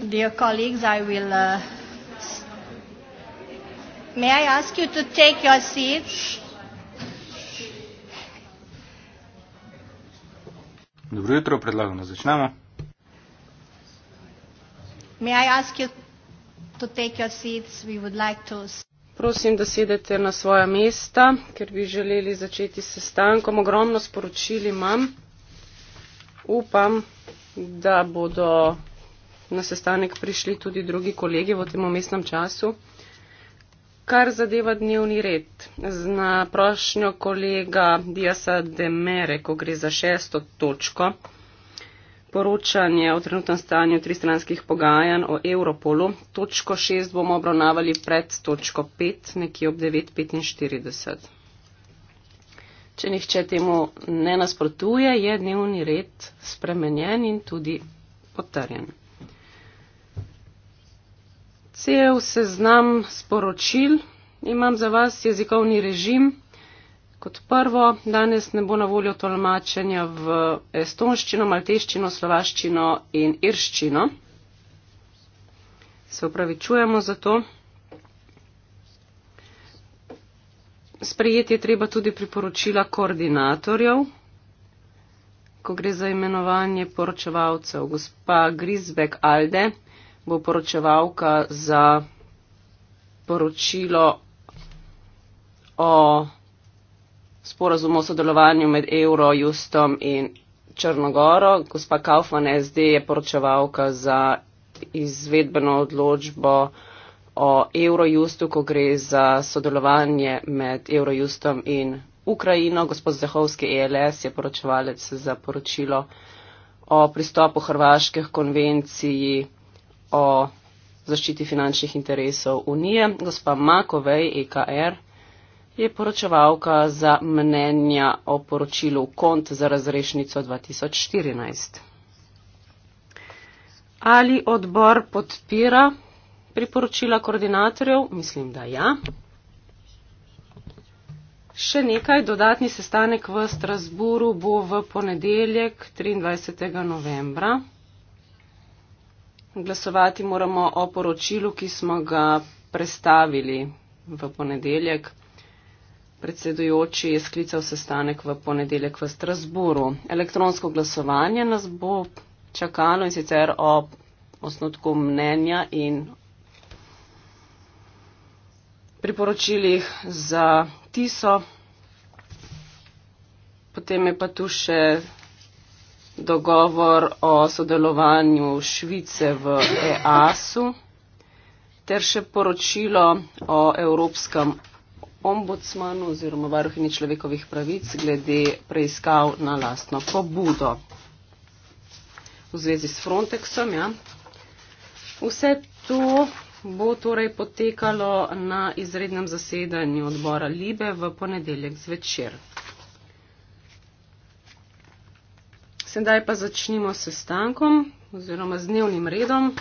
Dear colleagues, I will. Uh, may I ask you to take your seats? Dobro jutro, predlagam, da začnemo. May I ask you to take your seats? We would like to. Prosim, da sedete na svoja mesta, ker bi želeli začeti s sestankom. Ogromno sporočili imam. Upam, da bodo na sestanek prišli tudi drugi kolegi v tem omestnem času. Kar zadeva dnevni red, na prošnjo kolega Diasa Demere, ko gre za šesto točko, poročanje o trenutnem stanju tristranskih pogajanj o Europolu, točko šest bomo obravnavali pred točko pet, nekje ob 9.45. Če nihče temu ne nasprotuje, je dnevni red spremenjen in tudi potrjen cel seznam sporočil imam za vas, jezikovni režim. Kot prvo, danes ne bo na voljo tolmačenja v estonščino, malteščino, slovaščino in irščino. Se upravičujemo za to. Sprejeti je treba tudi priporočila koordinatorjev, ko gre za imenovanje poročevalcev. Gospa Grisbek Alde bo poročevalka za poročilo o sporazumu o sodelovanju med Euro, Justom in Črnogoro. Gospa Kaufmann SD je poročevalka za izvedbeno odločbo o Eurojustu, ko gre za sodelovanje med Eurojustom in Ukrajino. Gospod Zahovski ELS je poročevalec za poročilo o pristopu Hrvaške konvenciji o zaščiti finančnih interesov Unije. Gospa Makovej, EKR, je poročevalka za mnenja o poročilu KONT za razrešnico 2014. Ali odbor podpira priporočila koordinatorjev? Mislim, da ja. Še nekaj, dodatni sestanek v Strasburu bo v ponedeljek 23. novembra. Glasovati moramo o poročilu, ki smo ga prestavili v ponedeljek. Predsedujoči je sklical sestanek v ponedeljek v Strasburu. Elektronsko glasovanje nas bo čakalo in sicer o osnutku mnenja in priporočilih za TISO. Potem je pa tu še dogovor o sodelovanju Švice v EAS-u ter še poročilo o Evropskem ombudsmanu oziroma varuhini človekovih pravic glede preiskav na lastno pobudo v zvezi s Frontexom. Ja. Vse to bo torej potekalo na izrednem zasedanju odbora Libe v ponedeljek zvečer. Sedaj pa začnimo s sestankom oziroma z dnevnim redom.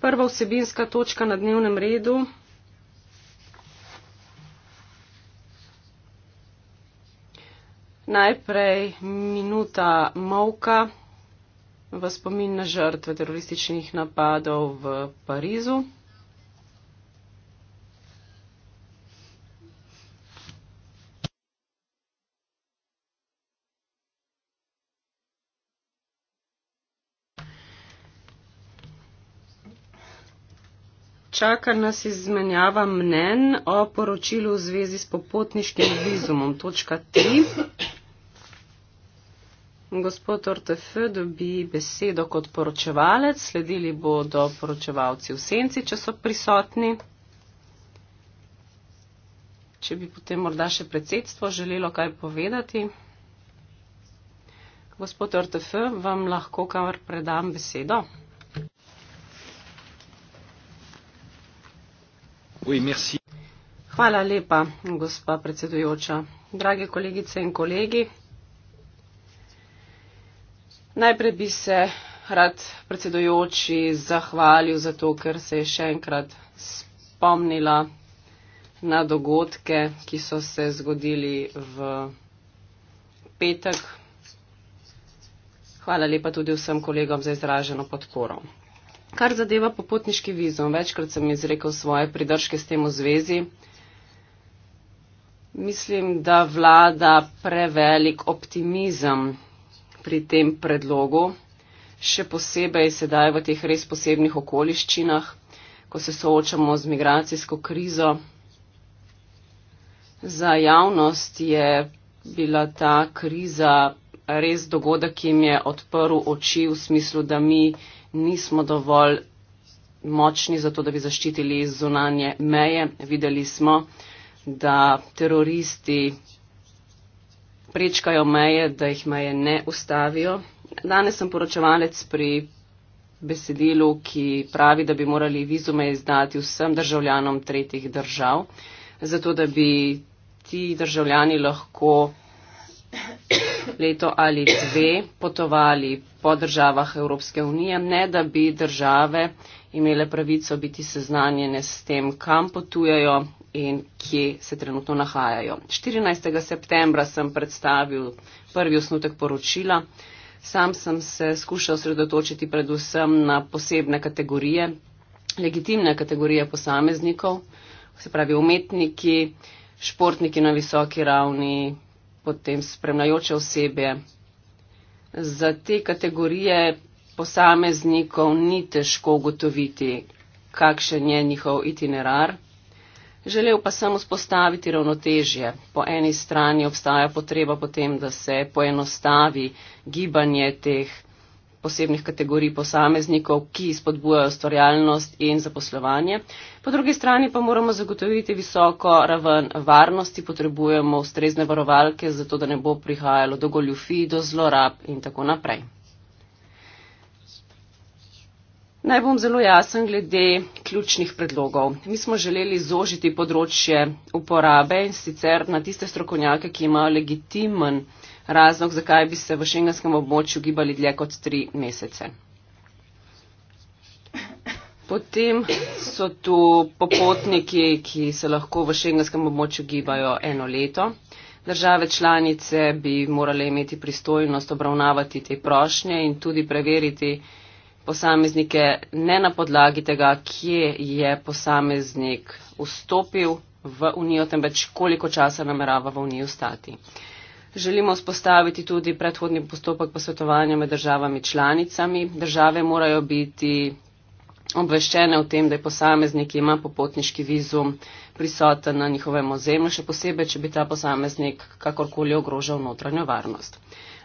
Prva vsebinska točka na dnevnem redu najprej minuta molka v spomin na žrtve terorističnih napadov v Parizu. čaka nas izmenjava mnen o poročilu v zvezi s popotniškim vizumom. Točka 3. Gospod Ortef dobi besedo kot poročevalec, sledili bodo poročevalci v senci, če so prisotni. Če bi potem morda še predsedstvo želelo kaj povedati. Gospod Ortef, vam lahko kar predam besedo. Hvala lepa, gospa predsedujoča. Dragi kolegice in kolegi, najprej bi se rad predsedujoči zahvalil za to, ker se je še enkrat spomnila na dogodke, ki so se zgodili v petek. Hvala lepa tudi vsem kolegom za izraženo podporo. Kar zadeva popotniški vizum, večkrat sem izrekel svoje pridržke s tem v zvezi. Mislim, da vlada prevelik optimizem pri tem predlogu, še posebej sedaj v teh res posebnih okoliščinah, ko se soočamo z migracijsko krizo. Za javnost je bila ta kriza res dogodek, ki jim je odprl oči v smislu, da mi nismo dovolj močni za to, da bi zaščitili zunanje meje. Videli smo, da teroristi prečkajo meje, da jih meje ne ustavijo. Danes sem poročevalec pri besedilu, ki pravi, da bi morali vizume izdati vsem državljanom tretjih držav, zato da bi ti državljani lahko leto ali dve potovali po državah Evropske unije, ne da bi države imele pravico biti seznanjene s tem, kam potujejo in kje se trenutno nahajajo. 14. septembra sem predstavil prvi osnutek poročila. Sam sem se skušal sredotočiti predvsem na posebne kategorije, legitimne kategorije posameznikov, se pravi umetniki, športniki na visoki ravni, potem spremljajoče osebe. Za te kategorije posameznikov ni težko ugotoviti, kakšen je njihov itinerar. Želel pa sem vzpostaviti ravnotežje. Po eni strani obstaja potreba potem, da se poenostavi gibanje teh posebnih kategorij posameznikov, ki spodbujajo ustvarjalnost in zaposlovanje. Po drugi strani pa moramo zagotoviti visoko raven varnosti, potrebujemo ustrezne varovalke, zato da ne bo prihajalo do goljufij, do zlorab in tako naprej. Naj bom zelo jasen glede ključnih predlogov. Mi smo želeli zožiti področje uporabe in sicer na tiste strokovnjake, ki imajo legitimen razlog, zakaj bi se v šengenskem območju gibali dlje kot tri mesece. Potem so tu popotniki, ki se lahko v šengenskem območju gibajo eno leto. Države članice bi morale imeti pristojnost obravnavati te prošnje in tudi preveriti posameznike ne na podlagi tega, kje je posameznik vstopil v Unijo, temveč koliko časa namerava v Uniji ostati. Želimo spostaviti tudi predhodni postopek posvetovanja med državami članicami. Države morajo biti obveščene o tem, da je posameznik, ki ima popotniški vizum, prisoten na njihovem ozemlju, še posebej, če bi ta posameznik kakorkoli ogrožal notranjo varnost.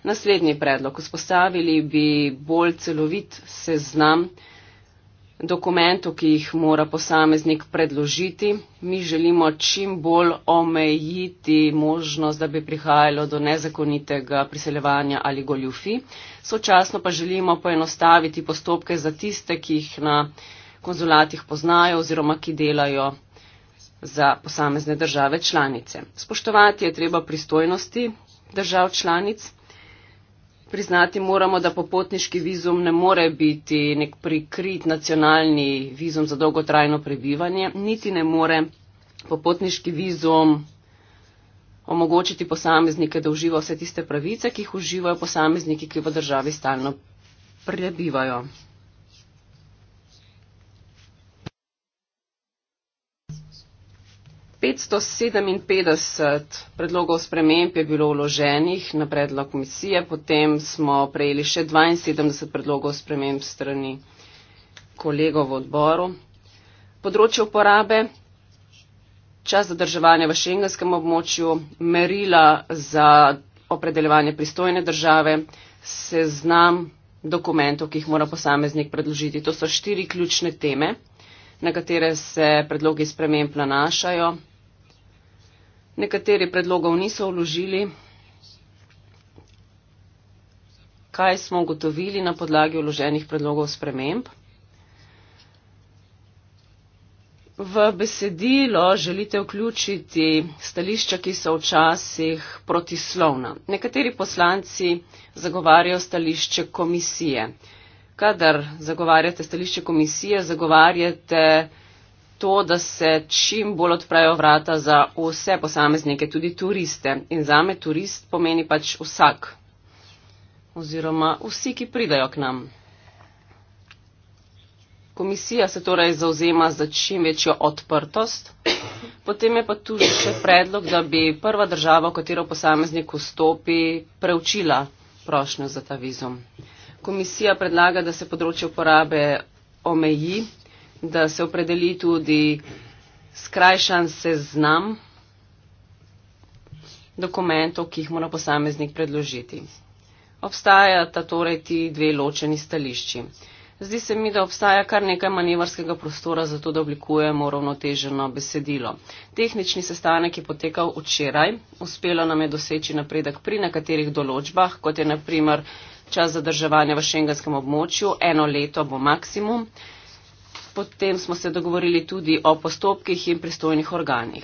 Naslednji predlog. Vzpostavili bi bolj celovit seznam dokumentov, ki jih mora posameznik predložiti. Mi želimo čim bolj omejiti možnost, da bi prihajalo do nezakonitega priseljevanja ali goljufi. Sočasno pa želimo poenostaviti postopke za tiste, ki jih na konzulatih poznajo oziroma ki delajo za posamezne države članice. Spoštovati je treba pristojnosti držav članic. Priznati moramo, da popotniški vizum ne more biti nek prikrit nacionalni vizum za dolgotrajno prebivanje, niti ne more popotniški vizum omogočiti posameznike, da uživa vse tiste pravice, ki jih uživajo posamezniki, ki v državi stalno prebivajo. 557 predlogov sprememb je bilo vloženih na predlog komisije, potem smo prejeli še 72 predlogov sprememb strani kolegov v odboru. Področje uporabe, čas zadrževanja v šengenskem območju, merila za opredeljevanje pristojne države, seznam dokumentov, ki jih mora posameznik predložiti. To so štiri ključne teme, na katere se predlogi sprememb nanašajo. Nekateri predlogov niso vložili. Kaj smo ugotovili na podlagi vloženih predlogov sprememb? V besedilo želite vključiti stališča, ki so včasih protislovna. Nekateri poslanci zagovarjajo stališče komisije. Kadar zagovarjate stališče komisije, zagovarjate to, da se čim bolj odprejo vrata za vse posameznike, tudi turiste. In za me turist pomeni pač vsak oziroma vsi, ki pridajo k nam. Komisija se torej zauzema za čim večjo odprtost. Potem je pa tu še predlog, da bi prva država, v katero posameznik vstopi, preučila prošnjo za ta vizum. Komisija predlaga, da se področje uporabe omeji da se opredeli tudi skrajšan seznam dokumentov, ki jih mora posameznik predložiti. Obstajata torej ti dve ločeni stališči. Zdi se mi, da obstaja kar nekaj manevrskega prostora za to, da oblikujemo ravnoteženo besedilo. Tehnični sestanek je potekal včeraj. Uspelo nam je doseči napredek pri nekaterih določbah, kot je naprimer čas zadrževanja v šengenskem območju, eno leto bo maksimum potem smo se dogovorili tudi o postopkih in pristojnih organih.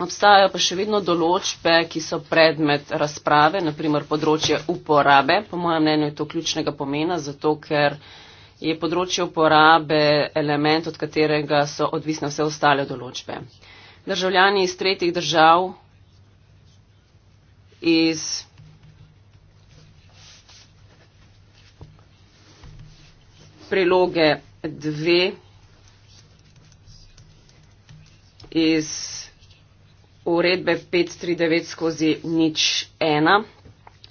Obstajajo pa še vedno določbe, ki so predmet razprave, naprimer področje uporabe. Po mojem mnenju je to ključnega pomena, zato ker je področje uporabe element, od katerega so odvisne vse ostale določbe. Državljani iz tretjih držav, iz. priloge dve iz uredbe 539 skozi nič ena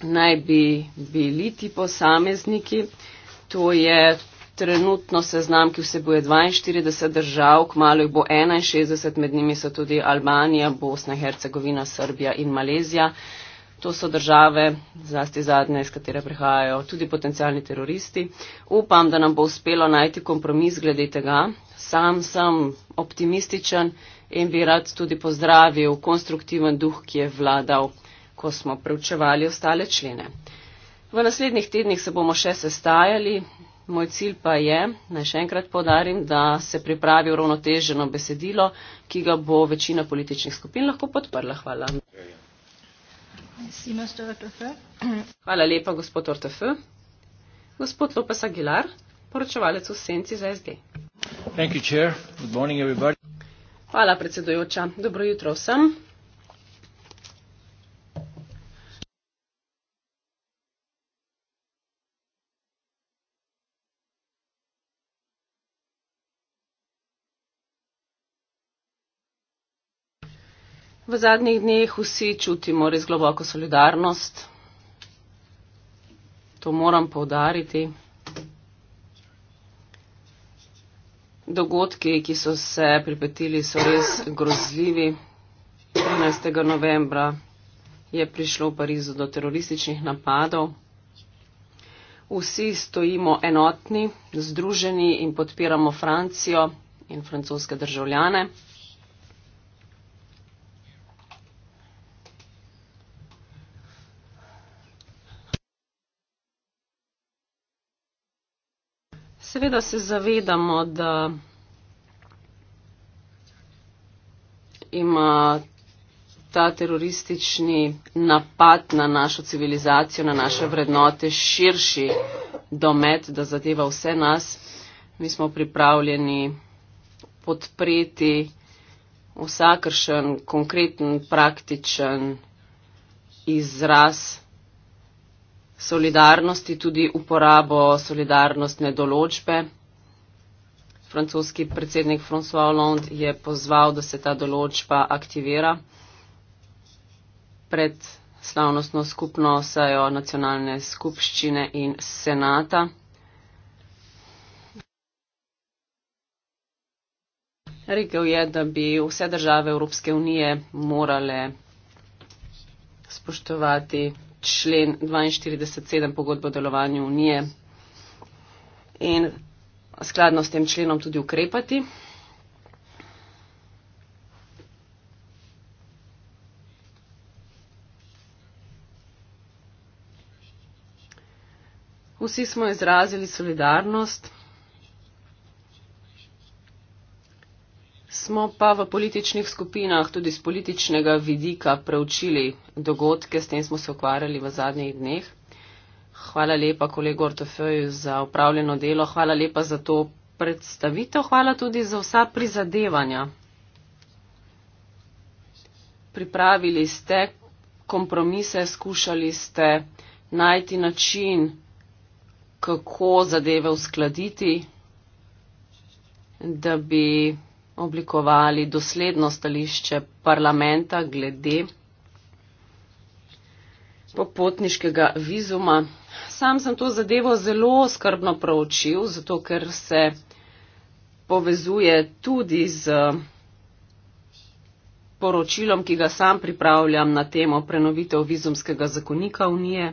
naj bi bili ti posamezniki. To je trenutno seznam, ki vsebuje 42 držav, k malo jih bo 61, med njimi so tudi Albanija, Bosna, Hercegovina, Srbija in Malezija. To so države, zlasti zadnje, iz katere prihajajo tudi potencijalni teroristi. Upam, da nam bo uspelo najti kompromis glede tega. Sam sem optimističen in bi rad tudi pozdravil konstruktiven duh, ki je vladal, ko smo preučevali ostale člene. V naslednjih tednih se bomo še sestajali. Moj cilj pa je, naj še enkrat podarim, da se pripravi ravnoteženo besedilo, ki ga bo večina političnih skupin lahko podprla. Hvala. Okay. Merci, Hvala lepa, gospod Ortef. Gospod Lopes Aguilar, poročevalec v Senci za SD. Thank you, Chair. Good morning, everybody. Hvala, predsedujoča. Dobro jutro vsem. v zadnjih dneh vsi čutimo res globoko solidarnost. To moram povdariti. Dogodki, ki so se pripetili, so res grozljivi. 13. novembra je prišlo v Parizu do terorističnih napadov. Vsi stojimo enotni, združeni in podpiramo Francijo in francoske državljane. Seveda se zavedamo, da ima ta teroristični napad na našo civilizacijo, na naše vrednote širši domet, da zadeva vse nas. Mi smo pripravljeni podpreti vsakršen konkreten, praktičen izraz solidarnosti, tudi uporabo solidarnostne določbe. Francoski predsednik François Hollande je pozval, da se ta določba aktivira pred slavnostno skupno sejo nacionalne skupščine in senata. Rekel je, da bi vse države Evropske unije morale spoštovati člen 42.7 pogodbo o delovanju unije in skladno s tem členom tudi ukrepati. Vsi smo izrazili solidarnost Smo pa v političnih skupinah tudi z političnega vidika preučili dogodke, s tem smo se ukvarjali v zadnjih dneh. Hvala lepa, kolego Ortofeju, za upravljeno delo, hvala lepa za to predstavitev, hvala tudi za vsa prizadevanja. Pripravili ste kompromise, skušali ste najti način, kako zadeve uskladiti, da bi oblikovali dosledno stališče parlamenta glede popotniškega vizuma. Sam sem to zadevo zelo skrbno proučil, zato ker se povezuje tudi z poročilom, ki ga sam pripravljam na temo prenovitev vizumskega zakonika Unije.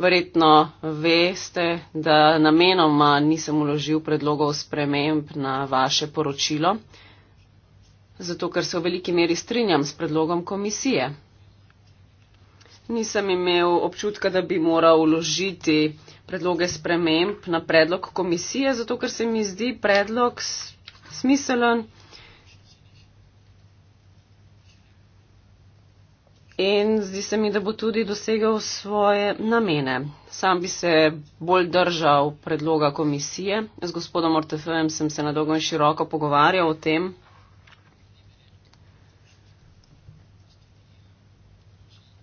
Verjetno veste, da namenoma nisem uložil predlogov sprememb na vaše poročilo, zato ker se v veliki meri strinjam s predlogom komisije. Nisem imel občutka, da bi moral uložiti predloge sprememb na predlog komisije, zato ker se mi zdi predlog smiselen. in zdi se mi, da bo tudi dosegel svoje namene. Sam bi se bolj držal predloga komisije. Z gospodom Ortefejem sem se na dolgo in široko pogovarjal o tem.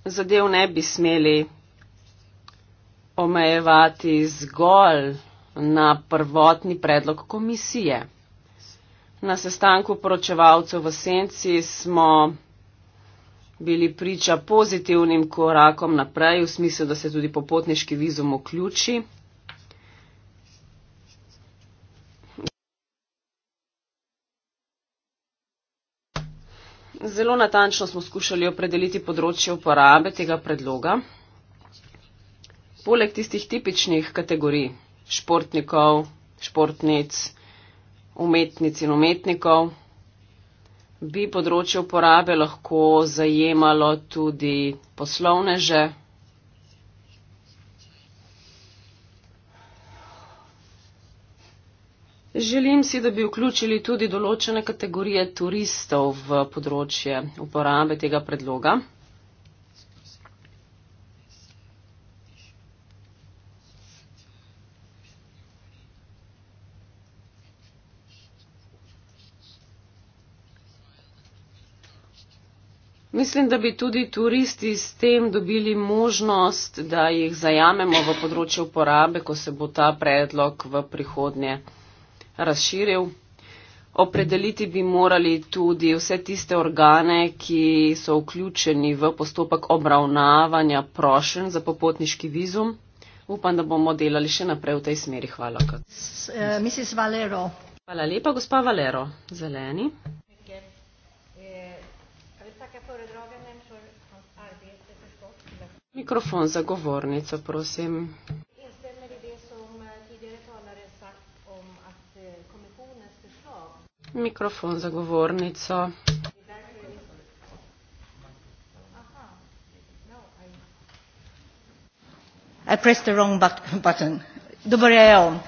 Zadev ne bi smeli omejevati zgolj na prvotni predlog komisije. Na sestanku poročevalcev v Senci smo bili priča pozitivnim korakom naprej, v smislu, da se tudi popotniški vizum vključi. Zelo natančno smo skušali opredeliti področje uporabe tega predloga. Poleg tistih tipičnih kategorij športnikov, športnic, umetnic in umetnikov, bi področje uporabe lahko zajemalo tudi poslovneže. Želim si, da bi vključili tudi določene kategorije turistov v področje uporabe tega predloga. Mislim, da bi tudi turisti s tem dobili možnost, da jih zajamemo v področje uporabe, ko se bo ta predlog v prihodnje razširil. Opredeliti bi morali tudi vse tiste organe, ki so vključeni v postopek obravnavanja prošen za popotniški vizum. Upam, da bomo delali še naprej v tej smeri. Hvala. S, uh, Hvala lepa, gospa Valero. Zeleni föredraganden för hans arbete förstått. Mikrofon za govornico, prosim. Instämmer i det som tidigare talare sagt om att kommissionens förslag... Mikrofon za govornico. I pressed the wrong button. Då börjar jag om. Jag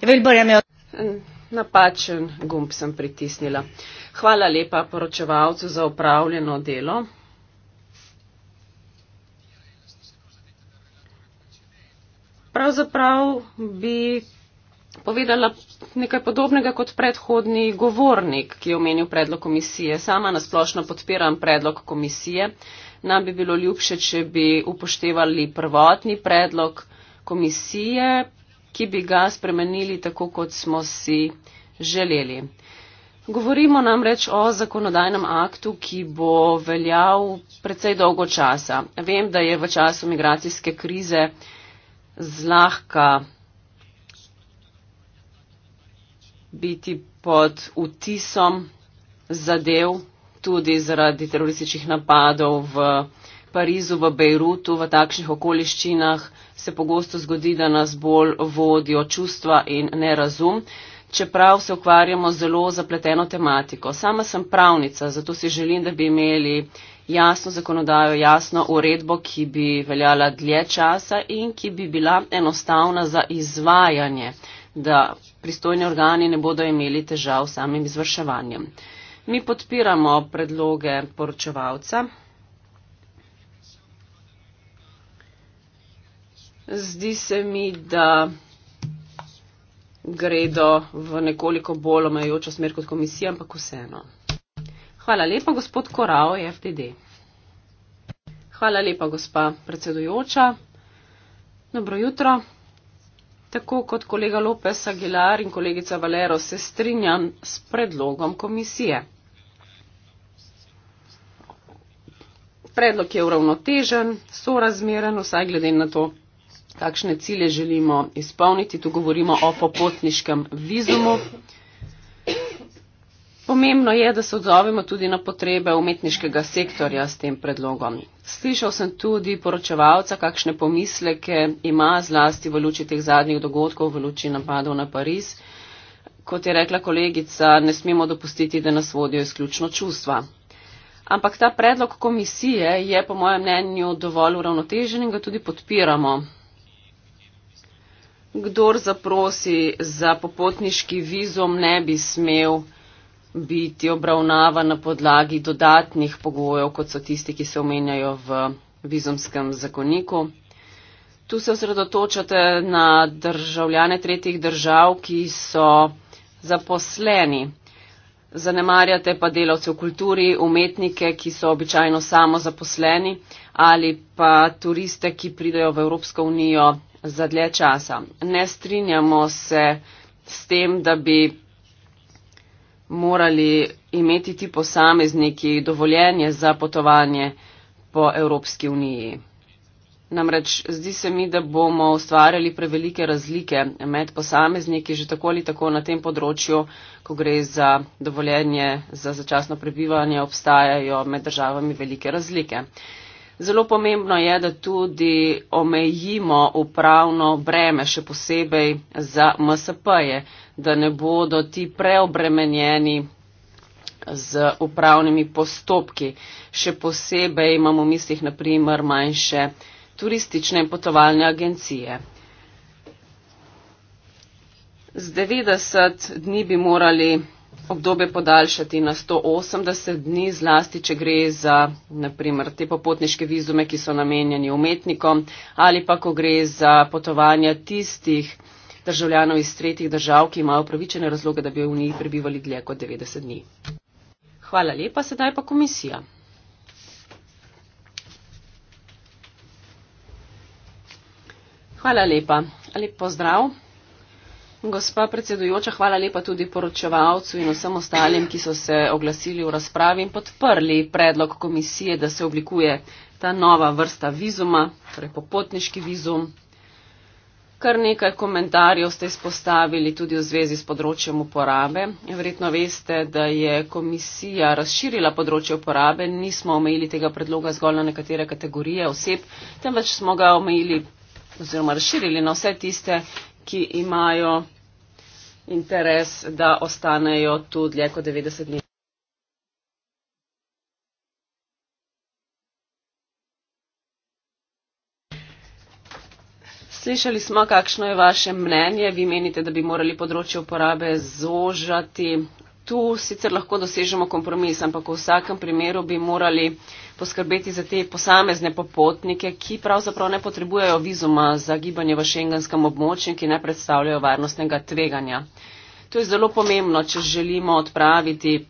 ja, vill börja med att... Mm napačen gumb sem pritisnila. Hvala lepa poročevalcu za upravljeno delo. Pravzaprav bi povedala nekaj podobnega kot predhodni govornik, ki je omenil predlog komisije. Sama nasplošno podpiram predlog komisije. Nam bi bilo ljubše, če bi upoštevali prvotni predlog komisije, ki bi ga spremenili tako, kot smo si želeli. Govorimo namreč o zakonodajnem aktu, ki bo veljal precej dolgo časa. Vem, da je v času migracijske krize zlahka biti pod vtisom zadev, tudi zaradi terorističnih napadov v Parizu, v Bejrutu, v takšnih okoliščinah se pogosto zgodi, da nas bolj vodijo čustva in ne razum, čeprav se ukvarjamo z zelo zapleteno tematiko. Sama sem pravnica, zato si želim, da bi imeli jasno zakonodajo, jasno uredbo, ki bi veljala dlje časa in ki bi bila enostavna za izvajanje, da pristojni organi ne bodo imeli težav s samim izvrševanjem. Mi podpiramo predloge poročevalca. zdi se mi, da gredo v nekoliko bolj omejujočo smer kot komisija, ampak vseeno. Hvala lepa, gospod Korao, FDD. Hvala lepa, gospa predsedujoča. Dobro jutro. Tako kot kolega Lopes Aguilar in kolegica Valero se strinjam s predlogom komisije. Predlog je uravnotežen, sorazmeren, vsaj glede na to, kakšne cilje želimo izpolniti. Tu govorimo o popotniškem vizumu. Pomembno je, da se odzovemo tudi na potrebe umetniškega sektorja s tem predlogom. Slišal sem tudi poročevalca, kakšne pomisleke ima zlasti v luči teh zadnjih dogodkov, v luči napadov na Pariz. Kot je rekla kolegica, ne smemo dopustiti, da nas vodijo izključno čustva. Ampak ta predlog komisije je po mojem mnenju dovolj uravnotežen in ga tudi podpiramo kdor zaprosi za popotniški vizum, ne bi smel biti obravnavan na podlagi dodatnih pogojev, kot so tisti, ki se omenjajo v vizumskem zakoniku. Tu se osredotočate na državljane tretjih držav, ki so zaposleni. Zanemarjate pa delavce v kulturi, umetnike, ki so običajno samo zaposleni ali pa turiste, ki pridejo v Evropsko unijo za dlje časa. Ne strinjamo se s tem, da bi morali imeti ti posamezniki dovoljenje za potovanje po Evropski uniji. Namreč zdi se mi, da bomo ustvarjali prevelike razlike med posamezniki že tako ali tako na tem področju, ko gre za dovoljenje za začasno prebivanje, obstajajo med državami velike razlike. Zelo pomembno je, da tudi omejimo upravno breme, še posebej za MSP-je, da ne bodo ti preobremenjeni z upravnimi postopki. Še posebej imamo v mislih naprimer manjše turistične in potovalne agencije. Z 90 dni bi morali obdobje podaljšati na 180 dni, zlasti, če gre za, naprimer, te popotniške vizume, ki so namenjeni umetnikom, ali pa, ko gre za potovanja tistih državljanov iz tretjih držav, ki imajo pravičene razloge, da bi v njih prebivali dlje kot 90 dni. Hvala lepa, sedaj pa komisija. Hvala lepa. Lep pozdrav. Gospa predsedujoča, hvala lepa tudi poročevalcu in vsem ostalim, ki so se oglasili v razpravi in podprli predlog komisije, da se oblikuje ta nova vrsta vizuma, torej popotniški vizum. Kar nekaj komentarjev ste izpostavili tudi v zvezi s področjem uporabe. Verjetno veste, da je komisija razširila področje uporabe. Nismo omejili tega predloga zgolj na nekatere kategorije oseb, temveč smo ga omejili oziroma razširili na vse tiste, ki imajo interes, da ostanejo tu dlje kot 90 dni. Slišali smo, kakšno je vaše mnenje. Vi menite, da bi morali področje uporabe zožati. Tu sicer lahko dosežemo kompromis, ampak v vsakem primeru bi morali poskrbeti za te posamezne popotnike, ki pravzaprav ne potrebujejo vizuma za gibanje v šengenskem območju in ki ne predstavljajo varnostnega tveganja. To je zelo pomembno, če želimo odpraviti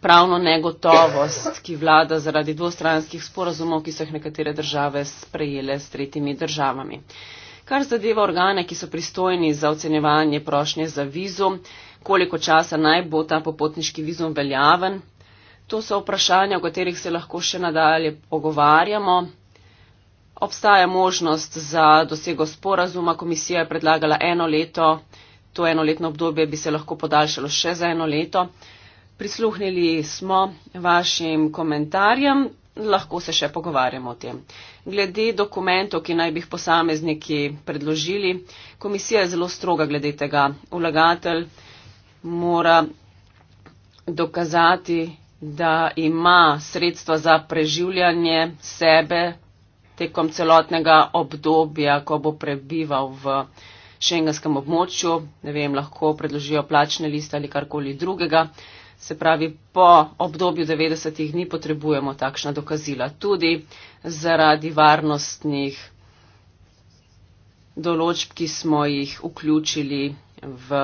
pravno negotovost, ki vlada zaradi dvostranskih sporazumov, ki so jih nekatere države sprejele s tretjimi državami. Kar zadeva organe, ki so pristojni za ocenjevanje prošnje za vizum, koliko časa naj bo ta popotniški vizum veljaven, To so vprašanja, o katerih se lahko še nadalje pogovarjamo. Obstaja možnost za dosego sporazuma. Komisija je predlagala eno leto. To enoletno obdobje bi se lahko podaljšalo še za eno leto. Prisluhnili smo vašim komentarjem, lahko se še pogovarjamo o tem. Glede dokumentov, ki naj bi jih posamezniki predložili, komisija je zelo stroga glede tega. Ulagatelj mora dokazati, da ima sredstva za preživljanje sebe tekom celotnega obdobja, ko bo prebival v šengenskem območju, ne vem, lahko predložijo plačne liste ali karkoli drugega. Se pravi, po obdobju 90 dni potrebujemo takšna dokazila tudi zaradi varnostnih določb, ki smo jih vključili v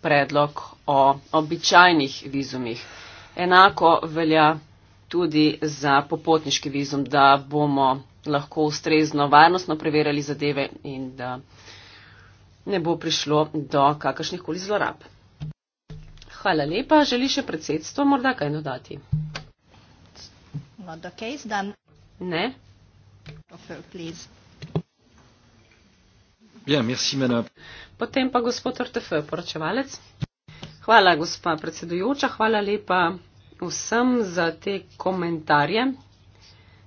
predlog o običajnih vizumih enako velja tudi za popotniški vizum, da bomo lahko ustrezno varnostno preverjali zadeve in da ne bo prišlo do kakršnih koli zlorab. Hvala lepa. Želi še predsedstvo morda kaj dodati? Not the case, then. Ne. Offer, please. Bien, merci, madame. Potem pa gospod RTF, poročevalec. Hvala, gospa predsedujoča. Hvala lepa vsem za te komentarje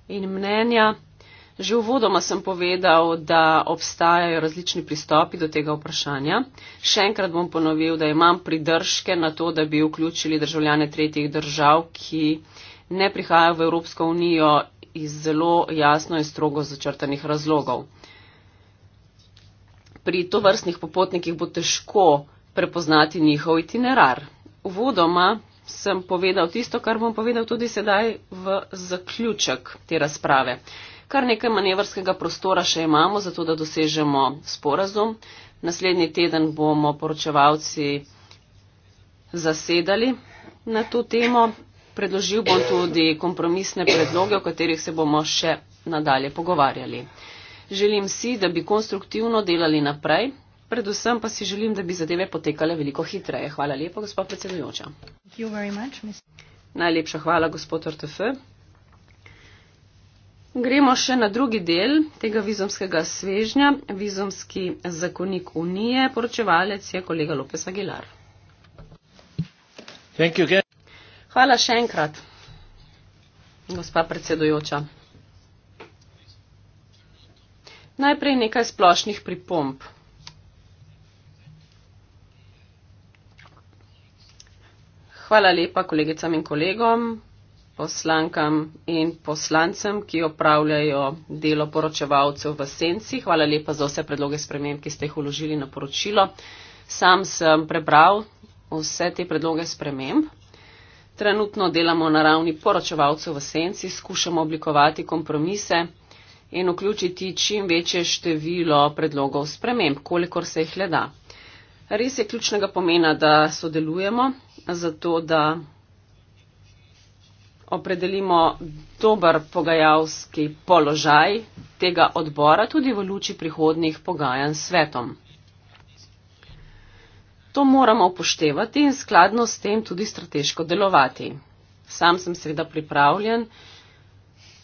in mnenja. Že uvodoma sem povedal, da obstajajo različni pristopi do tega vprašanja. Še enkrat bom ponovil, da imam pridržke na to, da bi vključili državljane tretjih držav, ki ne prihajajo v Evropsko unijo iz zelo jasno in strogo začrtanih razlogov. Pri tovrstnih popotnikih bo težko prepoznati njihov itinerar. Uvodoma sem povedal tisto, kar bom povedal tudi sedaj v zaključek te razprave. Kar nekaj manevrskega prostora še imamo, zato da dosežemo sporazum. Naslednji teden bomo poročevalci zasedali na to temo. Predložil bom tudi kompromisne predloge, o katerih se bomo še nadalje pogovarjali. Želim si, da bi konstruktivno delali naprej, predvsem pa si želim, da bi zadeve potekale veliko hitreje. Hvala lepo, gospod predsedujoča. Much, Najlepša hvala, gospod RTF. Gremo še na drugi del tega vizumskega svežnja, vizumski zakonik Unije. Poročevalec je kolega Lopes Aguilar. Hvala še enkrat, gospa predsedujoča. Najprej nekaj splošnih pripomb. Hvala lepa kolegicam in kolegom, poslankam in poslancem, ki opravljajo delo poročevalcev v senci. Hvala lepa za vse predloge sprememb, ki ste jih uložili na poročilo. Sam sem prebral vse te predloge sprememb. Trenutno delamo na ravni poročevalcev v senci, skušamo oblikovati kompromise in vključiti čim večje število predlogov sprememb, kolikor se jih le da. Res je ključnega pomena, da sodelujemo zato, da opredelimo dober pogajalski položaj tega odbora tudi v luči prihodnih pogajanj s svetom. To moramo upoštevati in skladno s tem tudi strateško delovati. Sam sem seveda pripravljen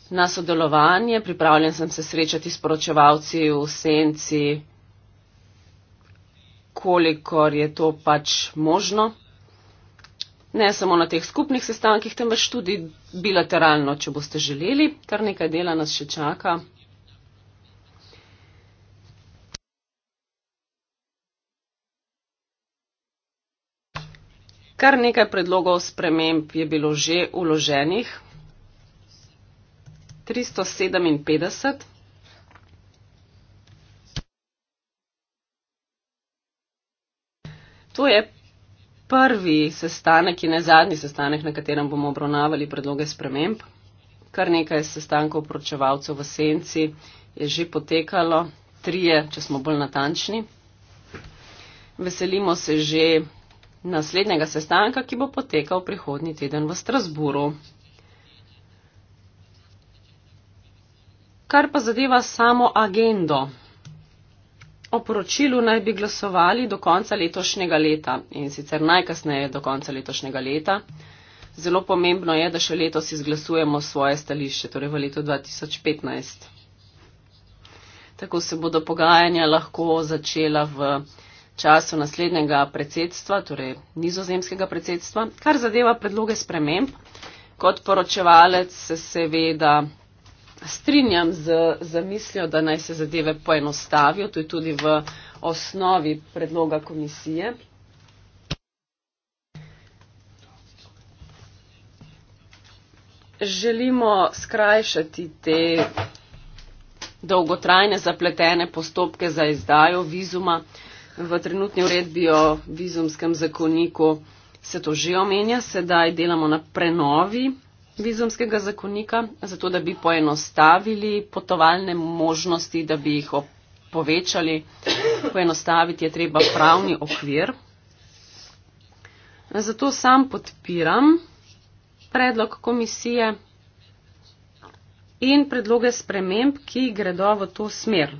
na sodelovanje, pripravljen sem se srečati s poročevalci v senci, kolikor je to pač možno ne samo na teh skupnih sestankih, temveč tudi bilateralno, če boste želeli, kar nekaj dela nas še čaka. Kar nekaj predlogov sprememb je bilo že uloženih. 357. To je prvi sestanek in ne zadnji sestanek, na katerem bomo obravnavali predloge sprememb. Kar nekaj sestankov pročevalcev v senci je že potekalo, trije, če smo bolj natančni. Veselimo se že naslednjega sestanka, ki bo potekal prihodnji teden v Strasburu. Kar pa zadeva samo agendo o poročilu naj bi glasovali do konca letošnjega leta in sicer najkasneje do konca letošnjega leta. Zelo pomembno je, da še letos izglasujemo svoje stališče, torej v letu 2015. Tako se bodo pogajanja lahko začela v času naslednjega predsedstva, torej nizozemskega predsedstva. Kar zadeva predloge sprememb, kot poročevalec se seveda strinjam z zamislijo, da naj se zadeve poenostavijo, to je tudi v osnovi predloga komisije. Želimo skrajšati te dolgotrajne zapletene postopke za izdajo vizuma. V trenutni uredbi o vizumskem zakoniku se to že omenja, sedaj delamo na prenovi vizumskega zakonika, zato da bi poenostavili potovalne možnosti, da bi jih povečali. Poenostaviti je treba pravni okvir. Zato sam podpiram predlog komisije in predloge sprememb, ki gredo v to smer.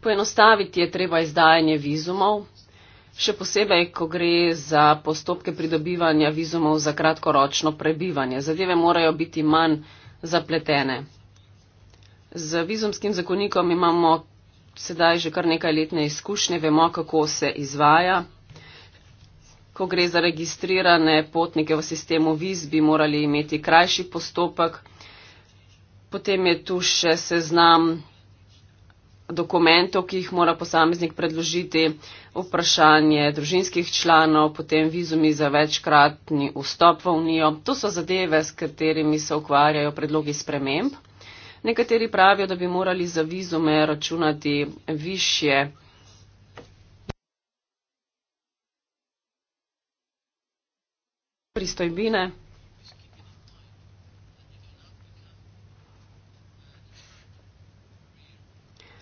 Poenostaviti je treba izdajanje vizumov, Še posebej, ko gre za postopke pridobivanja vizumov za kratkoročno prebivanje. Zadeve morajo biti manj zapletene. Z vizumskim zakonikom imamo sedaj že kar nekaj letne izkušnje, vemo, kako se izvaja. Ko gre za registrirane potnike v sistemu viz, bi morali imeti krajši postopek. Potem je tu še seznam dokumentov, ki jih mora posameznik predložiti, vprašanje družinskih članov, potem vizumi za večkratni vstop v Unijo. To so zadeve, s katerimi se ukvarjajo predlogi sprememb. Nekateri pravijo, da bi morali za vizume računati više. Pristojbine.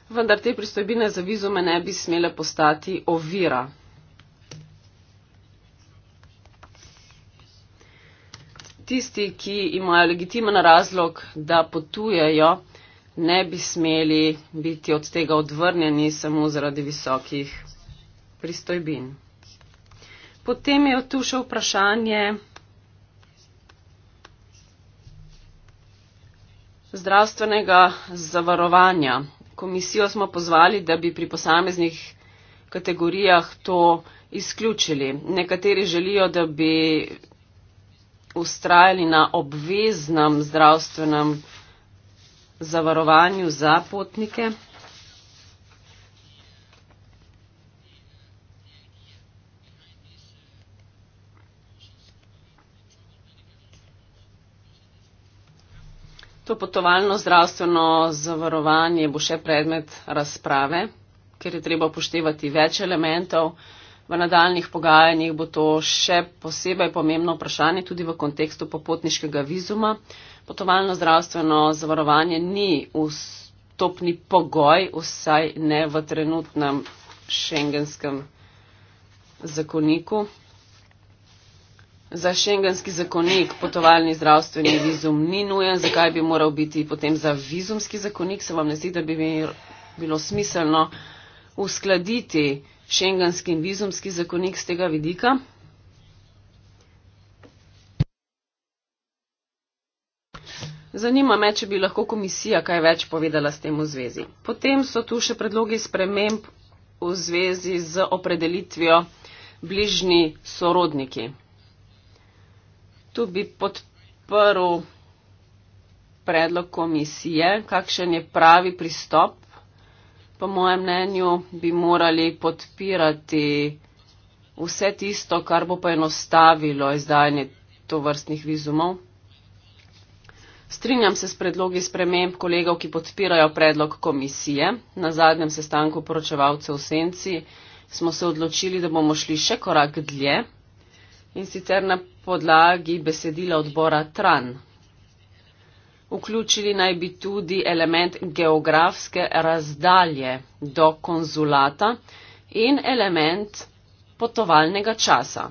vendar te pristojbine za vizume ne bi smele postati ovira. Tisti, ki imajo legitimen razlog, da potujejo, ne bi smeli biti od tega odvrnjeni samo zaradi visokih pristojbin. Potem je tu še vprašanje zdravstvenega zavarovanja komisijo smo pozvali, da bi pri posameznih kategorijah to izključili. Nekateri želijo, da bi ustrajali na obveznem zdravstvenem zavarovanju za potnike. To potovalno zdravstveno zavarovanje bo še predmet razprave, ker je treba upoštevati več elementov. V nadaljnih pogajanjih bo to še posebej pomembno vprašanje tudi v kontekstu popotniškega vizuma. Potovalno zdravstveno zavarovanje ni vstopni pogoj, vsaj ne v trenutnem šengenskem zakoniku za šengenski zakonik potovalni zdravstveni vizum ni nujen, zakaj bi moral biti potem za vizumski zakonik, se vam ne zdi, da bi bilo smiselno uskladiti šengenski in vizumski zakonik z tega vidika? Zanima me, če bi lahko komisija kaj več povedala s tem v zvezi. Potem so tu še predlogi sprememb v zvezi z opredelitvijo bližnji sorodniki. Tu bi podprl predlog komisije, kakšen je pravi pristop. Po mojem mnenju bi morali podpirati vse tisto, kar bo poenostavilo izdajanje tovrstnih vizumov. Strinjam se s predlogi sprememb kolegov, ki podpirajo predlog komisije. Na zadnjem sestanku poročevalcev v Senci smo se odločili, da bomo šli še korak dlje in sicer na podlagi besedila odbora Tran. Vključili naj bi tudi element geografske razdalje do konzulata in element potovalnega časa.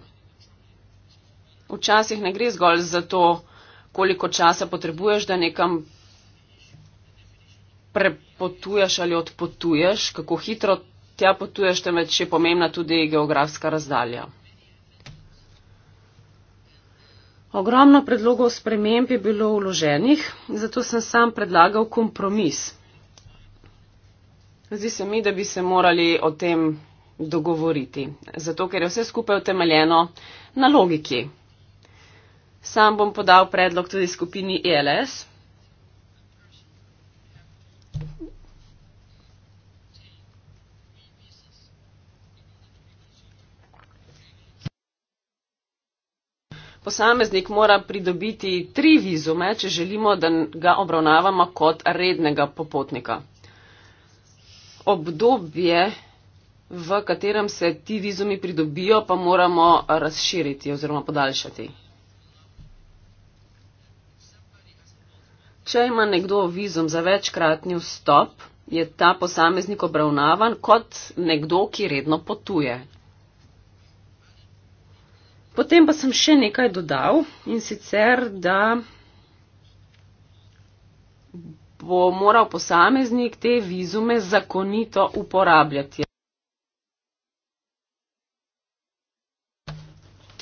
Včasih ne gre zgolj za to, koliko časa potrebuješ, da nekam prepotuješ ali odpotuješ, kako hitro tja potuješ, temveč je pomembna tudi geografska razdalja. Ogromno predlogov sprememb je bilo vloženih, zato sem sam predlagal kompromis. Zdi se mi, da bi se morali o tem dogovoriti, zato ker je vse skupaj utemeljeno na logiki. Sam bom podal predlog tudi skupini ELS. posameznik mora pridobiti tri vizume, če želimo, da ga obravnavamo kot rednega popotnika. Obdobje, v katerem se ti vizumi pridobijo, pa moramo razširiti oziroma podaljšati. Če ima nekdo vizum za večkratni vstop, je ta posameznik obravnavan kot nekdo, ki redno potuje. Potem pa sem še nekaj dodal in sicer, da bo moral posameznik te vizume zakonito uporabljati.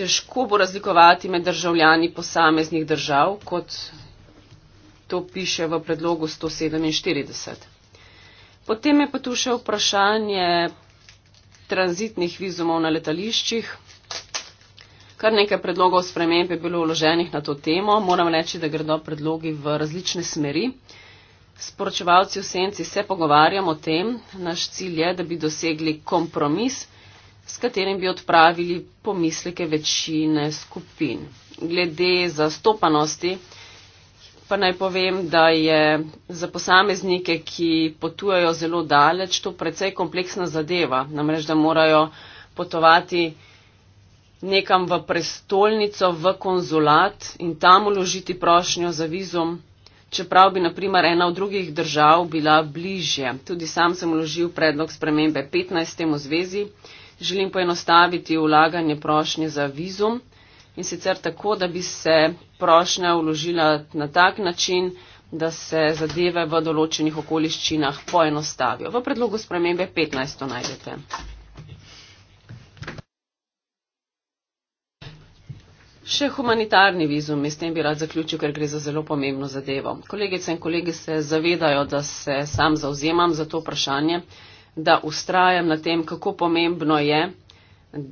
Težko bo razlikovati med državljani posameznih držav, kot to piše v predlogu 147. Potem je pa tu še vprašanje tranzitnih vizumov na letališčih. Kar nekaj predlogov sprememb je bilo vloženih na to temo. Moram reči, da gredo predlogi v različne smeri. Sporočevalci v senci se pogovarjamo o tem. Naš cilj je, da bi dosegli kompromis, s katerim bi odpravili pomislike večine skupin. Glede zastopanosti, pa naj povem, da je za posameznike, ki potujejo zelo daleč, to precej kompleksna zadeva. Namreč, da morajo potovati nekam v prestolnico, v konzulat in tam uložiti prošnjo za vizum, čeprav bi naprimer ena od drugih držav bila bližje. Tudi sam sem uložil predlog spremembe 15. v zvezi. Želim poenostaviti ulaganje prošnje za vizum in sicer tako, da bi se prošnja uložila na tak način, da se zadeve v določenih okoliščinah poenostavijo. V predlogu spremembe 15 to najdete. Še humanitarni vizum, in s tem bi rad zaključil, ker gre za zelo pomembno zadevo. Kolegice in kolegi se zavedajo, da se sam zauzemam za to vprašanje, da ustrajam na tem, kako pomembno je,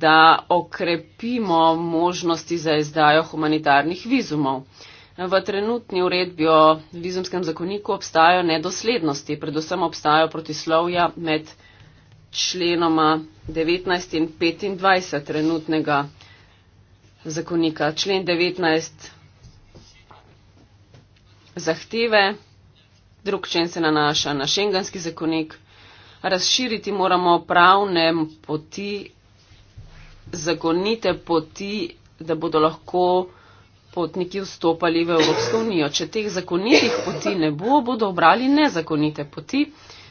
da okrepimo možnosti za izdajo humanitarnih vizumov. V trenutni uredbi o vizumskem zakoniku obstajajo nedoslednosti, predvsem obstajajo protislovja med členoma 19 in 25 trenutnega zakonika. Člen 19 zahteve, drug člen se nanaša na šengenski zakonik. Razširiti moramo pravne poti, zakonite poti, da bodo lahko potniki vstopali v Evropsko unijo. Če teh zakonitih poti ne bo, bodo obrali nezakonite poti,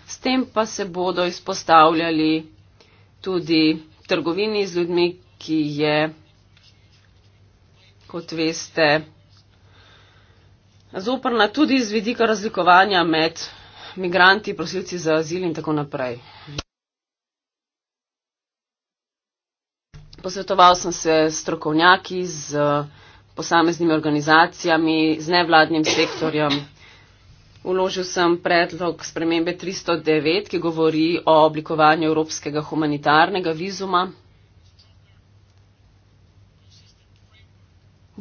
s tem pa se bodo izpostavljali tudi trgovini z ljudmi, ki je kot veste, zoprna tudi z vidika razlikovanja med migranti, prosilci za azil in tako naprej. Posvetoval sem se strokovnjaki z eh, posameznimi organizacijami, z nevladnim sektorjem. Uložil sem predlog spremembe 309, ki govori o oblikovanju evropskega humanitarnega vizuma.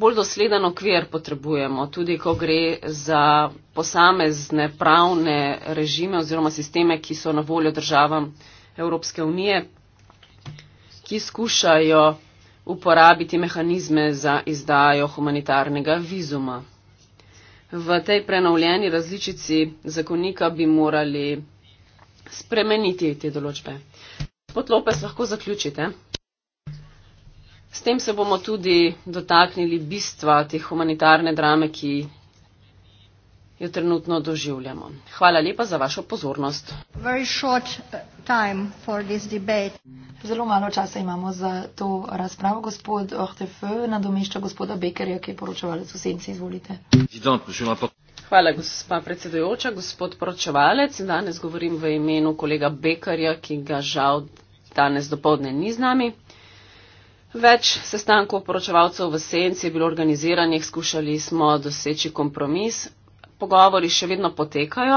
bolj dosleden okvir potrebujemo, tudi ko gre za posamezne pravne režime oziroma sisteme, ki so na voljo državam Evropske unije, ki skušajo uporabiti mehanizme za izdajo humanitarnega vizuma. V tej prenovljeni različici zakonika bi morali spremeniti te določbe. Gospod Lopes, lahko zaključite. S tem se bomo tudi dotaknili bistva te humanitarne drame, ki jo trenutno doživljamo. Hvala lepa za vašo pozornost. Uh, Zelo malo časa imamo za to razpravo. Gospod Ohtefe nadomešča gospoda Bekerja, ki je poročevalec v senci. Izvolite. Hvala, gospa predsedujoča, gospod poročevalec. Danes govorim v imenu kolega Bekerja, ki ga žal danes dopovdne ni z nami. Več sestankov poročevalcev v senci je bilo organiziranih, skušali smo doseči kompromis. Pogovori še vedno potekajo.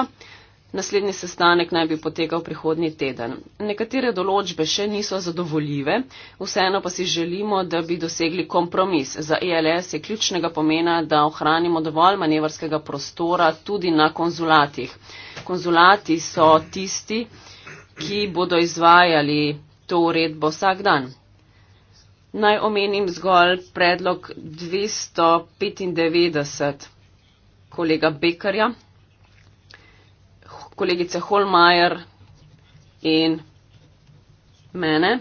Naslednji sestanek naj bi potekal prihodnji teden. Nekatere določbe še niso zadovoljive, vseeno pa si želimo, da bi dosegli kompromis. Za ELS je ključnega pomena, da ohranimo dovolj manevrskega prostora tudi na konzulatih. Konzulati so tisti, ki bodo izvajali to uredbo vsak dan. Naj omenim zgolj predlog 295 kolega Bekarja, kolegice Holmajer in mene.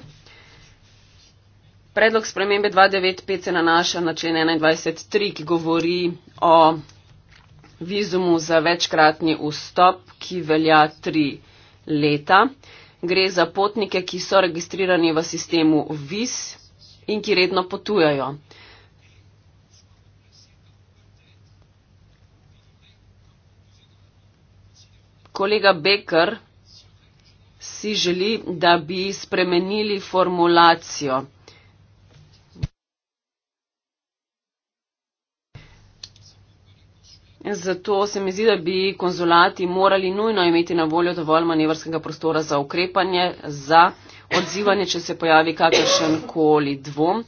Predlog spremembe 295 se nanaša na člen 21.3, ki govori o vizumu za večkratni vstop, ki velja tri leta. Gre za potnike, ki so registrirani v sistemu VIS, in ki redno potujajo. Kolega Becker si želi, da bi spremenili formulacijo. Zato se mi zdi, da bi konzulati morali nujno imeti na voljo dovolj manevrskega prostora za ukrepanje, za odzivanje, če se pojavi kakršen koli dvom.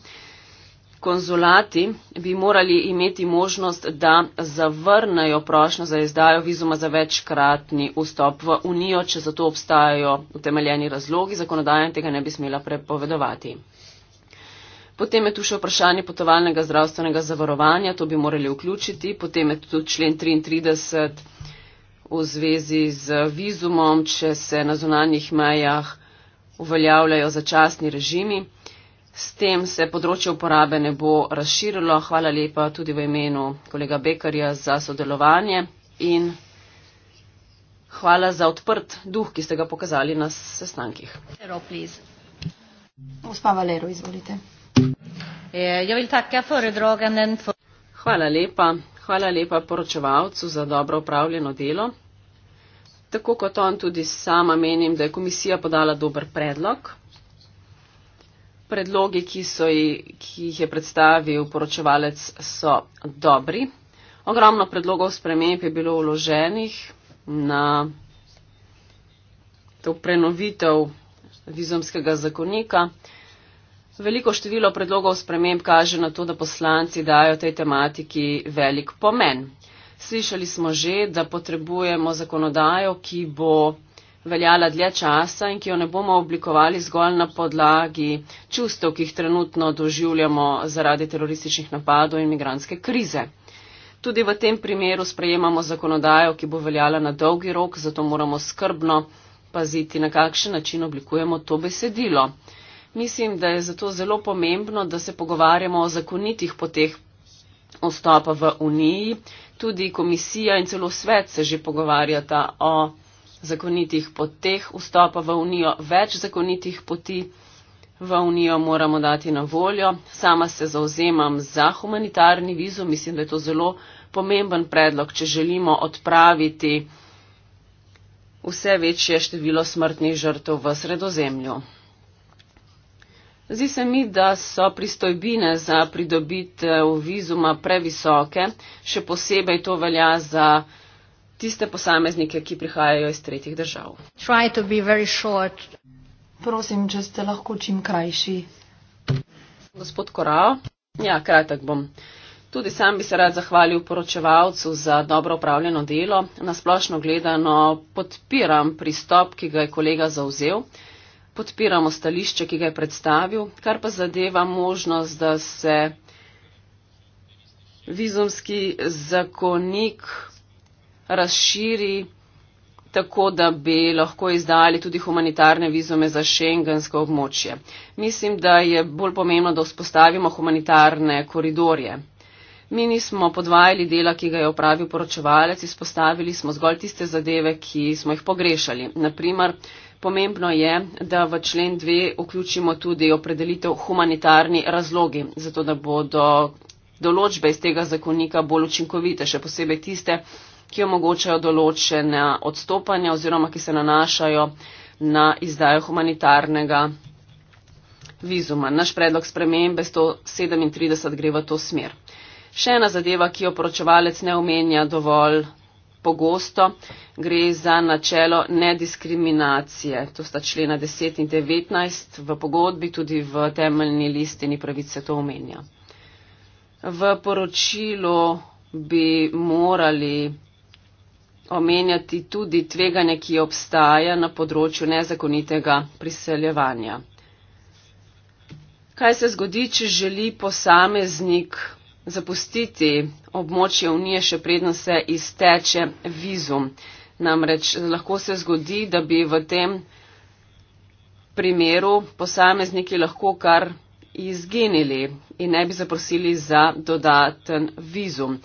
Konzulati bi morali imeti možnost, da zavrnajo prošnjo za izdajo vizuma za večkratni vstop v Unijo, če za to obstajajo utemeljeni razlogi, zakonodajem tega ne bi smela prepovedovati. Potem je tu še vprašanje potovalnega zdravstvenega zavarovanja, to bi morali vključiti. Potem je tu člen 33 v zvezi z vizumom, če se na zunanjih mejah uveljavljajo začasni režimi. S tem se področje uporabe ne bo razširilo. Hvala lepa tudi v imenu kolega Bekarja za sodelovanje in hvala za odprt duh, ki ste ga pokazali na sestankih. Eh, hvala lepa, hvala lepa poročevalcu za dobro upravljeno delo tako kot on tudi sama menim, da je komisija podala dober predlog. Predlogi, ki, ji, ki jih je predstavil poročevalec, so dobri. Ogromno predlogov sprememb je bilo vloženih na to prenovitev vizumskega zakonika. Veliko število predlogov sprememb kaže na to, da poslanci dajo tej tematiki velik pomen. Slišali smo že, da potrebujemo zakonodajo, ki bo veljala dlje časa in ki jo ne bomo oblikovali zgolj na podlagi čustev, ki jih trenutno doživljamo zaradi terorističnih napadov in migranske krize. Tudi v tem primeru sprejemamo zakonodajo, ki bo veljala na dolgi rok, zato moramo skrbno paziti, na kakšen način oblikujemo to besedilo. Mislim, da je zato zelo pomembno, da se pogovarjamo o zakonitih poteh vstopa v Uniji tudi komisija in celo svet se že pogovarjata o zakonitih poteh vstopa v unijo, več zakonitih poti v unijo moramo dati na voljo. Sama se zauzemam za humanitarni vizum, mislim, da je to zelo pomemben predlog, če želimo odpraviti vse večje število smrtnih žrtev v sredozemlju. Zdi se mi, da so pristojbine za pridobitev vizuma previsoke, še posebej to velja za tiste posameznike, ki prihajajo iz tretjih držav. Prosim, če ste lahko čim krajši. Gospod Korao, ja, kratek bom. Tudi sam bi se rad zahvalil poročevalcu za dobro upravljeno delo. Nasplošno gledano podpiram pristop, ki ga je kolega zauzel podpiramo stališče, ki ga je predstavil, kar pa zadeva možnost, da se vizumski zakonik razširi tako, da bi lahko izdali tudi humanitarne vizume za šengensko območje. Mislim, da je bolj pomembno, da vzpostavimo humanitarne koridorje. Mi nismo podvajali dela, ki ga je opravil poročevalec, izpostavili smo zgolj tiste zadeve, ki smo jih pogrešali. Naprimer, pomembno je, da v člen 2 vključimo tudi opredelitev humanitarni razlogi, zato da bodo določbe iz tega zakonika bolj učinkovite, še posebej tiste, ki omogočajo določene odstopanja oziroma ki se nanašajo na izdajo humanitarnega vizuma. Naš predlog spremembe 137 gre v to smer. Še ena zadeva, ki jo poročevalec ne omenja dovolj pogosto gre za načelo nediskriminacije. To sta člena 10 in 19 v pogodbi, tudi v temeljni listini pravice to omenja. V poročilu bi morali omenjati tudi tveganje, ki obstaja na področju nezakonitega priseljevanja. Kaj se zgodi, če želi posameznik zapustiti območje Unije, še predno se izteče vizum. Namreč lahko se zgodi, da bi v tem primeru posamezniki lahko kar izginili in ne bi zaprosili za dodaten vizum.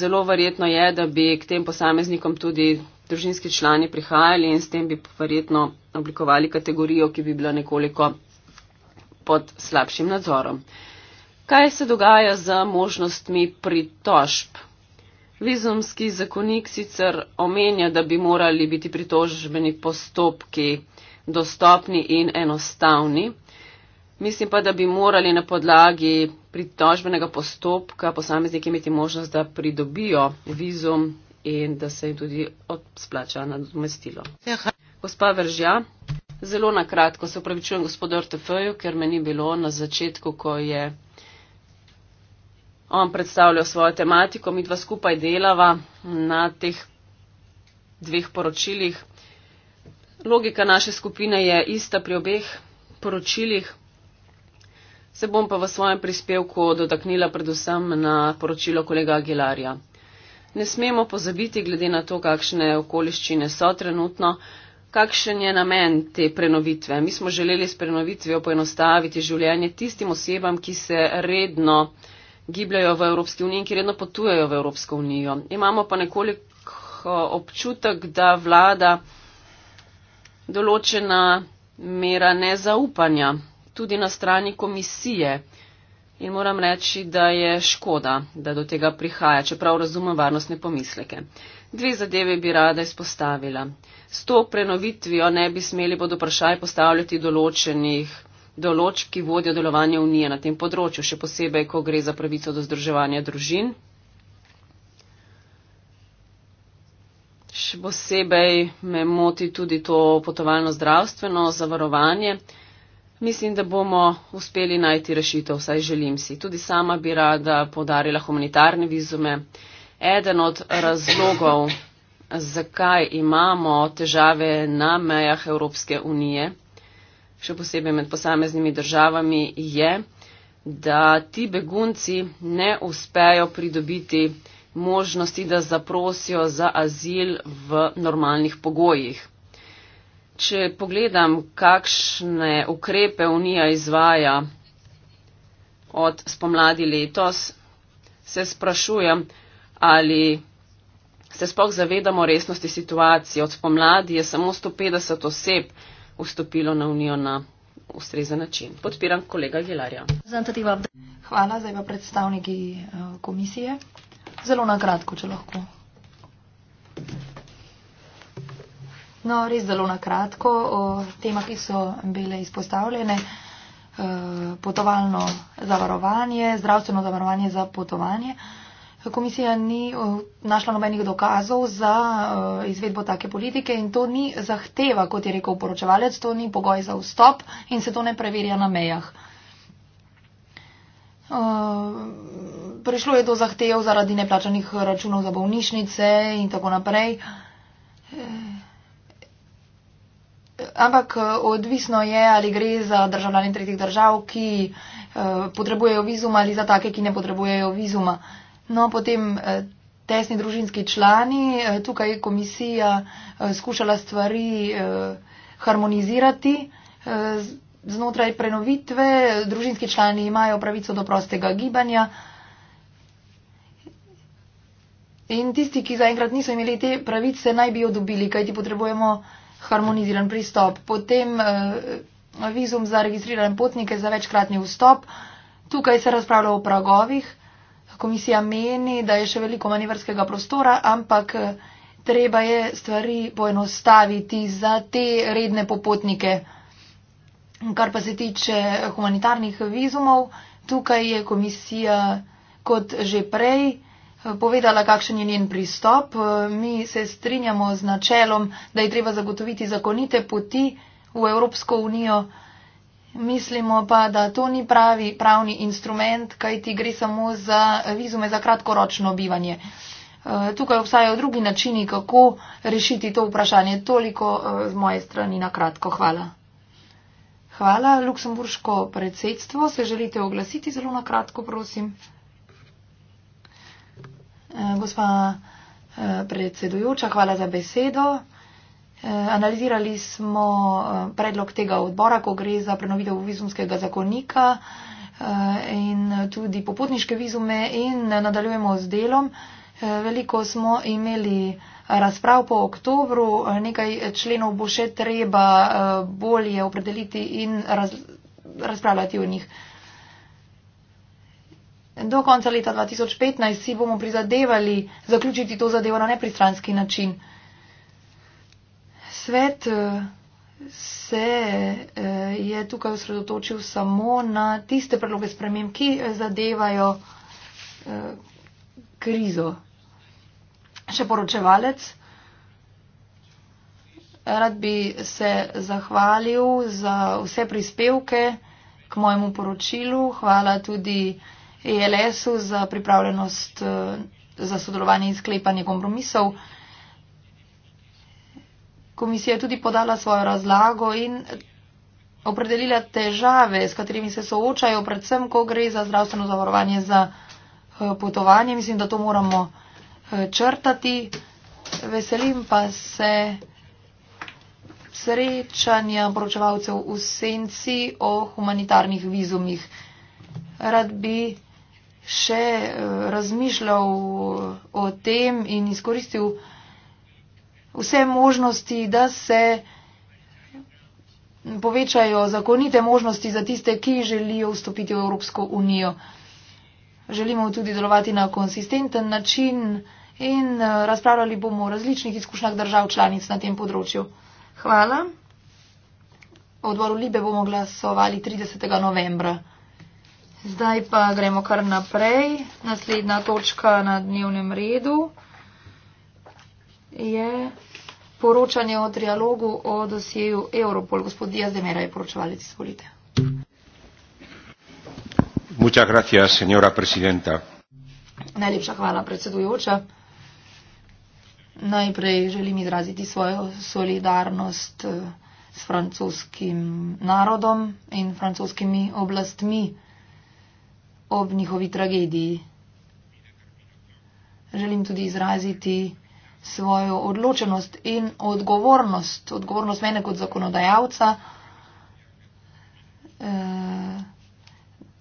Zelo verjetno je, da bi k tem posameznikom tudi družinski člani prihajali in s tem bi verjetno oblikovali kategorijo, ki bi bila nekoliko pod slabšim nadzorom. Kaj se dogaja z možnostmi pritožb? Vizumski zakonik sicer omenja, da bi morali biti pritožbeni postopki dostopni in enostavni, mislim pa, da bi morali na podlagi pritožbenega postopka posamezniki imeti možnost, da pridobijo vizum in da se jim tudi odsplača nadomestilo. Gospa Veržja, zelo nakratko se upravičujem gospodu RTF-ju, ker me ni bilo na začetku, ko je on predstavljal svojo tematiko, mi dva skupaj delava na teh dveh poročilih. Logika naše skupine je ista pri obeh poročilih. Se bom pa v svojem prispevku dotaknila predvsem na poročilo kolega Aguilarja. Ne smemo pozabiti, glede na to, kakšne okoliščine so trenutno, kakšen je namen te prenovitve. Mi smo želeli s prenovitvijo poenostaviti življenje tistim osebam, ki se redno gibljajo v Evropski uniji in ki redno potujejo v Evropsko unijo. Imamo pa nekoliko občutek, da vlada določena mera nezaupanja tudi na strani komisije. In moram reči, da je škoda, da do tega prihaja, čeprav razumem varnostne pomisleke. Dve zadeve bi rada izpostavila. S to prenovitvijo ne bi smeli pod vprašaj postavljati določenih določb, ki vodijo delovanje unije na tem področju, še posebej, ko gre za pravico do združevanja družin. Še posebej me moti tudi to potovalno zdravstveno zavarovanje. Mislim, da bomo uspeli najti rešitev, vsaj želim si. Tudi sama bi rada podarila humanitarne vizume. Eden od razlogov, zakaj imamo težave na mejah Evropske unije, še posebej med posameznimi državami, je, da ti begunci ne uspejo pridobiti možnosti, da zaprosijo za azil v normalnih pogojih. Če pogledam, kakšne ukrepe Unija izvaja od spomladi letos, se sprašujem, ali se spoh zavedamo resnosti situacije. Od spomladi je samo 150 oseb vstopilo na unijo na ustrezen način. Podpiram kolega Gelarja. Hvala, zdaj pa predstavniki eh, komisije. Zelo na kratko, če lahko. No, res zelo na kratko. O tema, ki so bile izpostavljene, eh, potovalno zavarovanje, zdravstveno zavarovanje za potovanje. Komisija ni eh, našla nobenih dokazov za eh, izvedbo take politike in to ni zahteva, kot je rekel poročevalec, to ni pogoj za vstop in se to ne preverja na mejah. Eh, prišlo je do zahtev zaradi neplačanih računov za bolnišnice in tako naprej. Ampak odvisno je, ali gre za državljane tretjih držav, ki potrebujejo vizum ali za take, ki ne potrebujejo vizuma. No, potem eh, tesni družinski člani, eh, tukaj je komisija eh, skušala stvari harmonizirati znotraj prenovitve, družinski člani imajo pravico do prostega gibanja. In tisti, ki zaenkrat niso imeli te pravice, naj bi jo dobili, kajti potrebujemo harmoniziran pristop. Potem eh, vizum za registrirane potnike za večkratni vstop. Tukaj se razpravlja o pragovih komisija meni, da je še veliko manevrskega prostora, ampak eh, treba je stvari poenostaviti za te redne popotnike. Kar pa se tiče eh, humanitarnih vizumov, tukaj je komisija, kot že prej, eh, povedala, kakšen je njen pristop. Mi se strinjamo z načelom, da je treba zagotoviti zakonite poti v Evropsko unijo. Mislimo pa, da to ni pravi pravni instrument, kaj ti gre samo za vizume za kratkoročno bivanje. E, tukaj obstajajo drugi načini, kako rešiti to vprašanje. Toliko e, z moje strani na kratko. Hvala. Hvala. Luksemburško predsedstvo, se želite oglasiti zelo na kratko, prosim. E, gospa predsedujoča, hvala za besedo. Eh, analizirali smo eh, predlog tega odbora, ko gre za prenovitev vizumskega zakonika eh, in tudi popotniške vizume in nadaljujemo z delom. Veliko smo imeli razprav po oktobru, nekaj členov bo še treba bolje opredeliti in raz, razpravljati o njih. Do konca leta 2015 si bomo prizadevali zaključiti to zadevo na nepristranski način svet eh, se eh, je tukaj osredotočil samo na tiste predloge sprememb, ki zadevajo eh, krizo. Še poročevalec. Rad bi se zahvalil za vse prispevke k mojemu poročilu. Hvala tudi ELS-u za pripravljenost za sodelovanje in sklepanje kompromisov. Komisija je tudi podala svojo razlago in opredelila težave, s katerimi se soočajo, predvsem, ko gre za zdravstveno zavarovanje za eh, potovanje. Mislim, da to moramo eh, črtati. Veselim pa se srečanja poročevalcev v senci o humanitarnih vizumih. Rad bi še eh, razmišljal o tem in izkoristil vse možnosti, da se povečajo zakonite možnosti za tiste, ki želijo vstopiti v Evropsko unijo. Želimo tudi delovati na konsistenten način in eh, razpravljali bomo o različnih izkušnjah držav članic na tem področju. Hvala. O odboru Libe bomo glasovali 30. novembra. Zdaj pa gremo kar naprej. Naslednja točka na dnevnem redu je poročanje o trialogu o dosjeju Europol. Gospod Dijaz de Mera je poročevalec, izvolite. Najlepša hvala, predsedujoča. Najprej želim izraziti svojo solidarnost eh, s francoskim narodom in francoskimi oblastmi ob njihovi tragediji. Želim tudi izraziti svojo odločenost in odgovornost, odgovornost mene kot zakonodajalca, eh,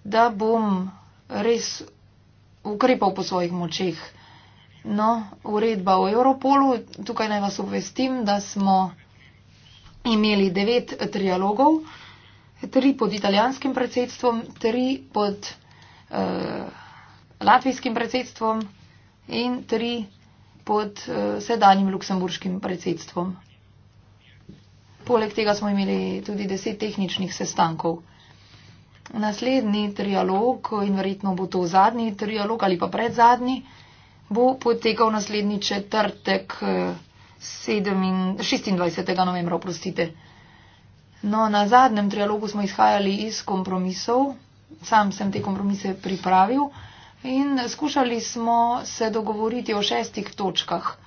da bom res ukrepal po svojih močeh. No, uredba o Europolu, tukaj naj vas obvestim, da smo imeli devet trialogov, tri pod italijanskim predsedstvom, tri pod uh, latvijskim predsedstvom in tri pod eh, sedanjim luksemburškim predsedstvom. Poleg tega smo imeli tudi deset tehničnih sestankov. Naslednji trialog in verjetno bo to zadnji trialog ali pa predzadnji bo potekal naslednji četrtek 26. Eh, novembra. Oprostite. No, na zadnjem trialogu smo izhajali iz kompromisov, sam sem te kompromise pripravil. In skušali smo se dogovoriti o šestih točkah.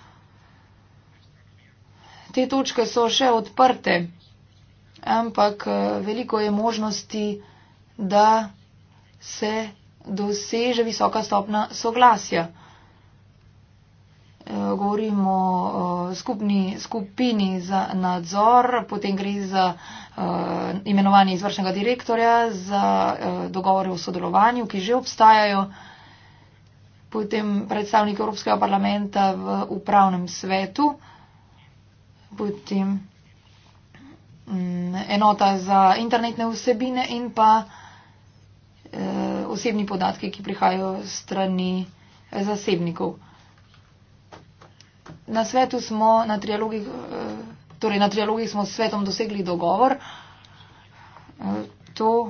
Te točke so še odprte, ampak eh, veliko je možnosti, da se doseže visoka stopna soglasja. Eh, govorimo o eh, skupni, skupini za nadzor, potem gre za uh, imenovanje izvršnega direktorja, za uh, dogovore o sodelovanju, ki že obstajajo. Uh, potem predstavnik Evropskega parlamenta v upravnem svetu, potem mm, enota za internetne vsebine in pa eh, osebni podatki, ki prihajajo strani zasebnikov. Na svetu smo, na trialogih, eh, torej na trialogih smo s svetom dosegli dogovor. Eh, to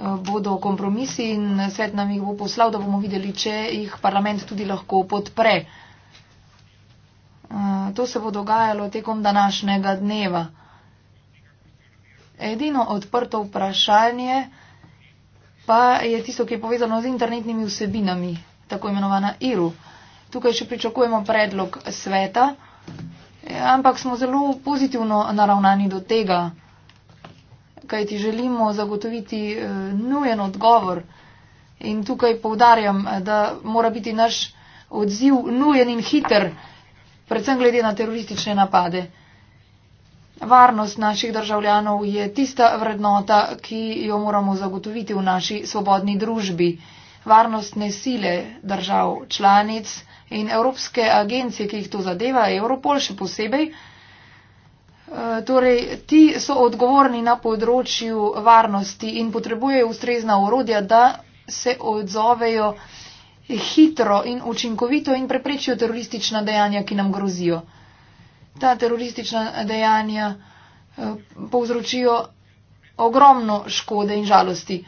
bodo kompromisi in svet nam jih bo poslal, da bomo videli, če jih parlament tudi lahko podpre. To se bo dogajalo tekom današnjega dneva. Edino odprto vprašanje pa je tisto, ki je povezano z internetnimi vsebinami, tako imenovana IRU. Tukaj še pričakujemo predlog sveta, ampak smo zelo pozitivno naravnani do tega kaj ti želimo zagotoviti eh, nujen odgovor. In tukaj povdarjam, eh, da mora biti naš odziv nujen in hiter, predvsem glede na teroristične napade. Varnost naših državljanov je tista vrednota, ki jo moramo zagotoviti v naši svobodni družbi. Varnostne sile držav članic in Evropske agencije, ki jih to zadeva, Europol še posebej, Eh, torej, ti so odgovorni na področju varnosti in potrebujejo ustrezna orodja, da se odzovejo hitro in učinkovito in preprečijo teroristična dejanja, ki nam grozijo. Ta teroristična dejanja eh, povzročijo ogromno škode in žalosti.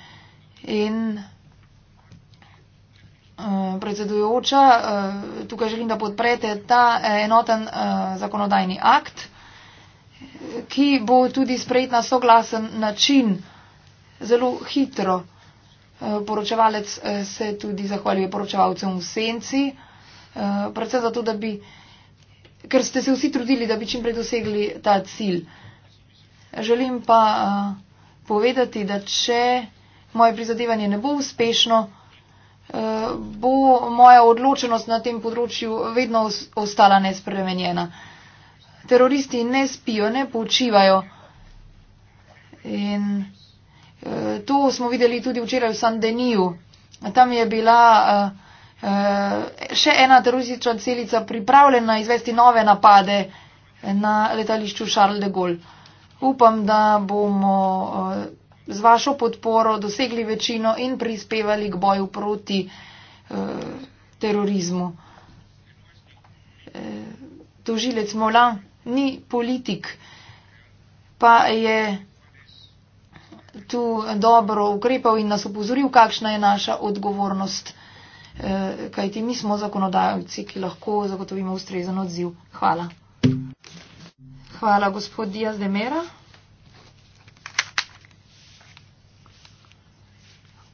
In eh, predsedujoča, tukaj želim, da podprete ta enoten zakonodajni akt ki bo tudi sprejet na soglasen način, zelo hitro. Eh, poročevalec eh, se tudi zahvaljuje poročevalcem v senci, eh, predvsem zato, da bi, ker ste se vsi trudili, da bi čim prej dosegli ta cilj. Želim pa povedati, da če moje prizadevanje ne bo uspešno, bo moja odločenost na tem področju vedno ostala nespremenjena teroristi ne spijo, ne počivajo. In eh, to smo videli tudi včeraj v Sandeniju. Tam je bila eh, eh, še ena teroristična celica pripravljena izvesti nove napade na letališču Charles de Gaulle. Upam, da bomo eh, z vašo podporo dosegli večino in prispevali k boju proti eh, terorizmu. Eh, tožilec Molan ni politik, pa je tu dobro ukrepal in nas upozoril, kakšna je naša odgovornost, eh, kajti mi smo zakonodajalci, ki lahko zagotovimo ustrezen odziv. Hvala. Hvala, gospod Diaz de Mera.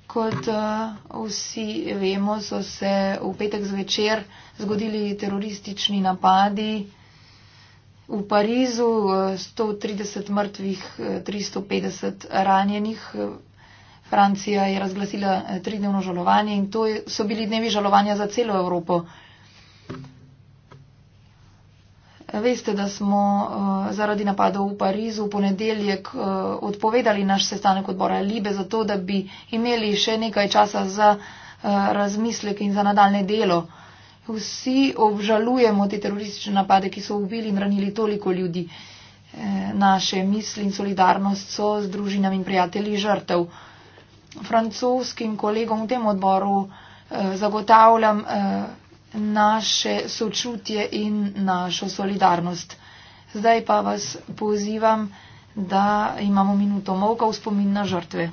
Kot eh, vsi vemo, so se v petek zvečer zgodili teroristični napadi v Parizu 130 eh, mrtvih, 350 eh, ranjenih. Francija je razglasila eh, tridnevno žalovanje in to so bili dnevi žalovanja za celo Evropo. Veste, da smo zaradi napadov v Parizu v ponedeljek odpovedali naš sestanek odbora Libe zato, da bi imeli še nekaj časa za razmislek in za nadaljne delo vsi obžalujemo te teroristične napade, ki so ubili in ranili toliko ljudi. E, naše misli in solidarnost so z družinami in prijatelji žrtev. Francoskim kolegom v tem odboru e, zagotavljam e, naše sočutje in našo solidarnost. Zdaj pa vas pozivam, da imamo minuto molka v spomin na žrtve.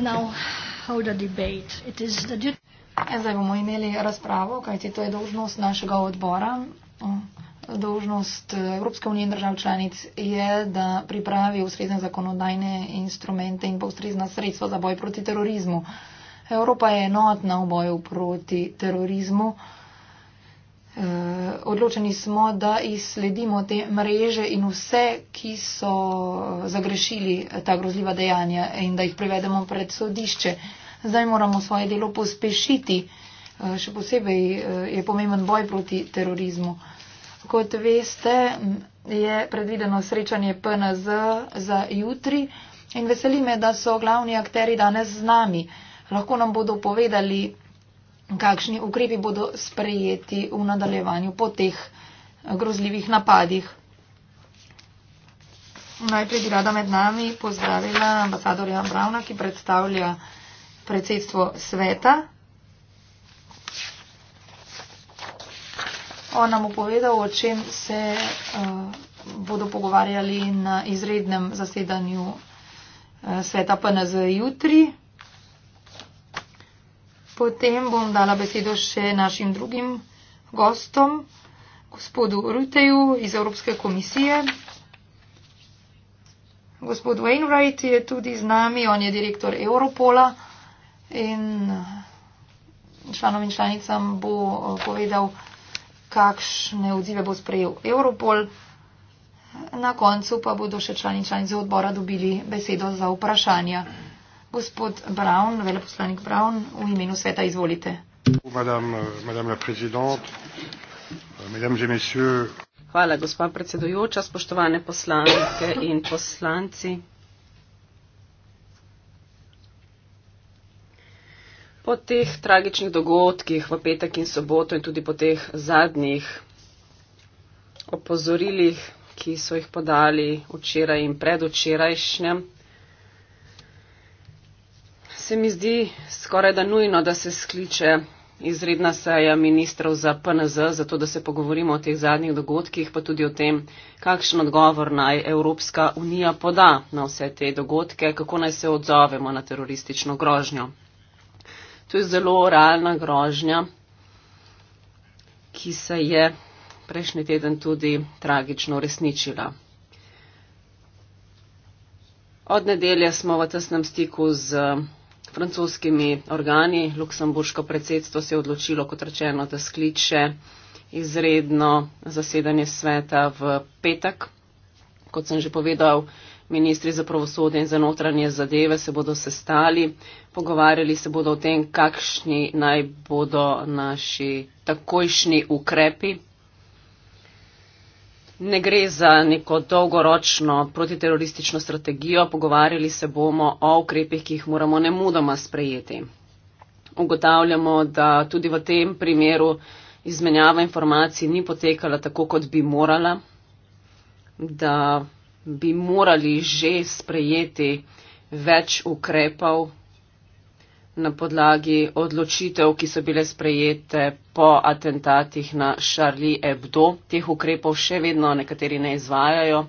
now hold a debate. It is the duty. Ja, zdaj bomo imeli razpravo, kajti to je dolžnost našega odbora. Dolžnost eh, Evropske unije in držav članic je, da pripravi ustrezne zakonodajne instrumente in pa ustrezna sredstva za boj proti terorizmu. Evropa je enotna v boju proti terorizmu. Uh, Eh, odločeni smo, da izsledimo te mreže in vse, ki so zagrešili ta grozljiva dejanja in da jih privedemo pred sodišče. Zdaj moramo svoje delo pospešiti. Eh, še posebej eh, je pomemben boj proti terorizmu. Kot veste, je predvideno srečanje PNZ za jutri in veseli me, da so glavni akteri danes z nami. Lahko nam bodo povedali, kakšni ukrepi bodo sprejeti v nadaljevanju po teh grozljivih napadih. Najprej bi rada med nami pozdravila ambasadorja Brauna, ki predstavlja predsedstvo sveta. On nam bo povedal, o čem se uh, bodo pogovarjali na izrednem zasedanju uh, sveta PNZ jutri. Potem bom dala besedo še našim drugim gostom, gospodu Ruteju iz Evropske komisije. Gospod Wainwright je tudi z nami, on je direktor Europola in članom in članicam bo eh, povedal, kakšne odzive bo sprejel Europol. Na koncu pa bodo še člani in članice odbora dobili besedo za vprašanja. Gospod Brown, veleposlanik Brown, v imenu sveta izvolite. Hvala, gospa predsedujoča, spoštovane poslanke in poslanci. Po teh tragičnih dogodkih v petek in soboto in tudi po teh zadnjih opozorilih, ki so jih podali včeraj in predvčerajšnjem, se mi zdi skoraj da nujno, da se skliče izredna seja ministrov za PNZ, zato da se pogovorimo o teh zadnjih dogodkih, pa tudi o tem, kakšen odgovor naj Evropska unija poda na vse te dogodke, kako naj se odzovemo na teroristično grožnjo. To je zelo realna grožnja, ki se je prejšnji teden tudi tragično uresničila. Od nedelje smo v tesnem stiku z francoskimi organi. Luksemburško predsedstvo se je odločilo, kot rečeno, da skliče izredno zasedanje sveta v petek. Kot sem že povedal, ministri za pravosodje in za notranje zadeve se bodo sestali, pogovarjali se bodo o tem, kakšni naj bodo naši takojšnji ukrepi. Ne gre za neko dolgoročno protiteroristično strategijo, pogovarjali se bomo o ukrepih, ki jih moramo nemudoma sprejeti. Ugotavljamo, da tudi v tem primeru izmenjava informacij ni potekala tako, kot bi morala, da bi morali že sprejeti več ukrepov, na podlagi odločitev, ki so bile sprejete po atentatih na Charlie Hebdo. Teh ukrepov še vedno nekateri ne izvajajo.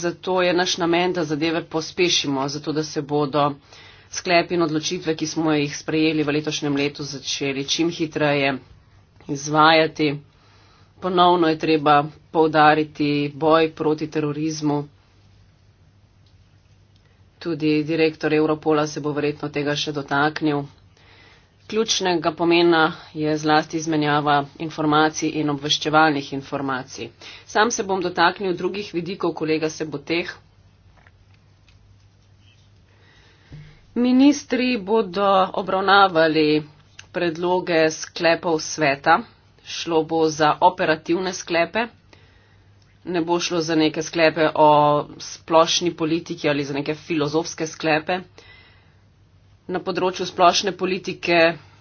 Zato je naš namen, da zadeve pospešimo, zato da se bodo sklepi in odločitve, ki smo jih sprejeli v letošnjem letu, začeli čim hitreje izvajati. Ponovno je treba poudariti boj proti terorizmu. Tudi direktor Europola se bo verjetno tega še dotaknil. Ključnega pomena je zlasti izmenjava informacij in obveščevalnih informacij. Sam se bom dotaknil drugih vidikov, kolega se bo teh. Ministri bodo obravnavali predloge sklepov sveta. Šlo bo za operativne sklepe ne bo šlo za neke sklepe o splošni politiki ali za neke filozofske sklepe. Na področju splošne politike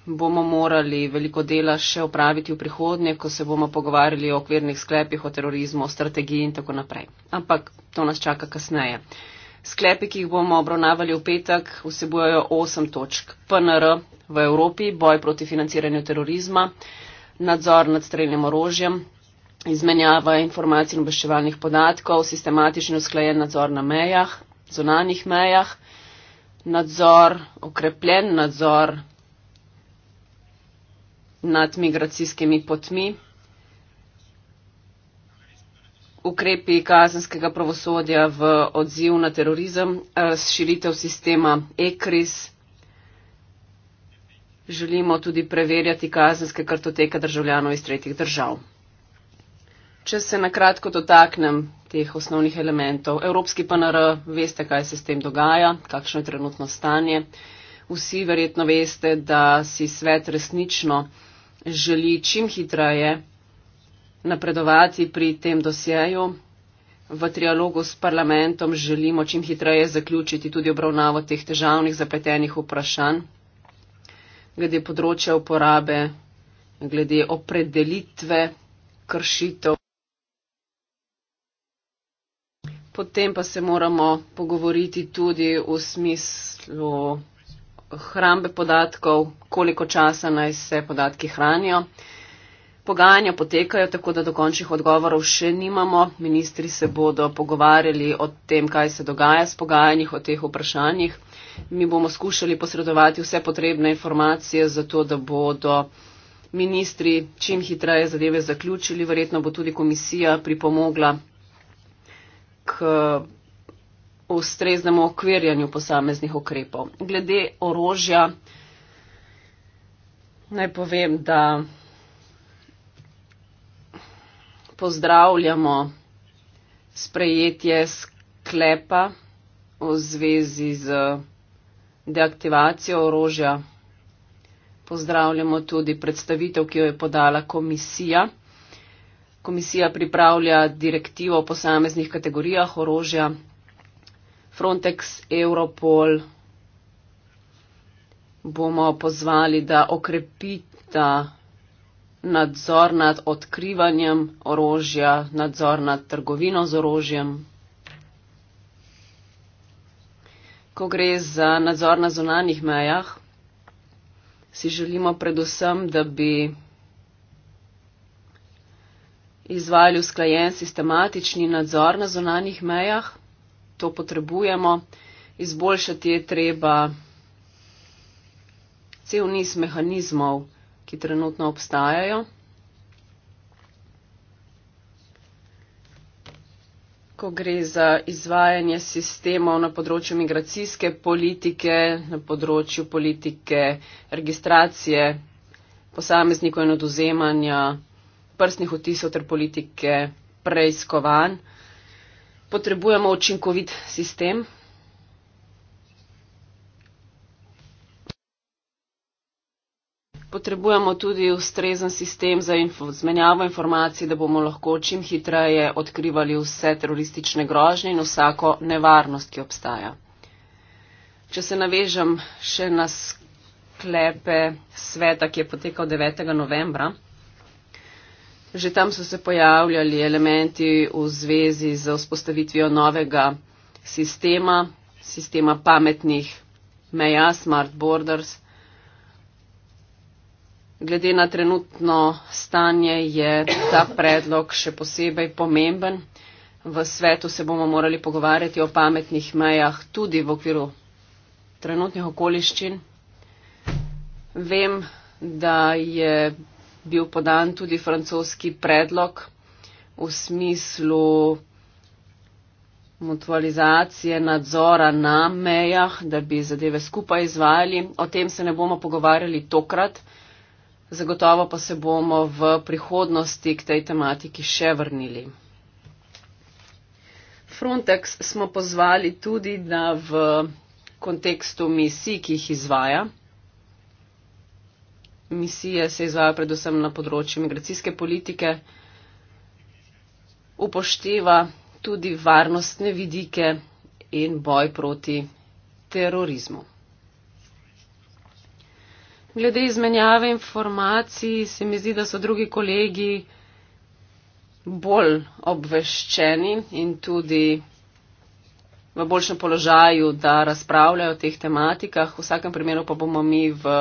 bomo morali veliko dela še opraviti v prihodnje, ko se bomo pogovarjali o okvirnih sklepih, o terorizmu, o strategiji in tako naprej. Ampak to nas čaka kasneje. Sklepi, ki jih bomo obravnavali v petek, vsebujejo osem točk. PNR v Evropi, boj proti financiranju terorizma, nadzor nad streljnim orožjem, izmenjava informacij in obveščevalnih podatkov, sistematičen usklajen nadzor na mejah, zonanih mejah, nadzor, okrepljen nadzor nad migracijskimi potmi, ukrepi kazenskega pravosodja v odziv na terorizem, razširitev sistema ECRIS. Želimo tudi preverjati kazenske kartoteke državljanov iz tretjih držav če se na kratko dotaknem teh osnovnih elementov. Evropski PNR, veste, kaj se s tem dogaja, kakšno je trenutno stanje. Vsi verjetno veste, da si svet resnično želi čim hitreje napredovati pri tem dosjeju. V trialogu s parlamentom želimo čim hitreje zaključiti tudi obravnavo teh težavnih zapletenih vprašanj glede področja uporabe, glede opredelitve kršitev potem pa se moramo pogovoriti tudi v smislu hrambe podatkov, koliko časa naj se podatki hranijo. Pogajanja potekajo, tako da dokončnih odgovorov še nimamo. Ministri se bodo pogovarjali o tem, kaj se dogaja s pogajanjih o teh vprašanjih. Mi bomo skušali posredovati vse potrebne informacije, zato da bodo ministri čim hitreje zadeve zaključili. Verjetno bo tudi komisija pripomogla k eh, ustreznemu okvirjanju posameznih ukrepov. Glede orožja, naj povem, da pozdravljamo sprejetje sklepa v zvezi z deaktivacijo orožja. Pozdravljamo tudi predstavitev, ki jo je podala komisija komisija pripravlja direktivo o posameznih kategorijah orožja, Frontex, Europol, bomo pozvali, da okrepita nadzor nad odkrivanjem orožja, nadzor nad trgovino z orožjem. Ko gre za nadzor na zunanjih mejah, si želimo predvsem, da bi izvajali usklajen sistematični nadzor na zonanih mejah. To potrebujemo. Izboljšati je treba cel niz mehanizmov, ki trenutno obstajajo. Ko gre za izvajanje sistemov na področju migracijske politike, na področju politike registracije posameznikov in oduzemanja prstnih otisov ter politike preiskovan. Potrebujemo učinkovit sistem. Potrebujemo tudi ustrezen sistem za izmenjavo informacij, da bomo lahko čim hitreje odkrivali vse teroristične grožnje in vsako nevarnost, ki obstaja. Če se navežem še na sklepe sveta, ki je potekal 9. novembra Že tam so se pojavljali elementi v zvezi z vzpostavitvijo novega sistema, sistema pametnih meja, smart borders. Glede na trenutno stanje je ta predlog še posebej pomemben. V svetu se bomo morali pogovarjati o pametnih mejah tudi v okviru trenutnih okoliščin. Vem, da je bil podan tudi francoski predlog v smislu mutualizacije nadzora na mejah, da bi zadeve skupaj izvajali. O tem se ne bomo pogovarjali tokrat, zagotovo pa se bomo v prihodnosti k tej tematiki še vrnili. Frontex smo pozvali tudi, da v kontekstu misij, ki jih izvaja, misije se izvaja predvsem na področju migracijske politike, upošteva tudi varnostne vidike in boj proti terorizmu. Glede izmenjave informacij se mi zdi, da so drugi kolegi bolj obveščeni in tudi v boljšem položaju, da razpravljajo o teh tematikah. V vsakem primeru pa bomo mi v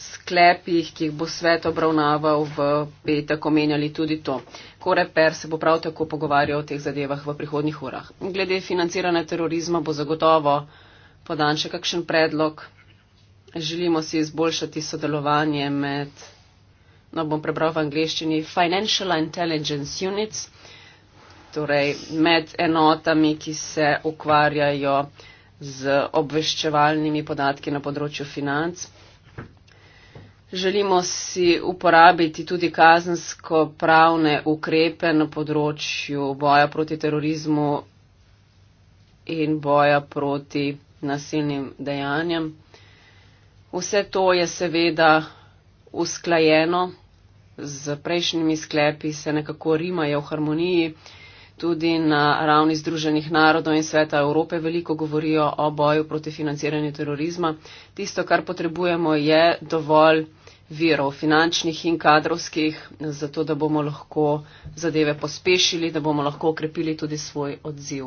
sklepih, ki jih bo svet obravnaval v petek, omenjali tudi to. Koreper se bo prav tako pogovarjal o teh zadevah v prihodnjih urah. Glede financiranja terorizma bo zagotovo podan še kakšen predlog. Želimo si izboljšati sodelovanje med, no bom prebral v angliščini, Financial Intelligence Units, torej med enotami, ki se ukvarjajo z obveščevalnimi podatki na področju financ. Želimo si uporabiti tudi kazensko pravne ukrepe na področju boja proti terorizmu in boja proti nasilnim dejanjem. Vse to je seveda usklajeno z prejšnjimi sklepi, se nekako rimajo v harmoniji. Tudi na ravni Združenih narodov in sveta Evrope veliko govorijo o boju proti financiranju terorizma. Tisto, kar potrebujemo, je dovolj virov, finančnih in kadrovskih, zato da bomo lahko zadeve pospešili, da bomo lahko okrepili tudi svoj odziv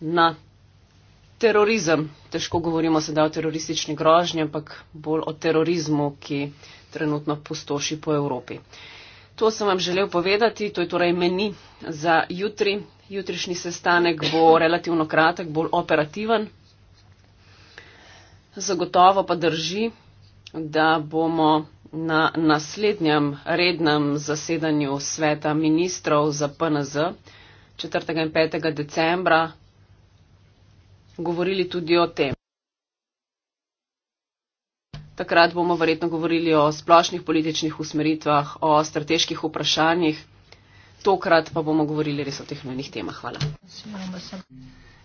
na terorizem. Težko govorimo sedaj o teroristični grožnji, ampak bolj o terorizmu, ki trenutno pustoši po Evropi. To sem vam želel povedati, to je torej meni za jutri. Jutrišnji sestanek bo relativno kratek, bolj operativen. Zagotovo pa drži, da bomo na naslednjem rednem zasedanju sveta ministrov za PNZ 4. in 5. decembra govorili tudi o tem. Takrat bomo verjetno govorili o splošnih političnih usmeritvah, o strateških vprašanjih, tokrat pa bomo govorili res o teh nujnih temah. Hvala.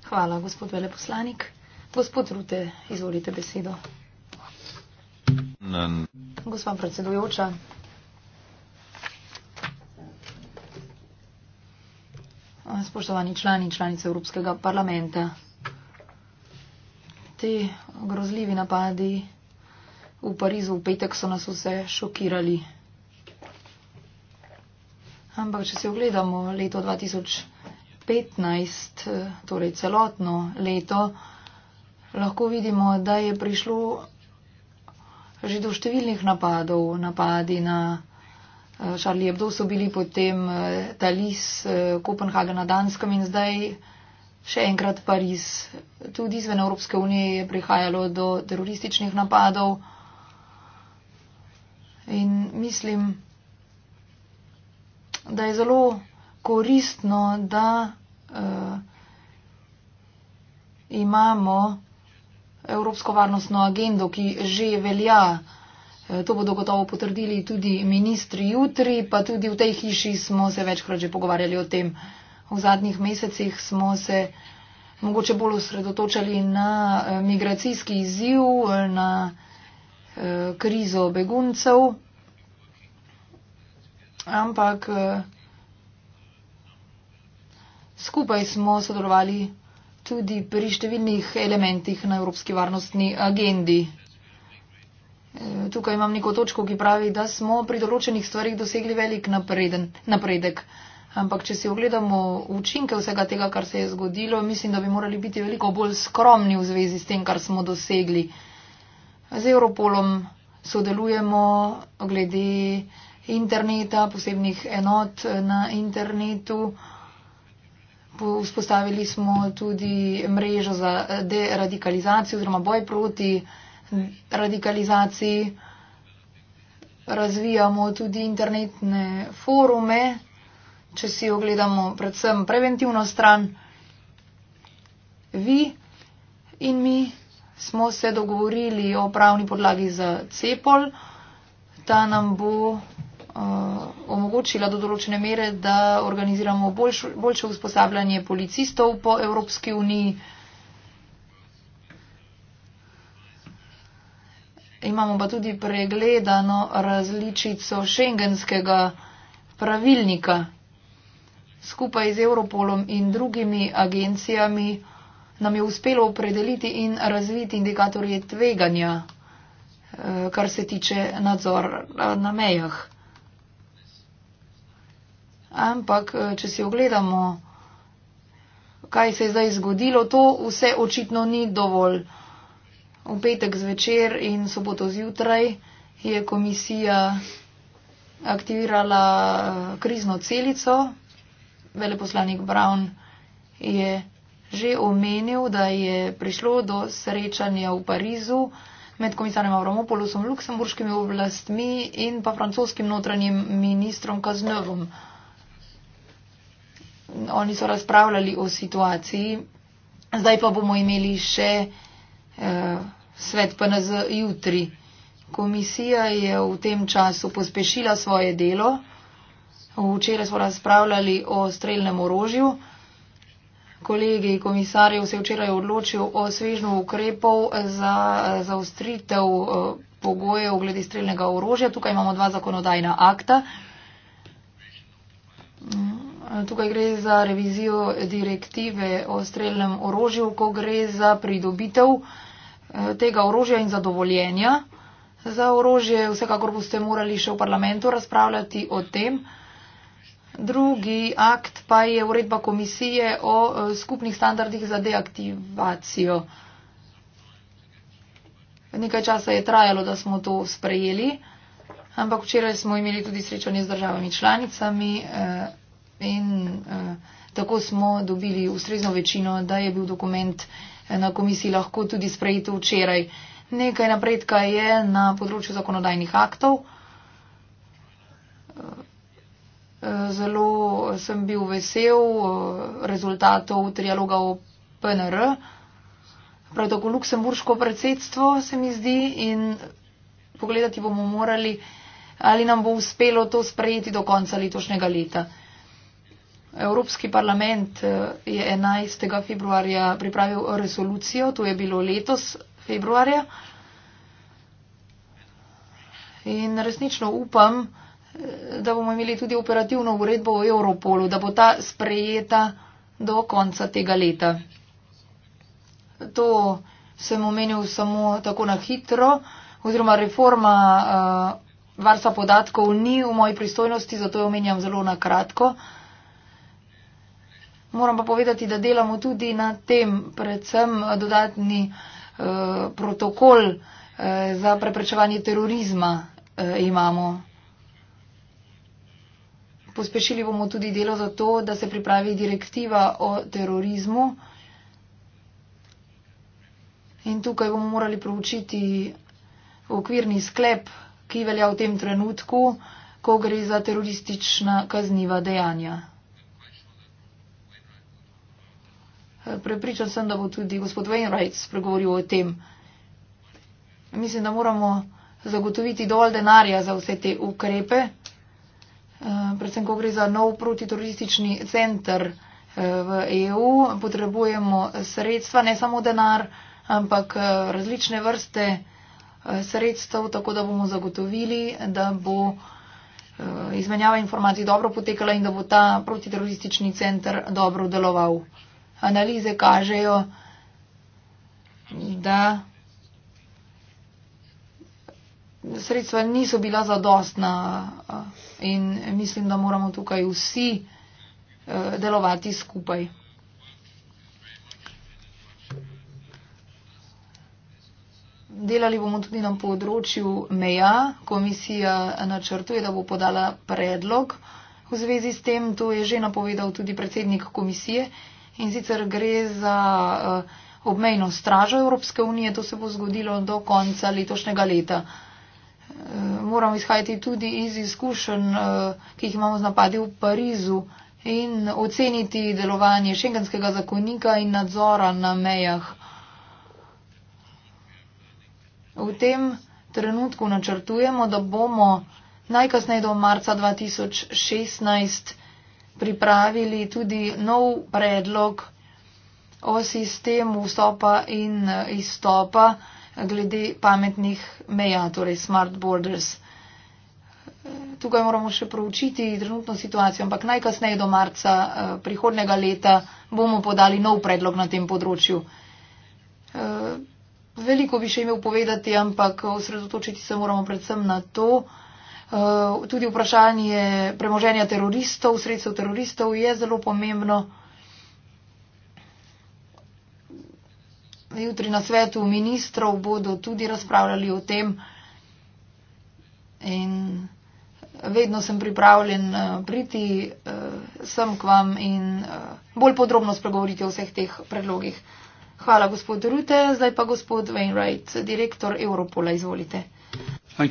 Hvala, gospod veleposlanik. Gospod Rute, izvolite besedo. Gospod predsedujoča. Spoštovani člani in članice Evropskega parlamenta. Ti grozljivi napadi v Parizu v petek so nas vse šokirali. Ampak, če se ogledamo leto 2015, torej celotno leto, lahko vidimo, da je prišlo že do številnih napadov. Napadi na eh, Charlie Hebdo so bili potem eh, Talis, eh, Kopenhagen na Danskem in zdaj še enkrat Pariz. Tudi izven Evropske unije je prihajalo do terorističnih napadov. In mislim, da je zelo koristno, da uh, imamo evropsko varnostno agendo, ki že velja. E, to bodo gotovo potrdili tudi ministri jutri, pa tudi v tej hiši smo se večkrat že pogovarjali o tem. V zadnjih mesecih smo se mogoče bolj osredotočali na e, migracijski izziv, na e, krizo beguncev, ampak skupaj smo sodelovali tudi pri številnih elementih na evropski varnostni agendi. Tukaj imam neko točko, ki pravi, da smo pri določenih stvarih dosegli velik napreden, napredek. Ampak, če si ogledamo učinke vsega tega, kar se je zgodilo, mislim, da bi morali biti veliko bolj skromni v zvezi s tem, kar smo dosegli. Z Europolom sodelujemo glede interneta, posebnih enot na internetu. Vzpostavili smo tudi mrežo za deradikalizacijo oziroma boj proti radikalizaciji. Razvijamo tudi internetne forume, če si ogledamo predvsem preventivno stran. Vi in mi smo se dogovorili o pravni podlagi za Cepol. Ta nam bo uh, omogočila do določene mere, da organiziramo boljš, boljše usposabljanje policistov po Evropski uniji. Imamo pa tudi pregledano različico šengenskega pravilnika. Skupaj z Europolom in drugimi agencijami nam je uspelo opredeliti in razviti indikatorje tveganja, eh, kar se tiče nadzora na mejah. Ampak, eh, če si ogledamo, kaj se je zdaj zgodilo, to vse očitno ni dovolj. V petek zvečer in soboto zjutraj je komisija aktivirala eh, krizno celico. Veleposlanik Brown je že omenil, da je prišlo do srečanja v Parizu med komisarjem Avramopolusom, luksemburškimi oblastmi in pa francoskim notranjim ministrom Kaznovom oni so razpravljali o situaciji, zdaj pa bomo imeli še eh, svet PNZ jutri. Komisija je v tem času pospešila svoje delo. Včeraj smo razpravljali o streljnem orožju. Kolegi komisarjev se je včeraj odločil o svežnju ukrepov za eh, zaustritev eh, pogojev glede streljnega orožja. Tukaj imamo dva zakonodajna akta. Tukaj gre za revizijo direktive o streljnem orožju, ko gre za pridobitev eh, tega orožja in zadovoljenja za orožje. Vsekakor boste morali še v parlamentu razpravljati o tem. Drugi akt pa je uredba komisije o eh, skupnih standardih za deaktivacijo. Nekaj časa je trajalo, da smo to sprejeli, ampak včeraj smo imeli tudi srečanje z državami članicami. Eh, in uh, tako smo dobili ustrezno večino, da je bil dokument eh, na komisiji lahko tudi sprejet včeraj. Nekaj napredka je na področju zakonodajnih aktov. Eh, zelo sem bil vesel rezultatov trialoga o PNR. Prav tako luksemburško predsedstvo se mi zdi in pogledati bomo morali, ali nam bo uspelo to sprejeti do konca letošnjega leta. Evropski parlament eh, je 11. februarja pripravil resolucijo, to je bilo letos februarja. In resnično upam, eh, da bomo imeli tudi operativno uredbo o Europolu, da bo ta sprejeta do konca tega leta. To sem omenil samo tako na hitro, oziroma reforma uh, varstva podatkov ni v moji pristojnosti, zato jo omenjam zelo na kratko. Uh, Moram pa povedati, da delamo tudi na tem, predvsem dodatni eh, protokol eh, za preprečevanje terorizma eh, imamo. Pospešili bomo tudi delo za to, da se pripravi direktiva o terorizmu. In tukaj bomo morali proučiti okvirni sklep, ki velja v tem trenutku, ko gre za teroristična kazniva dejanja. Prepričan sem, da bo tudi gospod Wainwright spregovoril o tem. Mislim, da moramo zagotoviti dovolj denarja za vse te ukrepe, eh, predvsem, ko gre za nov protituristični center eh, v EU, potrebujemo sredstva, ne samo denar, ampak eh, različne vrste sredstev, tako da bomo zagotovili, da bo izmenjava informacij dobro potekala in da bo ta protiteroristični center dobro deloval analize kažejo, da sredstva niso bila zadostna eh, in mislim, da moramo tukaj vsi eh, delovati skupaj. Delali bomo tudi na področju meja. Komisija načrtuje, da bo podala predlog v zvezi s tem. To je že napovedal tudi predsednik komisije in sicer gre za eh, obmejno stražo Evropske unije, to se bo zgodilo do konca letošnjega leta. Eh, moram izhajati tudi iz izkušenj, eh, ki jih imamo z napadi v Parizu in oceniti delovanje šengenskega zakonika in nadzora na mejah. V tem trenutku načrtujemo, da bomo najkasneje do marca 2016 pripravili tudi nov predlog o sistemu vstopa in izstopa glede pametnih meja, torej smart borders. Tukaj moramo še proučiti trenutno situacijo, ampak najkasneje do marca eh, prihodnega leta bomo podali nov predlog na tem področju. Eh, veliko bi še imel povedati, ampak osredotočiti se moramo predvsem na to, Eh, tudi vprašanje premoženja teroristov, sredstev teroristov je zelo pomembno. Jutri na svetu ministrov bodo tudi razpravljali o tem in vedno sem pripravljen eh, priti eh, sem k vam in bolj podrobno spregovoriti o vseh teh predlogih. Hvala, gospod Rute. Zdaj pa gospod Wainwright, direktor Europola, izvolite. Eh,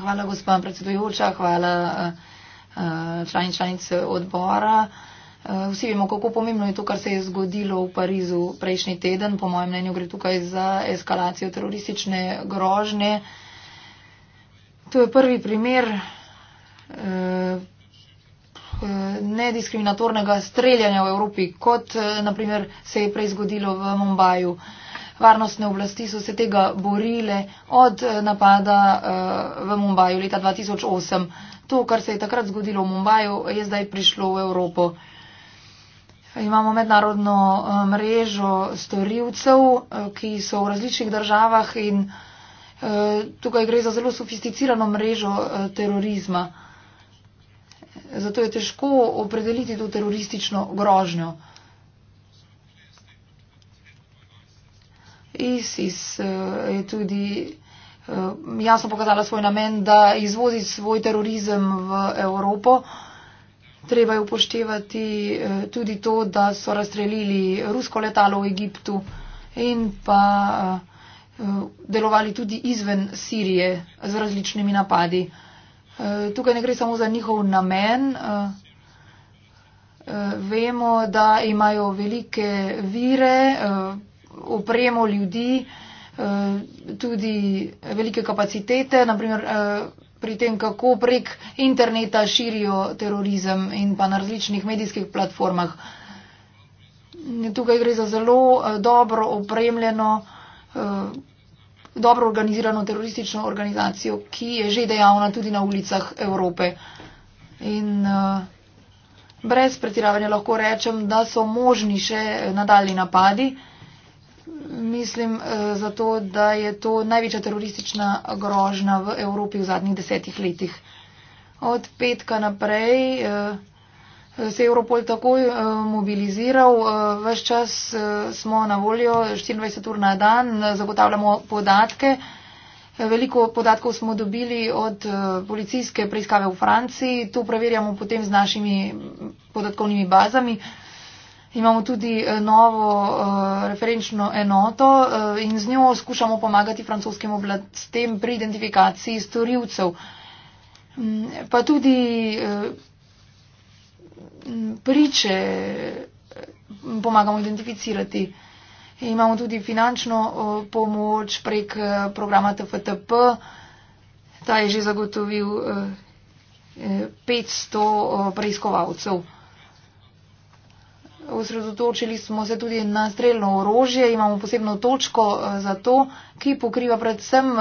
hvala, gospod predsedujoča, hvala eh, eh, člani članice odbora. Vsi vemo, kako pomembno je to, kar se je zgodilo v Parizu prejšnji teden. Po mojem mnenju gre tukaj za eskalacijo teroristične grožnje. To je prvi primer nediskriminatornega streljanja v Evropi, kot naprimer se je prej zgodilo v Mumbaju varnostne oblasti so se tega borile od eh, napada eh, v Mumbaju leta 2008. To, kar se je takrat zgodilo v Mumbaju, je zdaj prišlo v Evropo. Imamo mednarodno eh, mrežo storilcev, ki so v različnih državah in tukaj gre za zelo sofisticirano mrežo terorizma. Zato je težko opredeliti to teroristično grožnjo. ISIS eh, je tudi eh, jasno pokazala svoj namen, da izvozi svoj terorizem v Evropo. Treba je upoštevati eh, tudi to, da so razstrelili rusko letalo v Egiptu in pa delovali tudi izven Sirije z različnimi napadi. Tukaj ne gre samo za njihov namen. Vemo, da imajo velike vire, opremo ljudi, eh, tudi velike kapacitete, naprimer eh, pri tem, kako prek interneta širijo terorizem in pa na različnih medijskih platformah. Tukaj gre za zelo eh, dobro opremljeno, dobro organizirano teroristično organizacijo, ki je že dejavna tudi na ulicah Evrope. In brez pretiravanja lahko rečem, da so možni še nadaljni napadi. Mislim eh, zato, da je to največja teroristična grožna v Evropi v zadnjih desetih letih. Od petka naprej eh, se je Europol takoj eh, mobiliziral, ves čas smo na voljo 24 ur na dan, zagotavljamo podatke. Veliko podatkov smo dobili od policijske preiskave v Franciji, to preverjamo potem z našimi mm, podatkovnimi bazami. Imamo tudi eh, novo uh, referenčno enoto uh, in z njo skušamo pomagati francoskim oblastem pri identifikaciji storilcev. Um, pa tudi uh, priče pomagamo identificirati. Imamo tudi finančno uh, pomoč prek uh, programa TFTP. Ta je že zagotovil uh, 500 uh, preiskovalcev. Osredotočili smo se tudi na strelno orožje, imamo posebno točko eh, za to, ki pokriva predvsem eh,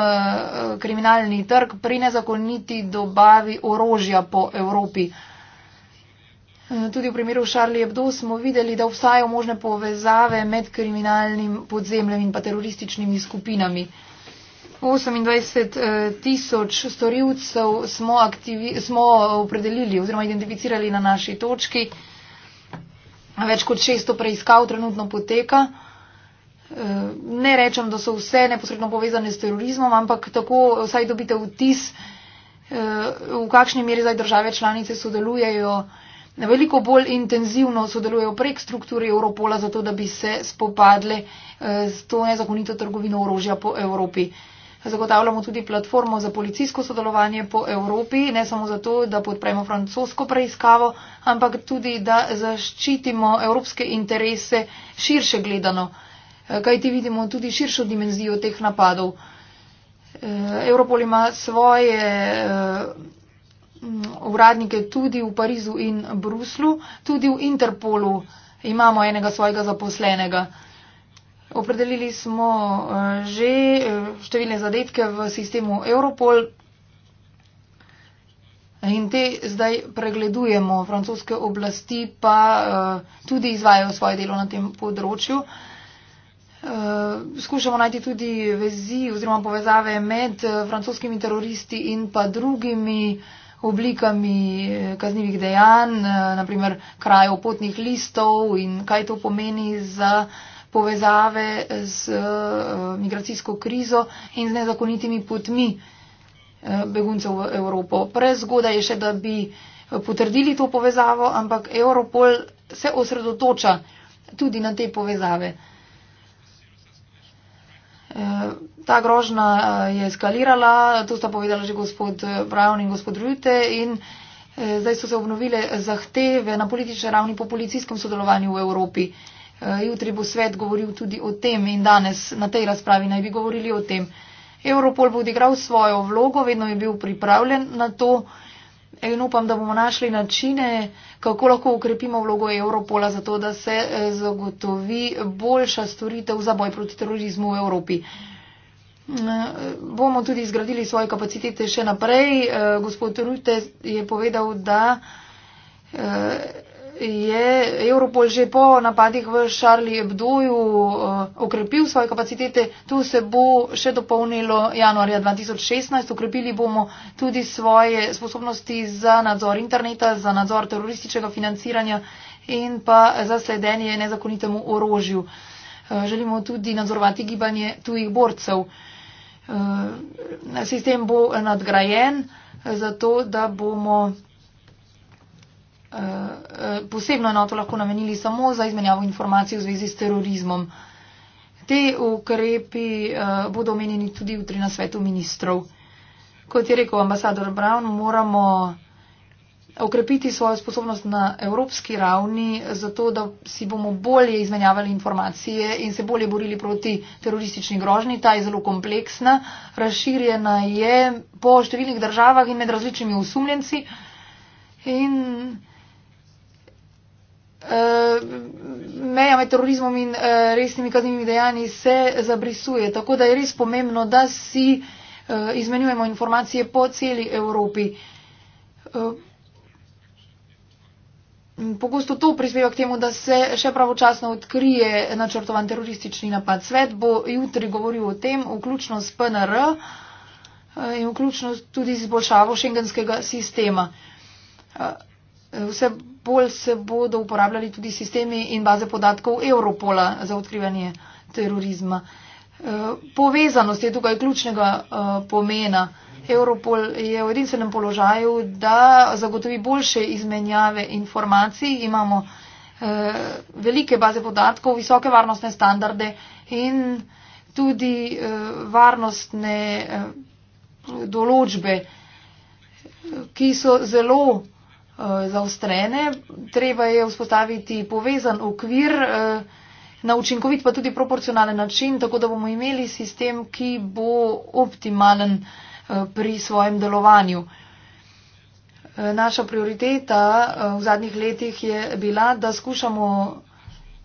kriminalni trg pri nezakoniti dobavi orožja po Evropi. Eh, tudi v primeru Charlie Hebdo smo videli, da obstajajo možne povezave med kriminalnim podzemljem in pa terorističnimi skupinami. 28 tisoč storilcev smo, smo opredelili oziroma identificirali na naši točki. Več kot 600 preiskav trenutno poteka. E, ne rečem, da so vse neposredno povezane s terorizmom, ampak tako vsaj dobite vtis, e, v kakšni meri zdaj države članice sodelujejo, veliko bolj intenzivno sodelujejo prek strukture Europola, zato da bi se spopadle e, s to nezakonito trgovino orožja po Evropi. Zagotavljamo tudi platformo za policijsko sodelovanje po Evropi, ne samo zato, da podpremo francosko preiskavo, ampak tudi, da zaščitimo evropske interese širše gledano, eh, kajti vidimo tudi širšo dimenzijo teh napadov. Eh, Europol ima svoje eh, uradnike tudi v Parizu in Bruslu, tudi v Interpolu imamo enega svojega zaposlenega. Opredelili smo eh, že eh, številne zadetke v sistemu Europol in te zdaj pregledujemo. Francoske oblasti pa eh, tudi izvajajo svoje delo na tem področju. Skušamo najti tudi vezi oziroma povezave med francoskimi teroristi in pa drugimi oblikami kaznjivih dejanj, naprimer krajo potnih listov in kaj to pomeni za povezave z eh, migracijsko krizo in z nezakonitimi potmi eh, beguncev v Evropo. Prezgoda je še, da bi eh, potrdili to povezavo, ampak Europol se osredotoča tudi na te povezave. Ta grožna je eskalirala, to sta povedala že gospod Brown in gospod Rute in zdaj so se obnovile zahteve na politični ravni po policijskem sodelovanju v Evropi. Eh, jutri bo svet govoril tudi o tem in danes na tej razpravi naj bi govorili o tem. Europol bo odigral svojo vlogo, vedno je bil pripravljen na to in upam, da bomo našli načine, kako lahko ukrepimo vlogo Europola za to, da se eh, zagotovi boljša storitev za boj proti terorizmu v Evropi. Mm, eh, bomo tudi izgradili svoje kapacitete še naprej. Gospod Rute je povedal, da je Europol že po napadih v Šarli Ebdoju eh, okrepil svoje kapacitete. To se bo še dopolnilo januarja 2016. Okrepili bomo tudi svoje sposobnosti za nadzor interneta, za nadzor terorističnega financiranja in pa za sledenje nezakonitemu orožju. Eh, želimo tudi nadzorovati gibanje tujih borcev. Eh, sistem bo nadgrajen, zato da bomo posebno enoto lahko namenili samo za izmenjavo informacij v zvezi s terorizmom. Te ukrepi eh, bodo omenjeni tudi v 13 svetu ministrov. Kot je rekel ambasador Brown, moramo okrepiti svojo sposobnost na evropski ravni, zato da si bomo bolje izmenjavali informacije in se bolje borili proti teroristični grožni. Ta je zelo kompleksna, razširjena je po številnih državah in med različnimi osumljenci. In Eh, meja med terorizmom in eh, resnimi kaznimi dejanji se zabrisuje. Tako da je res pomembno, da si eh, izmenjujemo informacije po celi Evropi. Pogosto to prispeva k temu, da se še pravočasno odkrije načrtovan teroristični napad. Svet bo jutri govoril o tem, vključno s PNR in vključno tudi z boljšavo šengenskega sistema. Vse bolj se bodo uporabljali tudi sistemi in baze podatkov Europola za odkrivanje terorizma. E, povezanost je tukaj ključnega e, pomena. Europol je v edinstvenem položaju, da zagotovi boljše izmenjave informacij. Imamo e, velike baze podatkov, visoke varnostne standarde in tudi varnostne določbe, ki so zelo Eh, zaostrene. Treba je vzpostaviti povezan okvir eh, na učinkovit pa tudi proporcionalen način, tako da bomo imeli sistem, ki bo optimalen eh, pri svojem delovanju. Naša prioriteta v zadnjih letih je bila, da skušamo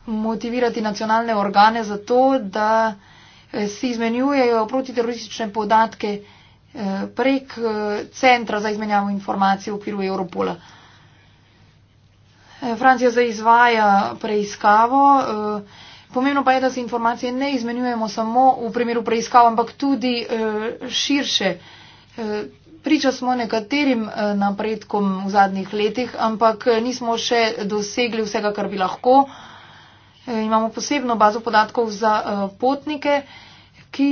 motivirati nacionalne organe za to, da si izmenjujejo protiteroristične podatke prek centra za izmenjavo informacij v okviru Europola. Eh, Francija zdaj izvaja preiskavo. Eh, pomembno pa je, da se informacije ne izmenjujemo samo v primeru preiskav, ampak tudi eh, širše. Priča smo nekaterim napredkom v zadnjih letih, ampak nismo še dosegli vsega, kar bi lahko. Imamo posebno bazo podatkov za potnike, ki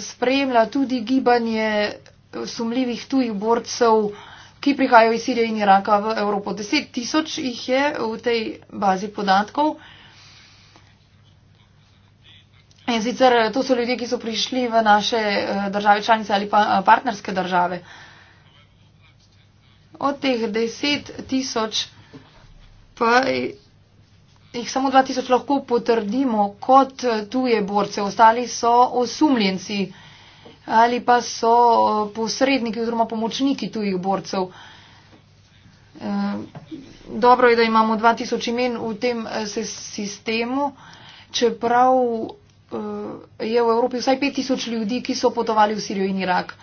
spremlja tudi gibanje sumljivih tujih borcev ki prihajajo iz Sirije in Iraka v Evropo. 10 tisoč jih je v tej bazi podatkov. In sicer to so ljudje, ki so prišli v naše eh, države članice ali pa eh, partnerske države. Od teh 10 tisoč pa jih samo 2 tisoč lahko potrdimo kot eh, tuje borce. Ostali so osumljenci ali pa so eh, posredniki oziroma pomočniki tujih borcev. Eh, dobro je, da imamo 2000 imen v tem eh, sistemu, čeprav je v Evropi vsaj 5000 ljudi, ki so potovali v Sirijo in Irak.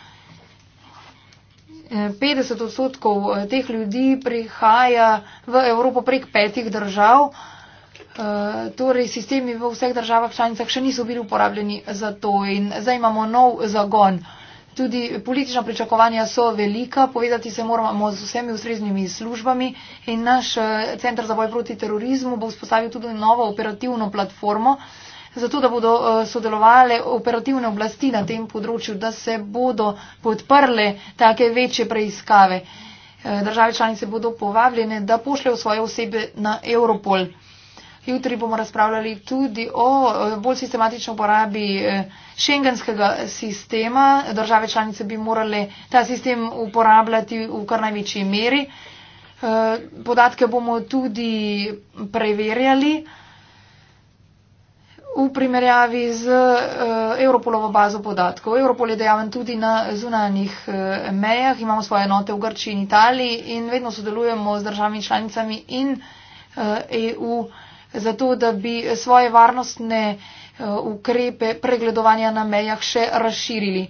50 odstotkov teh ljudi prihaja v Evropo prek petih držav. Eh, torej sistemi v vseh državah članicah še niso bili uporabljeni za to in zdaj imamo nov zagon. Tudi politična pričakovanja so velika, povedati se moramo z vsemi ustreznimi službami in naš eh, Centr za boj proti terorizmu bo vzpostavil tudi novo operativno platformo, zato da bodo eh, sodelovali operativne oblasti na tem področju, da se bodo podprle take večje preiskave. Države članice bodo povabljene, da pošljajo svoje osebe na Europol. Jutri bomo razpravljali tudi o eh, bolj sistematični uporabi eh, šengenskega sistema. Države članice bi morale ta sistem uporabljati v kar največji meri. Eh, podatke bomo tudi preverjali v primerjavi z Europolovo bazo podatkov. Europol je dejaven tudi na zunanjih mejah, imamo svoje enote v Grčiji in Italiji in vedno sodelujemo z državami članicami in EU. E zato, da bi svoje varnostne eh, ukrepe pregledovanja na mejah še razširili.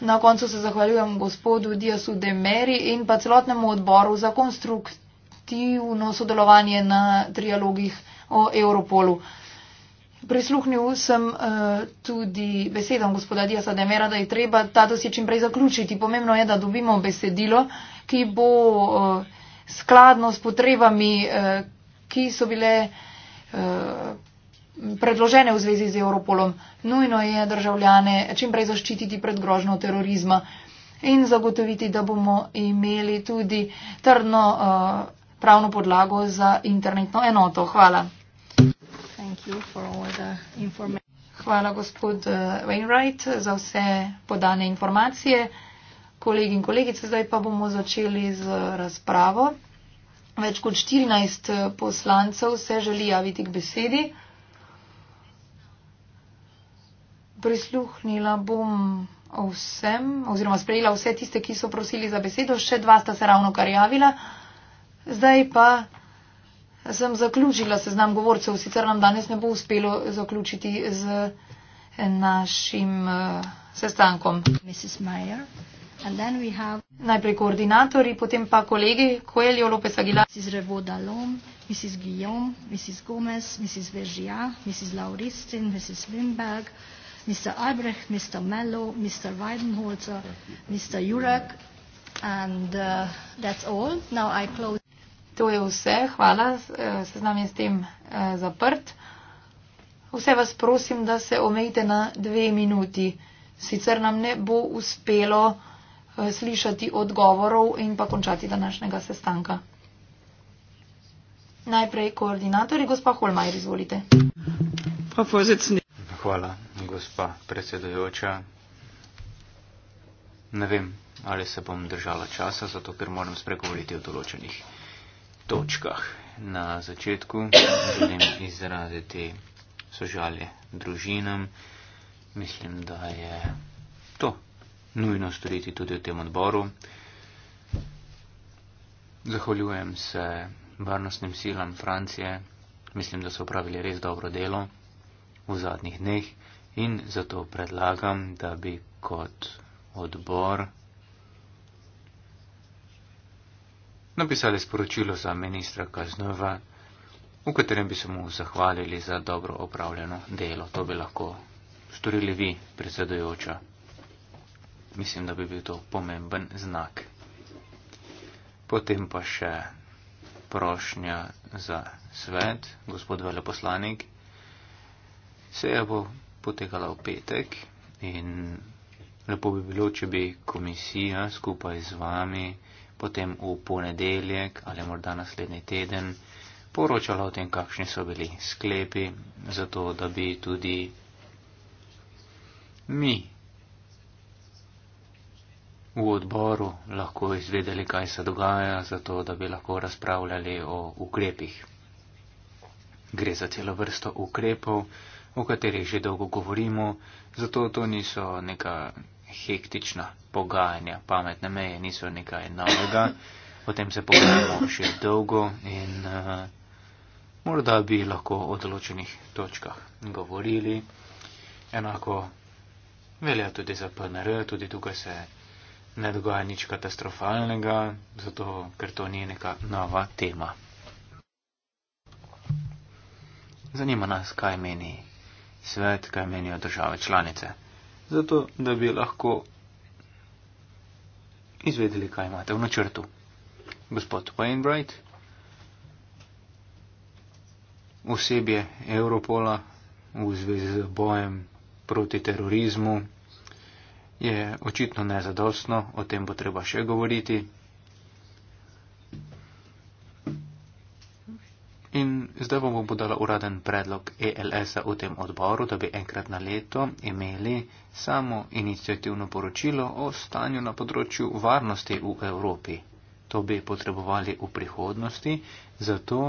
Na koncu se zahvaljujem gospodu Diasu de Meri in pa celotnemu odboru za konstruktivno sodelovanje na trialogih o Europolu. Prisluhnil sem uh, tudi besedam gospoda Diasa de Mera, da je treba ta dosje čim prej zaključiti. Pomembno je, da dobimo besedilo, ki bo uh, skladno s potrebami, uh, ki so bile uh, Eh, predložene v zvezi z Europolom. Nujno je državljane čimprej zaščititi pred grožnjo terorizma in zagotoviti, da bomo imeli tudi trdno uh, pravno podlago za internetno enoto. Hvala. Hvala, gospod eh, Wainwright, za vse podane informacije. Kolegi in kolegice, zdaj pa bomo začeli z razpravo več kot 14 eh, poslancev se želi javiti k besedi. Prisluhnila bom vsem oziroma sprejela vse tiste, ki so prosili za besedo, še dva sta se ravno kar javila. Zdaj pa sem zaključila seznam govorcev, sicer nam danes ne bo uspelo zaključiti z našim eh, sestankom. Mrs. Meyer. Najprej koordinatorji, potem pa kolegi Coelho López Aguilar, Mrs. Revo Dalom, Mrs. Guillaume, Mrs. Gomez, Mrs. Vergia, Mrs. Lauristin, Mrs. Wimberg, Mr. Albrecht, Mr. Mello, Mr. Weidenholzer, Mr. Jurek. And, uh, that's all. Now I close. To je vse, hvala, seznam je s tem eh, zaprt. Vse vas prosim, da se omejite na dve minuti, sicer nam ne bo uspelo. Eh, slišati odgovorov in pa končati današnjega sestanka. Najprej koordinatorji, gospa Holmajer, izvolite. Hvala, gospa predsedojoča. Ne vem, ali se bom držala časa, zato ker moram spregovoriti o določenih točkah. Na začetku želim izraziti sožalje družinam. Mislim, da je to nujno storiti tudi v tem odboru. Zahvaljujem se varnostnim silam Francije. Mislim, da so upravili res dobro delo v zadnjih dneh in zato predlagam, da bi kot odbor napisali sporočilo za ministra Kaznova, v katerem bi se mu zahvalili za dobro opravljeno delo. To bi lahko storili vi, predsedujoča mislim, da bi bil to pomemben znak. Potem pa še prošnja za svet, gospod veleposlanik, se je bo potekala v petek in lepo bi bilo, če bi komisija skupaj z vami potem v ponedeljek ali morda naslednji teden poročala o tem, kakšni so bili sklepi, zato da bi tudi mi v odboru lahko izvedeli, kaj se dogaja, zato da bi lahko razpravljali o ukrepih. Gre za celo vrsto ukrepov, o katerih že dolgo govorimo, zato to niso neka hektična pogajanja. Pametne meje niso nekaj novega, o tem se pogajamo še dolgo in uh, morda bi lahko o določenih točkah govorili. Enako velja tudi za PNR, tudi tukaj se ne dogaja nič katastrofalnega, zato ker to ni neka nova tema. Zanima nas, kaj meni svet, kaj menijo države članice. Zato, da bi lahko izvedeli, kaj imate v načrtu. Gospod Wainwright, osebje Europola v zvezi z bojem proti terorizmu, je očitno nezadostno, o tem bo treba še govoriti. In zdaj bomo podala uraden predlog ELS-a v tem odboru, da bi enkrat na leto imeli samo inicijativno poročilo o stanju na področju varnosti v Evropi. To bi potrebovali v prihodnosti, zato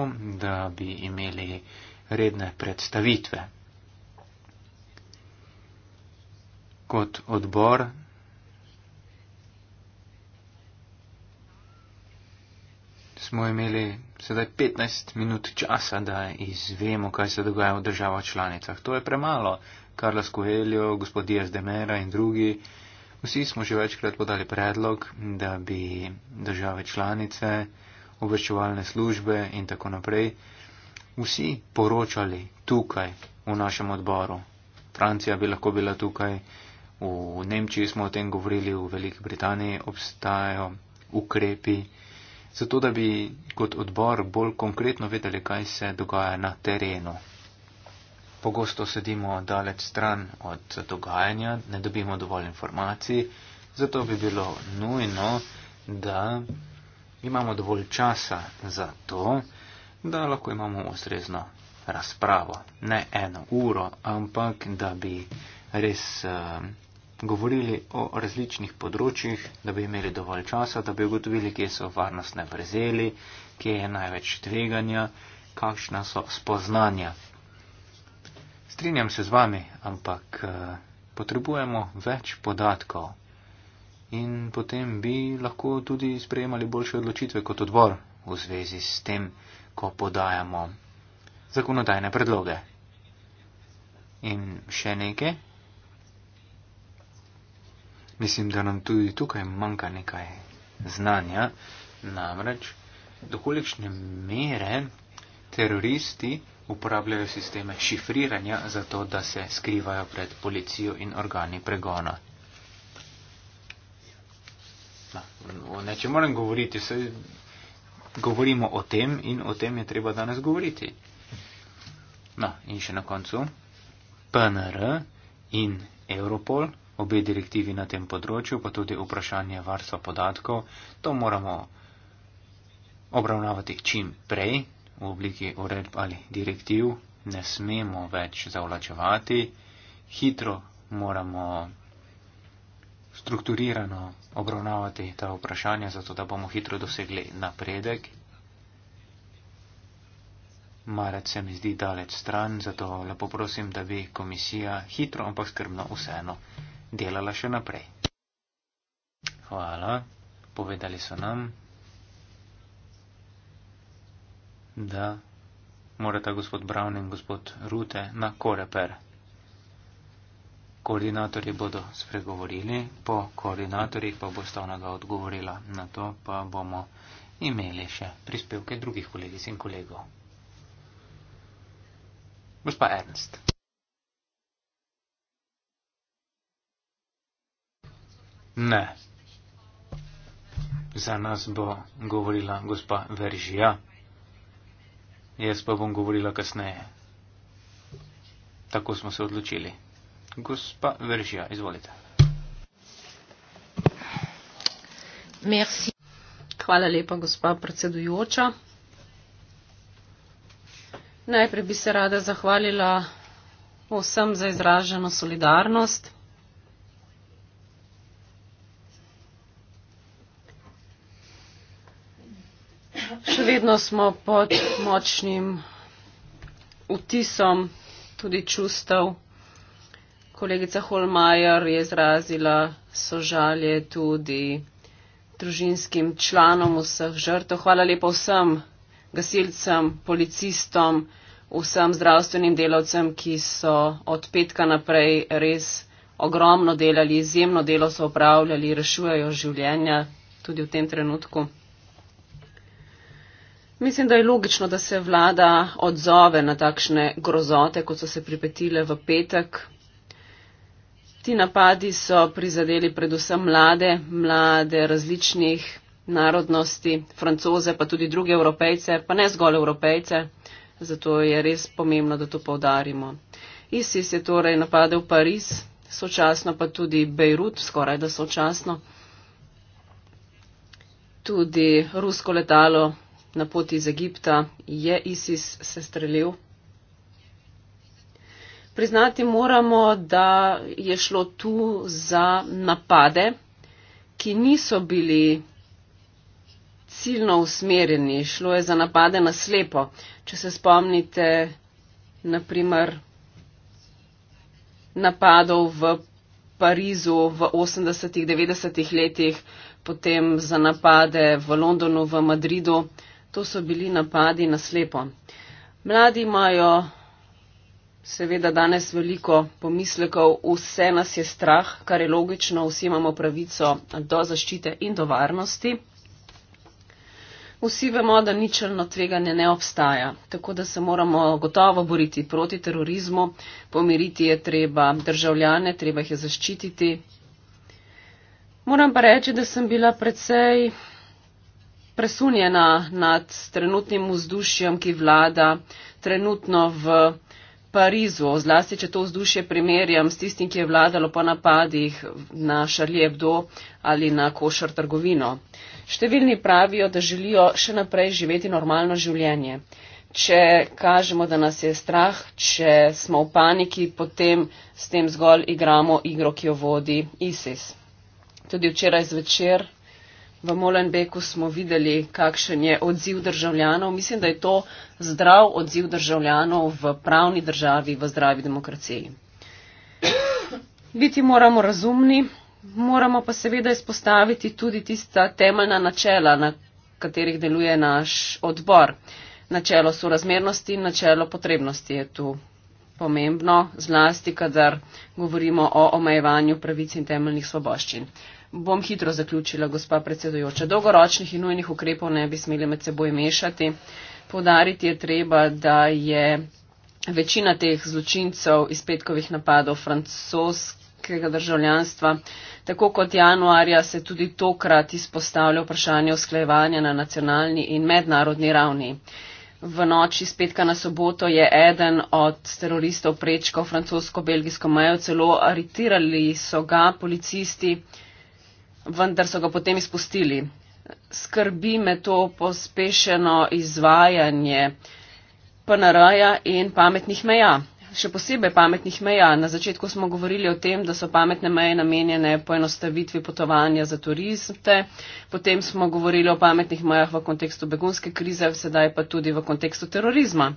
da bi imeli redne predstavitve. kot odbor smo imeli sedaj 15 minut časa, da izvemo, kaj se dogaja v državah članicah. To je premalo. Carlos Coelho, gospod Diaz de Mera in drugi, vsi smo že večkrat podali predlog, da bi države članice, obveščevalne službe in tako naprej vsi poročali tukaj v našem odboru. Francija bi lahko bila tukaj, v Nemčiji smo o tem govorili, v Veliki Britaniji obstajajo ukrepi, zato da bi kot odbor bolj konkretno vedeli, kaj se dogaja na terenu. Pogosto sedimo daleč stran od dogajanja, ne dobimo dovolj informacij, zato bi bilo nujno, da imamo dovolj časa za to, da lahko imamo ustrezno razpravo. Ne eno uro, ampak da bi res uh, govorili o različnih področjih, da bi imeli dovolj časa, da bi ugotovili, kje so varnostne brezeli, kje je največ tveganja, kakšna so spoznanja. Strinjam se z vami, ampak eh, potrebujemo več podatkov in potem bi lahko tudi sprejemali boljše odločitve kot odbor v zvezi s tem, ko podajamo zakonodajne predloge. In še nekaj. Mislim, da nam tudi tukaj manjka nekaj znanja, namreč do kolikšne mere teroristi uporabljajo sisteme šifriranja za to, da se skrivajo pred policijo in organi pregona. Na, ne, če moram govoriti, se govorimo o tem in o tem je treba danes govoriti. Na, in še na koncu, PNR in Europol obe direktivi na tem področju, pa tudi vprašanje varstva podatkov. To moramo obravnavati čim prej v obliki uredb ali direktiv. Ne smemo več zavlačevati, hitro moramo strukturirano obravnavati ta vprašanja, zato da bomo hitro dosegli napredek. Marec se mi zdi daleč stran, zato lepo prosim, da bi komisija hitro, ampak skrbno vseeno delala še naprej. Hvala, povedali so nam, da morata gospod Brown in gospod Rute na Koreper. Koordinatorji bodo spregovorili, po koordinatorjih pa bo stavnaga odgovorila, na to pa bomo imeli še prispevke drugih kolegic in kolegov. Gospa Ernst. Ne. Za nas bo govorila gospa Veržija, jaz pa bom govorila kasneje. Tako smo se odločili. Gospa Veržija, izvolite. Merci. Hvala lepa, gospa predsedujoča. Najprej bi se rada zahvalila vsem za izraženo solidarnost. vedno smo pod močnim vtisom tudi čustev. Kolegica Holmajer je izrazila sožalje tudi družinskim članom vseh žrtev. Hvala lepa vsem gasilcem, policistom, vsem zdravstvenim delavcem, ki so od petka naprej res ogromno delali, izjemno delo so opravljali, rešujejo življenja tudi v tem trenutku. Mislim, da je logično, da se vlada odzove na takšne grozote, kot so se pripetile v petek. Ti napadi so prizadeli predvsem mlade, mlade različnih narodnosti, francoze, pa tudi druge evropejce, pa ne zgolj evropejce, zato je res pomembno, da to povdarimo. ISIS je torej napadel Pariz, sočasno pa tudi Bejrut, skoraj da sočasno. Tudi rusko letalo na poti iz Egipta, je ISIS se streljil. Priznati moramo, da je šlo tu za napade, ki niso bili ciljno usmerjeni. Šlo je za napade na slepo. Če se spomnite, naprimer, napadov v Parizu v 80-ih, 90-ih letih, potem za napade v Londonu, v Madridu to so bili napadi na slepo. Mladi imajo seveda danes veliko pomislekov, vse nas je strah, kar je logično, vsi imamo pravico do zaščite in do varnosti. Vsi vemo, da ničelno tveganje ne obstaja, tako da se moramo gotovo boriti proti terorizmu, pomiriti je treba državljane, treba jih je zaščititi. Moram pa reči, da sem bila precej presunjena nad trenutnim vzdušjem, ki vlada trenutno v Parizu, zlasti če to vzdušje primerjam s tistim, ki je vladalo po napadih na Charlie Hebdo ali na košar trgovino. Številni pravijo, da želijo še naprej živeti normalno življenje. Če kažemo, da nas je strah, če smo v paniki, potem s tem zgolj igramo igro, ki jo vodi ISIS. Tudi včeraj zvečer V Molenbeku smo videli, kakšen je odziv državljanov. Mislim, da je to zdrav odziv državljanov v pravni državi, v zdravi demokraciji. Biti moramo razumni, moramo pa seveda izpostaviti tudi tista temeljna načela, na katerih deluje naš odbor. Načelo sorazmernosti in načelo potrebnosti je tu pomembno, zlasti, kadar govorimo o omejevanju pravic in temeljnih svoboščin. Bom hitro zaključila, gospa predsedujoča. Dolgoročnih in nujnih ukrepov ne bi smeli med seboj mešati. Podariti je treba, da je večina teh zločincev iz petkovih napadov francoskega državljanstva. Tako kot januarja se tudi tokrat izpostavlja vprašanje usklajevanja na nacionalni in mednarodni ravni. V noči iz petka na soboto je eden od teroristov prečkal francosko-belgijsko mejo, celo aretirali so ga policisti vendar so ga potem izpustili. Skrbi me to pospešeno izvajanje PNR-ja in pametnih meja. Še posebej pametnih meja. Na začetku smo govorili o tem, da so pametne meje namenjene poenostavitvi potovanja za turiste. Potem smo govorili o pametnih mejah v kontekstu begunske krize, sedaj pa tudi v kontekstu terorizma.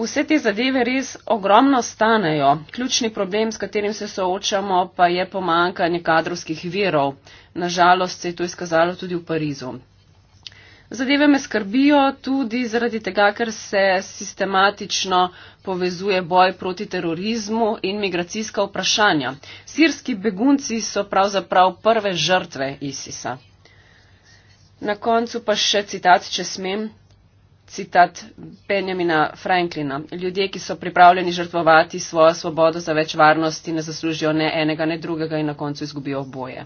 Vse te zadeve res ogromno stanejo. Ključni problem, s katerim se soočamo, pa je pomankanje kadrovskih virov. Nažalost se je to izkazalo tudi v Parizu. Zadeve me skrbijo tudi zaradi tega, ker se sistematično povezuje boj proti terorizmu in migracijska vprašanja. Sirski begunci so pravzaprav prve žrtve ISIS-a. Na koncu pa še citat, če smem citat Benjamina Franklina. Ljudje, ki so pripravljeni žrtvovati svojo svobodo za več varnosti, ne zaslužijo ne enega, ne drugega in na koncu izgubijo oboje.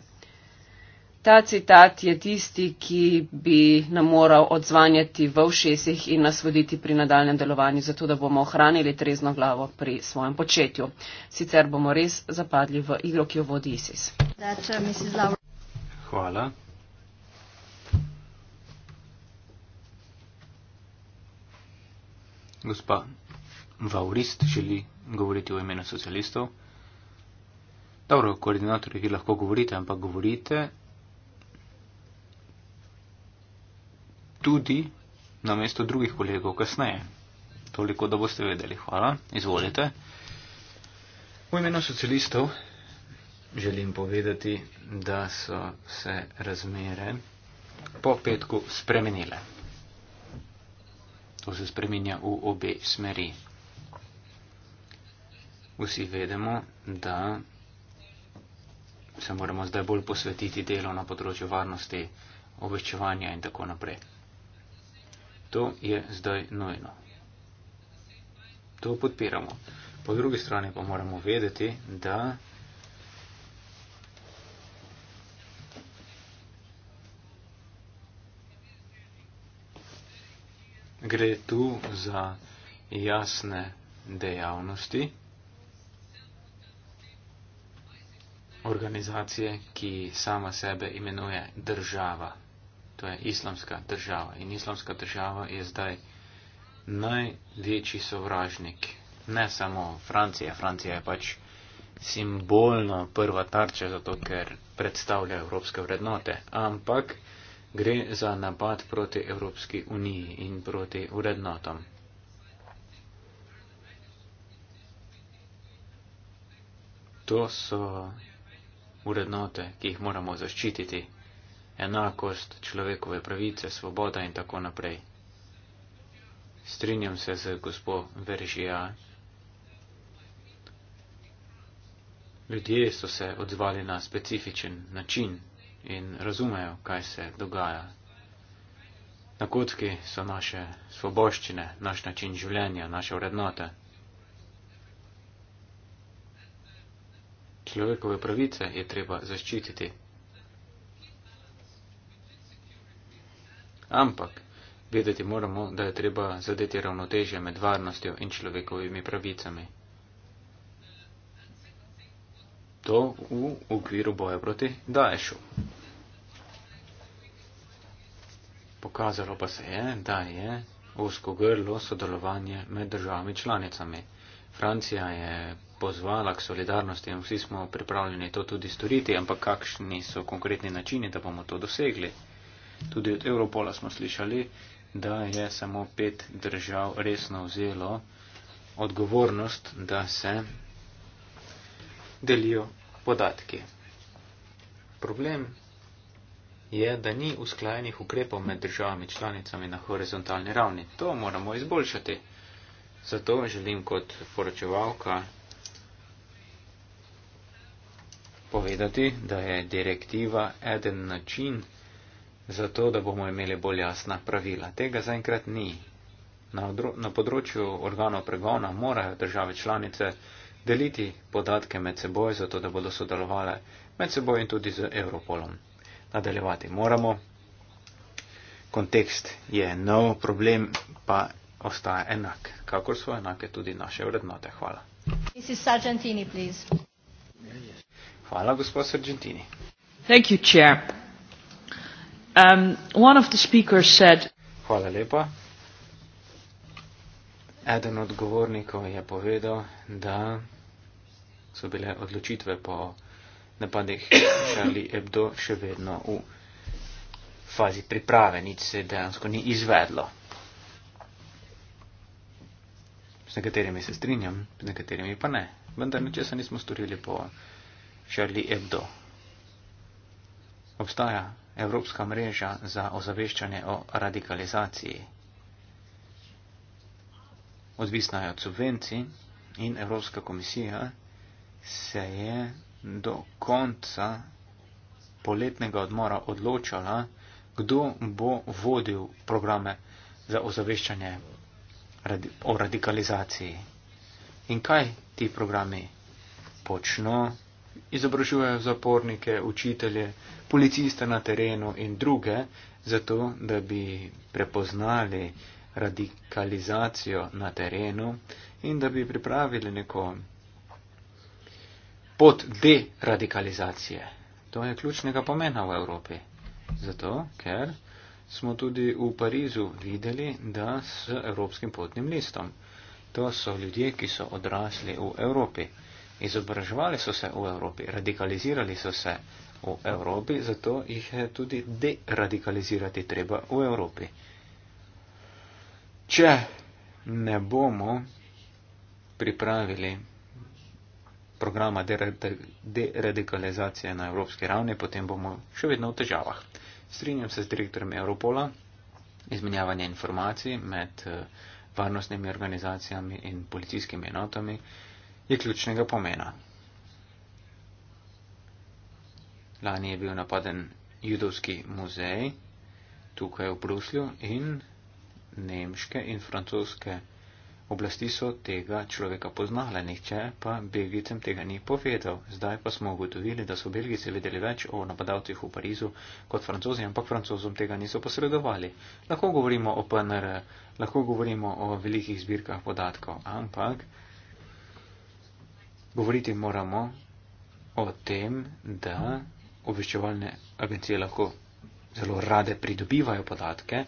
Ta citat je tisti, ki bi nam moral odzvanjati v všesih in nas voditi pri nadaljem delovanju, zato da bomo ohranili trezno glavo pri svojem početju. Sicer bomo res zapadli v igro, ki jo vodi ISIS. Uh, Hvala. gospa Vaurist želi govoriti v imenu socialistov. Dobro, koordinatorji, vi lahko govorite, ampak govorite tudi na mesto drugih kolegov kasneje. Toliko, da boste vedeli. Hvala. Izvolite. V imenu socialistov želim povedati, da so se razmere po petku spremenile. To se spreminja v obe smeri. Vsi vedemo, da se moramo zdaj bolj posvetiti delo na področju varnosti, obveščevanja in tako naprej. To je zdaj nujno. To podpiramo. Po drugi strani pa moramo vedeti, da gre tu za jasne dejavnosti organizacije, ki sama sebe imenuje država. To je islamska država. In islamska država je zdaj največji sovražnik. Ne samo Francija. Francija je pač simbolno prva tarča, zato ker predstavlja evropske vrednote. Ampak gre za napad proti Evropski uniji in proti urednotom. To so urednote, ki jih moramo zaščititi. Enakost, človekove pravice, svoboda in tako naprej. Strinjam se z gospod Veržija. Ljudje so se odzvali na specifičen način, in razumejo, kaj se dogaja. Nakutki so naše svoboščine, naš način življenja, naše vrednote. Človekove pravice je treba zaščititi. Ampak vedeti moramo, da je treba zadeti ravnoteže med varnostjo in človekovimi pravicami to v okviru boja proti Daješu. Pokazalo pa se je, da je usko grlo sodelovanje med državami članicami. Francija je pozvala k solidarnosti in vsi smo pripravljeni to tudi storiti, ampak kakšni so konkretni načini, da bomo to dosegli. Tudi od Europola smo slišali, da je samo pet držav resno vzelo odgovornost, da se delijo podatki. Problem je, da ni usklajenih ukrepov med državami članicami na horizontalni ravni. To moramo izboljšati. Zato želim kot poročevalka povedati, da je direktiva eden način za to, da bomo imeli bolj jasna pravila. Tega zaenkrat ni. Na področju organov pregona morajo države članice deliti podatke med seboj, zato da bodo sodelovali med seboj in tudi z Europolom. Nadaljevati moramo. Kontekst je nov problem, pa ostaja enak, kakor so enake tudi naše vrednote. Hvala. Hvala, gospod Sargentini. Thank you, chair. Um, one of the speakers said. Hvala lepa. Eden od govornikov je povedal, da so bile odločitve po napadih Šali Ebdo še vedno v fazi priprave, nič se dejansko ni izvedlo. Z nekaterimi se strinjam, z nekaterimi pa ne. Vendar ničesar nismo storili po Šali Ebdo. Obstaja Evropska mreža za ozaveščanje o radikalizaciji. Odvisna je od subvencij in Evropska komisija se je do konca poletnega odmora odločala, kdo bo vodil programe za ozaveščanje o radikalizaciji. In kaj ti programi počno? Izobražujejo zapornike, učitelje, policiste na terenu in druge, zato da bi prepoznali radikalizacijo na terenu in da bi pripravili neko pot deradikalizacije. To je ključnega pomena v Evropi. Zato, ker smo tudi v Parizu videli, da s Evropskim potnim listom. To so ljudje, ki so odrasli v Evropi. Izobraževali so se v Evropi, radikalizirali so se v Evropi, zato jih je tudi deradikalizirati treba v Evropi. Če ne bomo pripravili programa deradikalizacije na evropski ravni, potem bomo še vedno v težavah. Strinjam se z direktorjem Europola, izmenjavanje informacij med eh, varnostnimi organizacijami in policijskimi enotami je ključnega pomena. Lani je bil napaden judovski muzej tukaj v Bruslju in nemške in francoske. Oblasti so tega človeka poznale, nihče pa Belgicem tega ni povedal. Zdaj pa smo ugotovili, da so Belgice vedeli več o napadalcih v Parizu kot francozi, ampak francozom tega niso posredovali. Lahko govorimo o PNR, lahko govorimo o velikih zbirkah podatkov, ampak govoriti moramo o tem, da obveščevalne agencije lahko zelo rade pridobivajo podatke,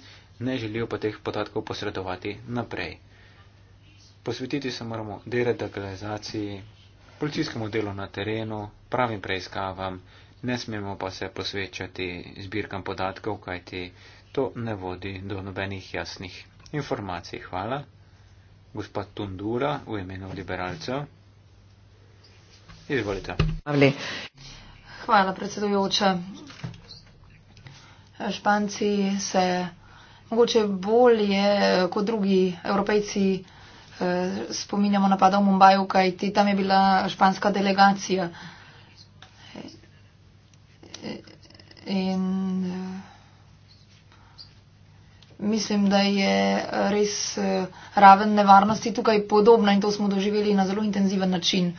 ne želijo pa teh podatkov posredovati naprej. Posvetiti se moramo deradikalizaciji, policijskemu delu na terenu, pravim preiskavam, ne smemo pa se posvečati zbirkam podatkov, kajti to ne vodi do nobenih jasnih informacij. Hvala. Gospod Tundura v imenu liberalcev. Izvolite. Hvala, predsedujoča. Španci se mogoče bolje kot drugi evropejci. Eh, spominjamo napada v Mumbaju, kajti tam je bila španska delegacija. Eh, in eh, mislim, da je res raven nevarnosti tukaj podobna in to smo doživeli na zelo intenziven način.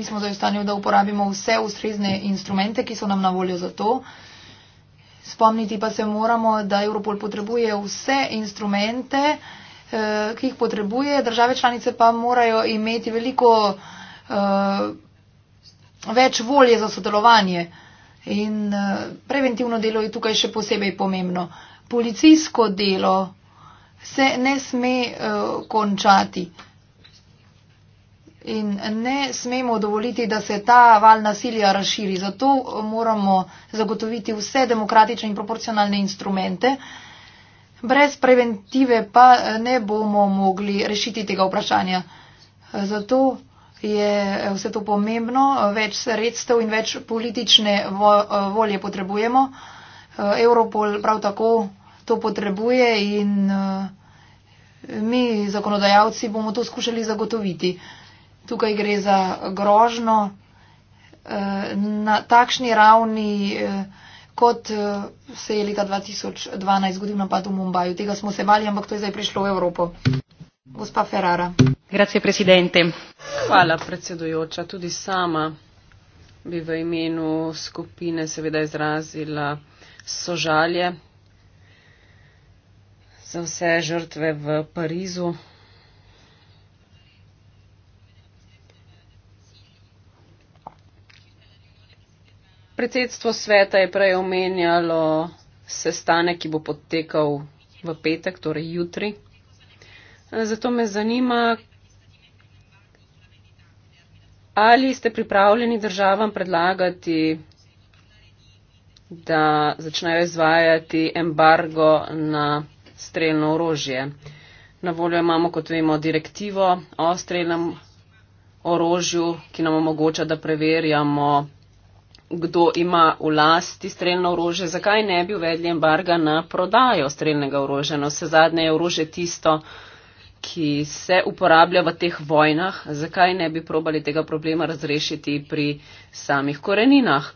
mi smo zdaj v stanju, da uporabimo vse ustrezne instrumente, ki so nam na voljo za to. Spomniti pa se moramo, da Europol potrebuje vse instrumente, eh, ki jih potrebuje. Države članice pa morajo imeti veliko eh, več volje za sodelovanje. In eh, preventivno delo je tukaj še posebej pomembno. Policijsko delo se ne sme končati. In ne smemo dovoliti, da se ta val nasilja razširi. Zato moramo zagotoviti vse demokratične in proporcionalne instrumente. Brez preventive pa ne bomo mogli rešiti tega vprašanja. Zato je vse to pomembno, več sredstev in več politične vo volje potrebujemo. Europol prav tako to potrebuje in mi, zakonodajalci, bomo to skušali zagotoviti tukaj gre za grožno eh, na takšni ravni, eh, kot eh, se je leta 2012 zgodil napad v Mumbaju. Tega smo se bali, ampak to je zdaj prišlo v Evropo. Gospa Ferrara. Grazie, presidente. Hvala, predsedujoča. Tudi sama bi v imenu skupine seveda izrazila sožalje za vse žrtve v Parizu. Predsedstvo sveta je prej omenjalo sestanek, ki bo potekal v petek, torej jutri. Zato me zanima, ali ste pripravljeni državam predlagati, da začnejo izvajati embargo na streljno orožje. Na voljo imamo, kot vemo, direktivo o streljnem orožju, ki nam omogoča, da preverjamo kdo ima v lasti streljno orožje, zakaj ne bi uvedli embarga na prodajo streljnega orožja. No, vse zadnje je orožje tisto, ki se uporablja v teh vojnah, zakaj ne bi probali tega problema razrešiti pri samih koreninah.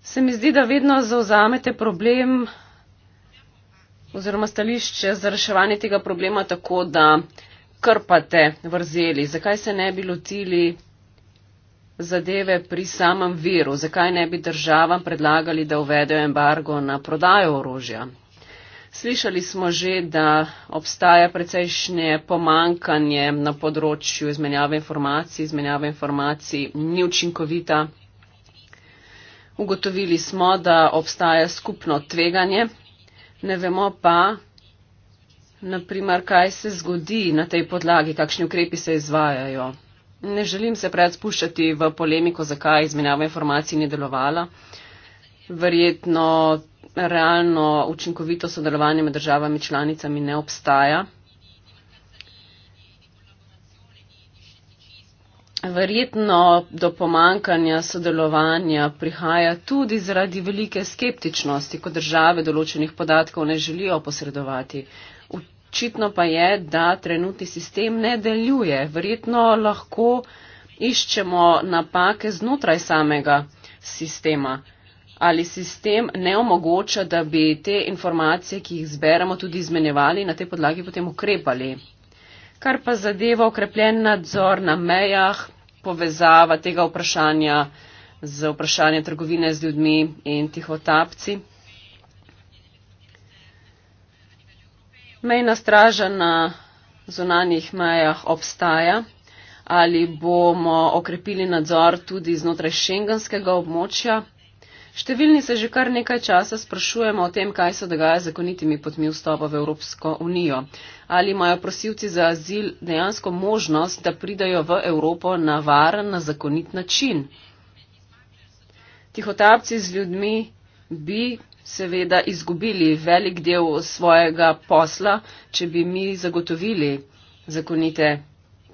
Se mi zdi, da vedno zauzamete problem oziroma stališče za reševanje tega problema tako, da krpate vrzeli. Zakaj se ne bi lotili zadeve pri samem viru. Zakaj ne bi državam predlagali, da uvedejo embargo na prodajo orožja? Slišali smo že, da obstaja precejšnje pomankanje na področju izmenjave informacij. Izmenjava informacij ni učinkovita. Ugotovili smo, da obstaja skupno tveganje. Ne vemo pa, naprimer, kaj se zgodi na tej podlagi, kakšni ukrepi se izvajajo. Ne želim se pred spuščati v polemiko, zakaj izmenjava informacij ni delovala. Verjetno realno učinkovito sodelovanje med državami članicami ne obstaja. Verjetno do pomankanja sodelovanja prihaja tudi zaradi velike skeptičnosti, ko države določenih podatkov ne želijo posredovati očitno pa je, da trenutni sistem ne deluje. Verjetno lahko iščemo napake znotraj samega sistema. Ali sistem ne omogoča, da bi te informacije, ki jih zberemo, tudi izmenjevali in na tej podlagi potem ukrepali. Kar pa zadeva okrepljen nadzor na mejah, povezava tega vprašanja z vprašanjem trgovine z ljudmi in tihotapci. Mejna straža na zunanjih mejah obstaja. Ali bomo okrepili nadzor tudi znotraj šengenskega območja? Številni se že kar nekaj časa sprašujemo o tem, kaj se dogaja z zakonitimi potmi vstopa v Evropsko unijo. Ali imajo prosilci za azil dejansko možnost, da pridajo v Evropo na varen, na zakonit način? Tihotapci z ljudmi bi seveda izgubili velik del svojega posla, če bi mi zagotovili zakonite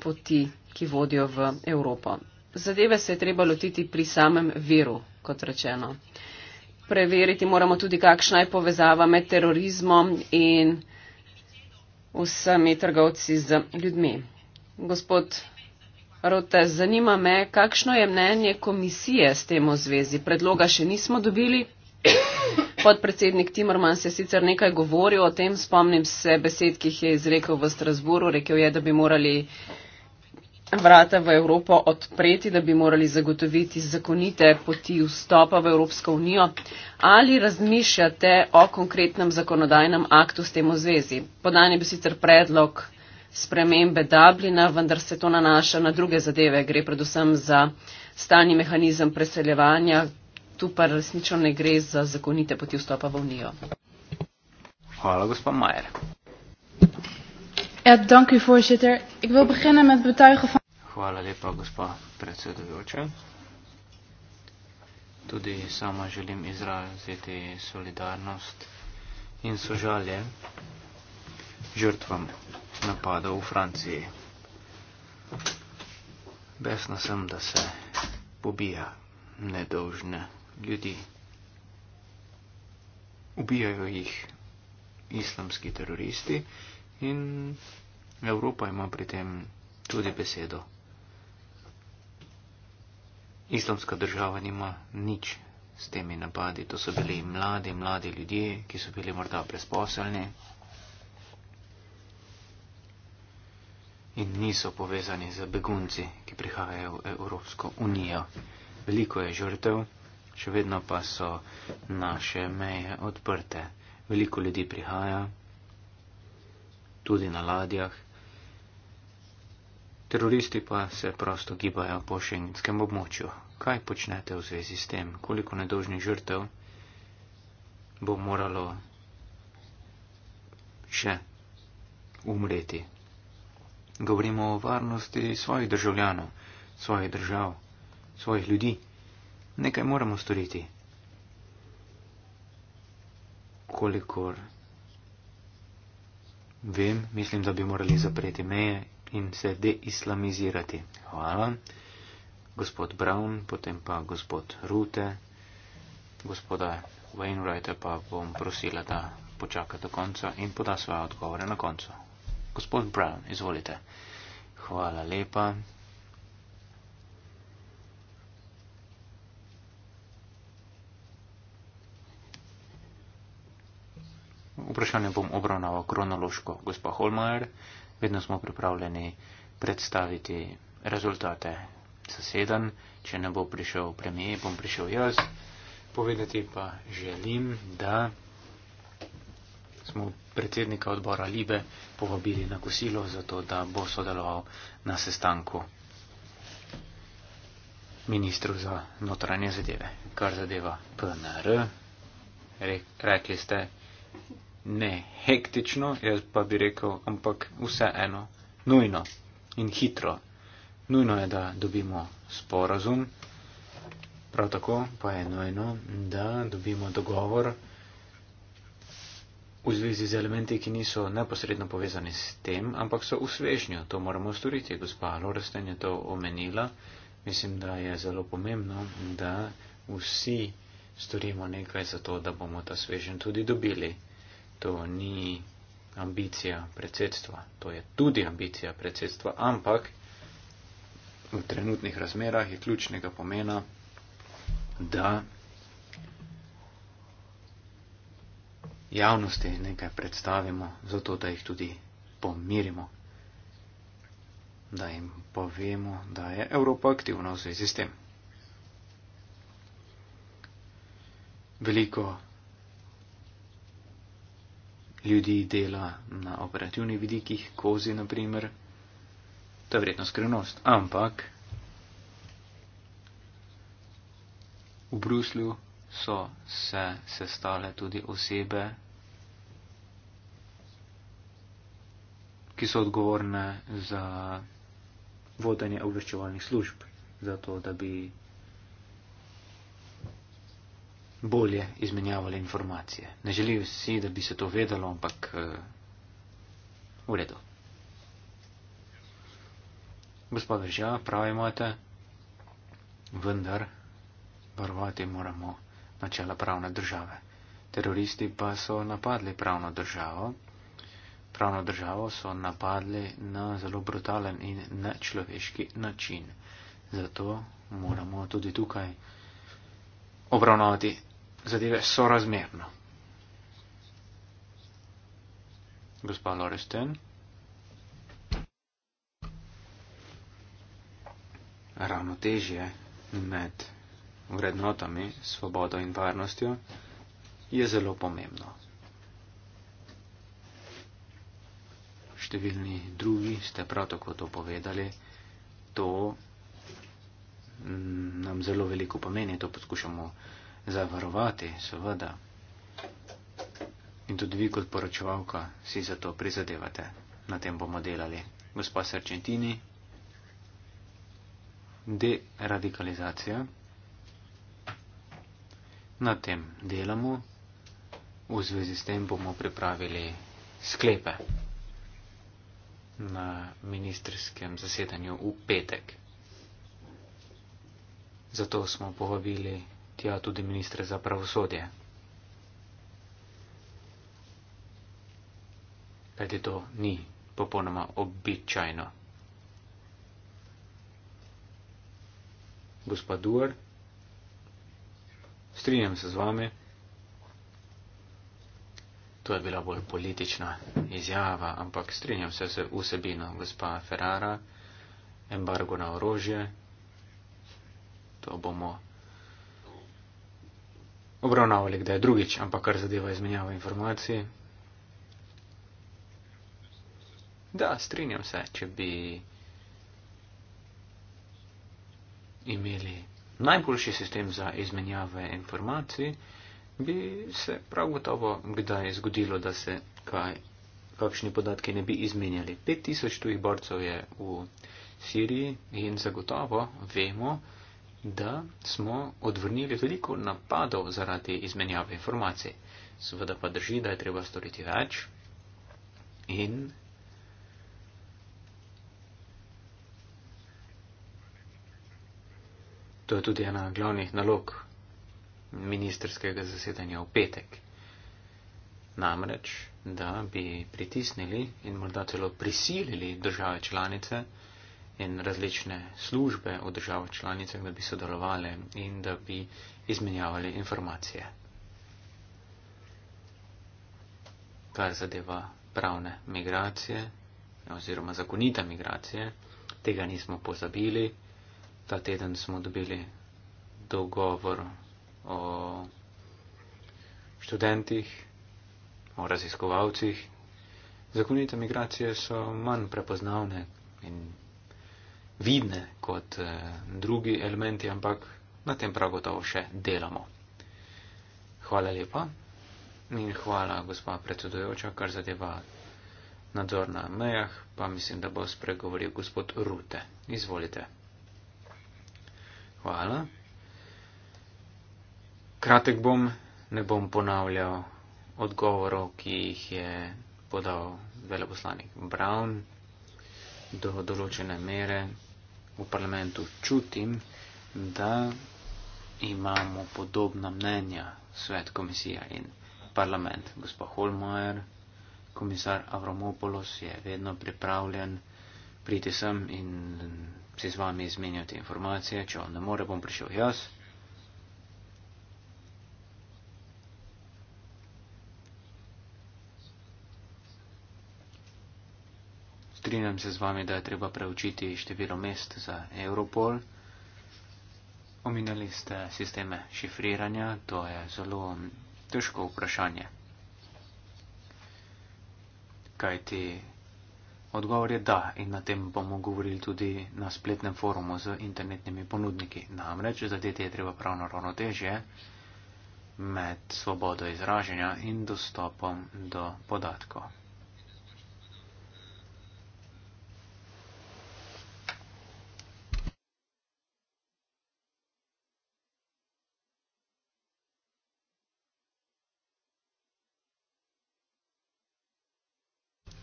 poti, ki vodijo v Evropo. Zadeve se je treba lotiti pri samem viru, kot rečeno. Preveriti moramo tudi, kakšna je povezava med terorizmom in vsemi trgovci z ljudmi. Gospod Rote, zanima me, kakšno je mnenje komisije s tem v zvezi. Predloga še nismo dobili, Podpredsednik Timormans je sicer nekaj govoril o tem, spomnim se besed, ki jih je izrekel v Strasburu. Rekel je, da bi morali vrata v Evropo odpreti, da bi morali zagotoviti zakonite poti vstopa v Evropsko unijo. Ali razmišljate o konkretnem zakonodajnem aktu s tem v zvezi? Podan je bil sicer predlog spremembe Dublina, vendar se to nanaša na druge zadeve. Gre predvsem za stani mehanizem preseljevanja, tu pa resnično ne gre za zakonite poti vstopa v Unijo. Hvala, gospod Majer. Ja, dank u voorzitter. Ik wil beginnen met betuigen van. Hvala lepa, gospod predsedujoča. Tudi sama želim izraziti solidarnost in sožalje žrtvam napadov v Franciji. Besna sem, da se pobija nedolžne ljudi. Ubijajo jih islamski teroristi in Evropa ima pri tem tudi besedo. Islamska država nima nič s temi napadi. To so bili mladi, mladi ljudje, ki so bili morda presposelni in niso povezani z begunci, ki prihajajo v Evropsko unijo. Veliko je žrtev še vedno pa so naše meje odprte. Veliko ljudi prihaja, tudi na ladjah, teroristi pa se prosto gibajo po šengenskem območju. Kaj počnete v zvezi s tem? Koliko nedožnih žrtev bo moralo še umreti? Govorimo o varnosti svojih državljanov, svojih držav, svojih ljudi nekaj moramo storiti. Kolikor vem, mislim, da bi morali zapreti meje in se deislamizirati. Hvala. Gospod Brown, potem pa gospod Rute, gospoda Wainwrighta pa bom prosila, da počaka do konca in poda svoje odgovore na koncu. Gospod Brown, izvolite. Hvala lepa. vprašanje bom obravnaval kronološko. Gospa Holmajer, vedno smo pripravljeni predstaviti rezultate zasedan. Če ne bo prišel premije, bom prišel jaz. Povedati pa želim, da smo predsednika odbora Libe povabili na kosilo, zato da bo sodeloval na sestanku ministru za notranje zadeve, kar zadeva PNR. Rekli ste, ne hektično, jaz pa bi rekel, ampak vseeno, nujno in hitro. Nujno je, da dobimo sporazum, prav tako pa je nujno, da dobimo dogovor v zvezi z elementi, ki niso neposredno povezani s tem, ampak so v svežnju. To moramo storiti, gospa Lorestan je to omenila. Mislim, da je zelo pomembno, da vsi storimo nekaj za to, da bomo ta svežen tudi dobili to ni ambicija predsedstva, to je tudi ambicija predsedstva, ampak v trenutnih razmerah je ključnega pomena, da javnosti nekaj predstavimo, zato da jih tudi pomirimo, da jim povemo, da je Evropa aktivna v zvezi s tem. Veliko ljudi dela na operativnih vidikih, kozi naprimer. To je vredno skrivnost. Ampak v Bruslju so se sestale tudi osebe, ki so odgovorne za vodenje obveščevalnih služb, zato da bi bolje izmenjavali informacije. Ne želijo si, da bi se to vedelo, ampak uh, v redu. Gospod Ržja, pravi imate, vendar varovati moramo načela pravne države. Teroristi pa so napadli pravno državo. Pravno državo so napadli na zelo brutalen in nečloveški način. Zato moramo tudi tukaj obravnavati zadeve sorazmerno. Gospa Loresten. Ravnotežje med vrednotami, svobodo in varnostjo je zelo pomembno. Številni drugi ste prav tako to povedali, to nam zelo veliko pomeni, to poskušamo zavarovati, seveda. In tudi vi kot poročevalka si za to prizadevate. Na tem bomo delali. Gospa Sarčentini, deradikalizacija. Na tem delamo. V zvezi s tem bomo pripravili sklepe na ministerskem zasedanju v petek. Zato smo povabili tja tudi ministre za pravosodje. Kajti to ni popolnoma običajno. Gospa Duer, strinjam se z vami. To je bila bolj politična izjava, ampak strinjam se z vsebino, gospa Ferrara, embargo na orožje, to bomo obravnavali kdaj drugič, ampak kar zadeva izmenjavo informacij. Da, strinjam se, če bi imeli najboljši sistem za izmenjave informacij, bi se prav gotovo kdaj zgodilo, da se kaj, kakšni podatki ne bi izmenjali. 5000 tujih borcev je v Siriji in zagotovo vemo, da smo odvrnili veliko napadov zaradi izmenjave informacij. Seveda pa drži, da je treba storiti več in to je tudi ena glavnih nalog ministerskega zasedanja v petek. Namreč, da bi pritisnili in morda celo prisilili države članice, in različne službe v državah članicah, da bi sodelovali in da bi izmenjavali informacije, kar zadeva pravne migracije oziroma zakonite migracije. Tega nismo pozabili. Ta teden smo dobili dogovor o študentih, o raziskovalcih. Zakonite migracije so manj prepoznavne in vidne kot eh, drugi elementi, ampak na tem prav gotovo še delamo. Hvala lepa in hvala gospa predsedujoča, kar zadeva nadzor na mejah, pa mislim, da bo spregovoril gospod Rute. Izvolite. Hvala. Kratek bom, ne bom ponavljal odgovorov, ki jih je podal veleposlanik Brown do določene mere, v parlamentu čutim, da imamo podobna mnenja svet, komisija in parlament. Gospa Holmajer, komisar Avramopolos je vedno pripravljen priti sem in se z vami izmenjati informacije. Če on ne more, bom prišel jaz. strinjam se z vami, da je treba preučiti število mest za Europol. Ominjali ste sisteme šifriranja, to je zelo težko vprašanje. Kaj ti odgovor je da in na tem bomo govorili tudi na spletnem forumu z internetnimi ponudniki. Namreč zadeti je treba pravno ravnotežje med svobodo izražanja in dostopom do podatkov.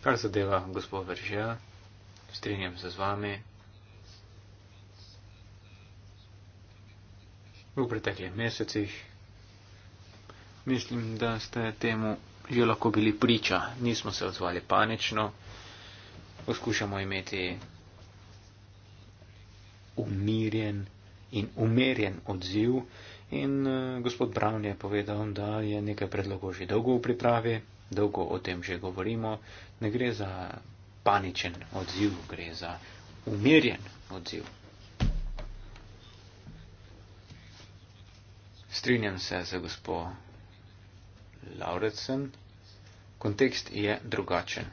Kar zadeva gospod Veržija, strinjam se z vami. V preteklih mesecih mislim, da ste temu že lahko bili priča. Nismo se odzvali panično, poskušamo imeti umirjen in umerjen odziv. In eh, gospod Brown je povedal, da je nekaj predlogov že dolgo v pripravi dolgo o tem že govorimo, ne gre za paničen odziv, gre za umirjen odziv. Strinjam se z gospod Lauretsen, kontekst je drugačen.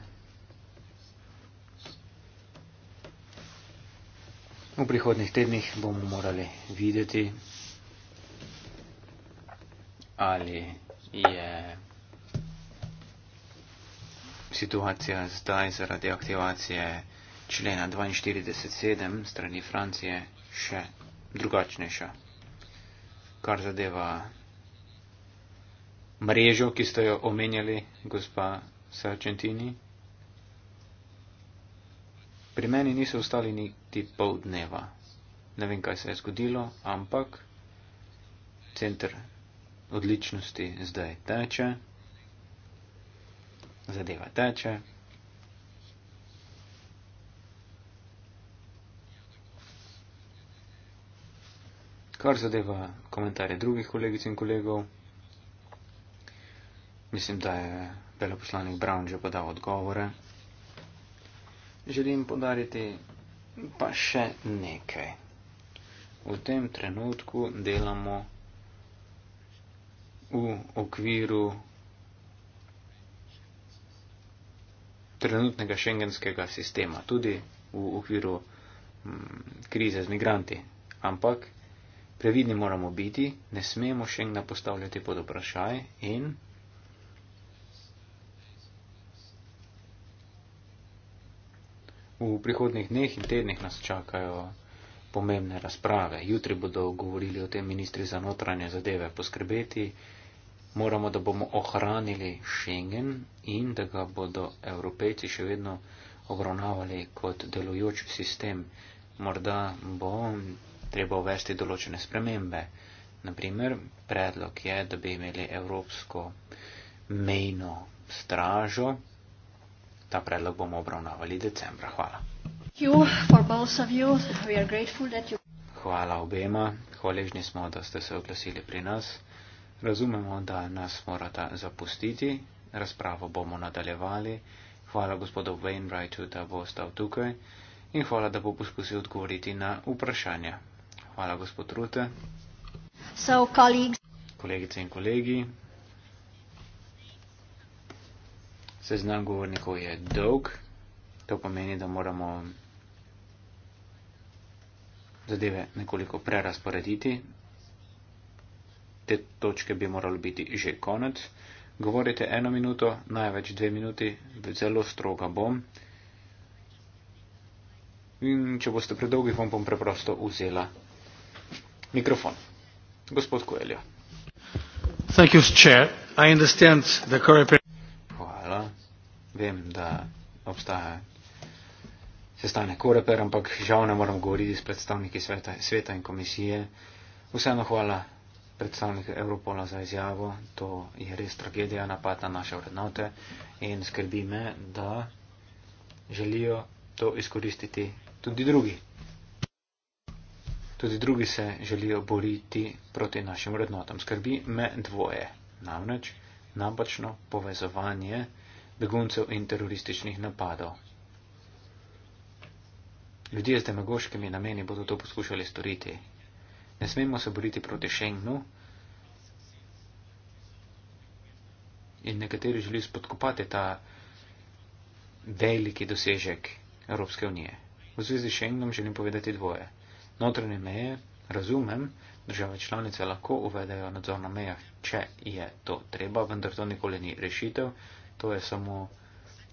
V prihodnih tednih bomo morali videti, ali je situacija zdaj zaradi aktivacije člena 42.7 strani Francije še drugačnejša, kar zadeva mrežo, ki ste jo omenjali, gospa Sargentini. Pri meni niso ostali niti pol dneva. Ne vem, kaj se je zgodilo, ampak center odličnosti zdaj teče zadeva teče. Kar zadeva komentarje drugih kolegic in kolegov, mislim, da je veleposlanik Brown že podal odgovore. Želim podariti pa še nekaj. V tem trenutku delamo v okviru trenutnega šengenskega sistema, tudi v okviru m, mm, krize z migranti. Ampak previdni moramo biti, ne smemo šengna postavljati pod vprašaj in v prihodnih dneh in tednih nas čakajo pomembne razprave. Jutri bodo govorili o tem ministri za notranje zadeve poskrbeti moramo, da bomo ohranili Schengen in da ga bodo evropejci še vedno obravnavali kot delujoč sistem. Morda bo treba uvesti določene spremembe. Naprimer, predlog je, da bi imeli evropsko mejno stražo. Ta predlog bomo obravnavali decembra. Hvala. Hvala obema. Hvaležni smo, da ste se oglasili pri nas. Razumemo, da nas morata zapustiti, razpravo bomo nadaljevali. Hvala gospodu Wainwrightu, da bo ostal tukaj in hvala, da bo poskusil odgovoriti na vprašanja. Hvala, gospod Rute. So, Kolegice in kolegi, seznam govornikov je dolg, to pomeni, da moramo zadeve nekoliko prerasporediti te točke bi moral biti že konec. Govorite eno minuto, največ dve minuti, zelo stroga bom. In če boste predolgi, vam bom preprosto vzela mikrofon. Gospod Koeljo. Hvala. Vem, da obstaja sestanek Koreper, ampak žal ne moram govoriti s predstavniki sveta, sveta in komisije. Vseeno hvala predstavnik Evropola za izjavo, to je res tragedija, napad na naše vrednote in skrbi me, da želijo to izkoristiti tudi drugi. Tudi drugi se želijo boriti proti našim vrednotam. Skrbi me dvoje, namreč napačno povezovanje beguncev in terorističnih napadov. Ljudje z demagoškimi nameni bodo to poskušali storiti, Ne smemo se boriti proti Schengnu. In nekateri želijo spodkopati ta veliki dosežek Evropske unije. V zvezi s Schengnom želim povedati dvoje. Notranje meje, razumem, države članice lahko uvedejo nadzor na mejah, če je to treba, vendar to nikoli ni rešitev, to je samo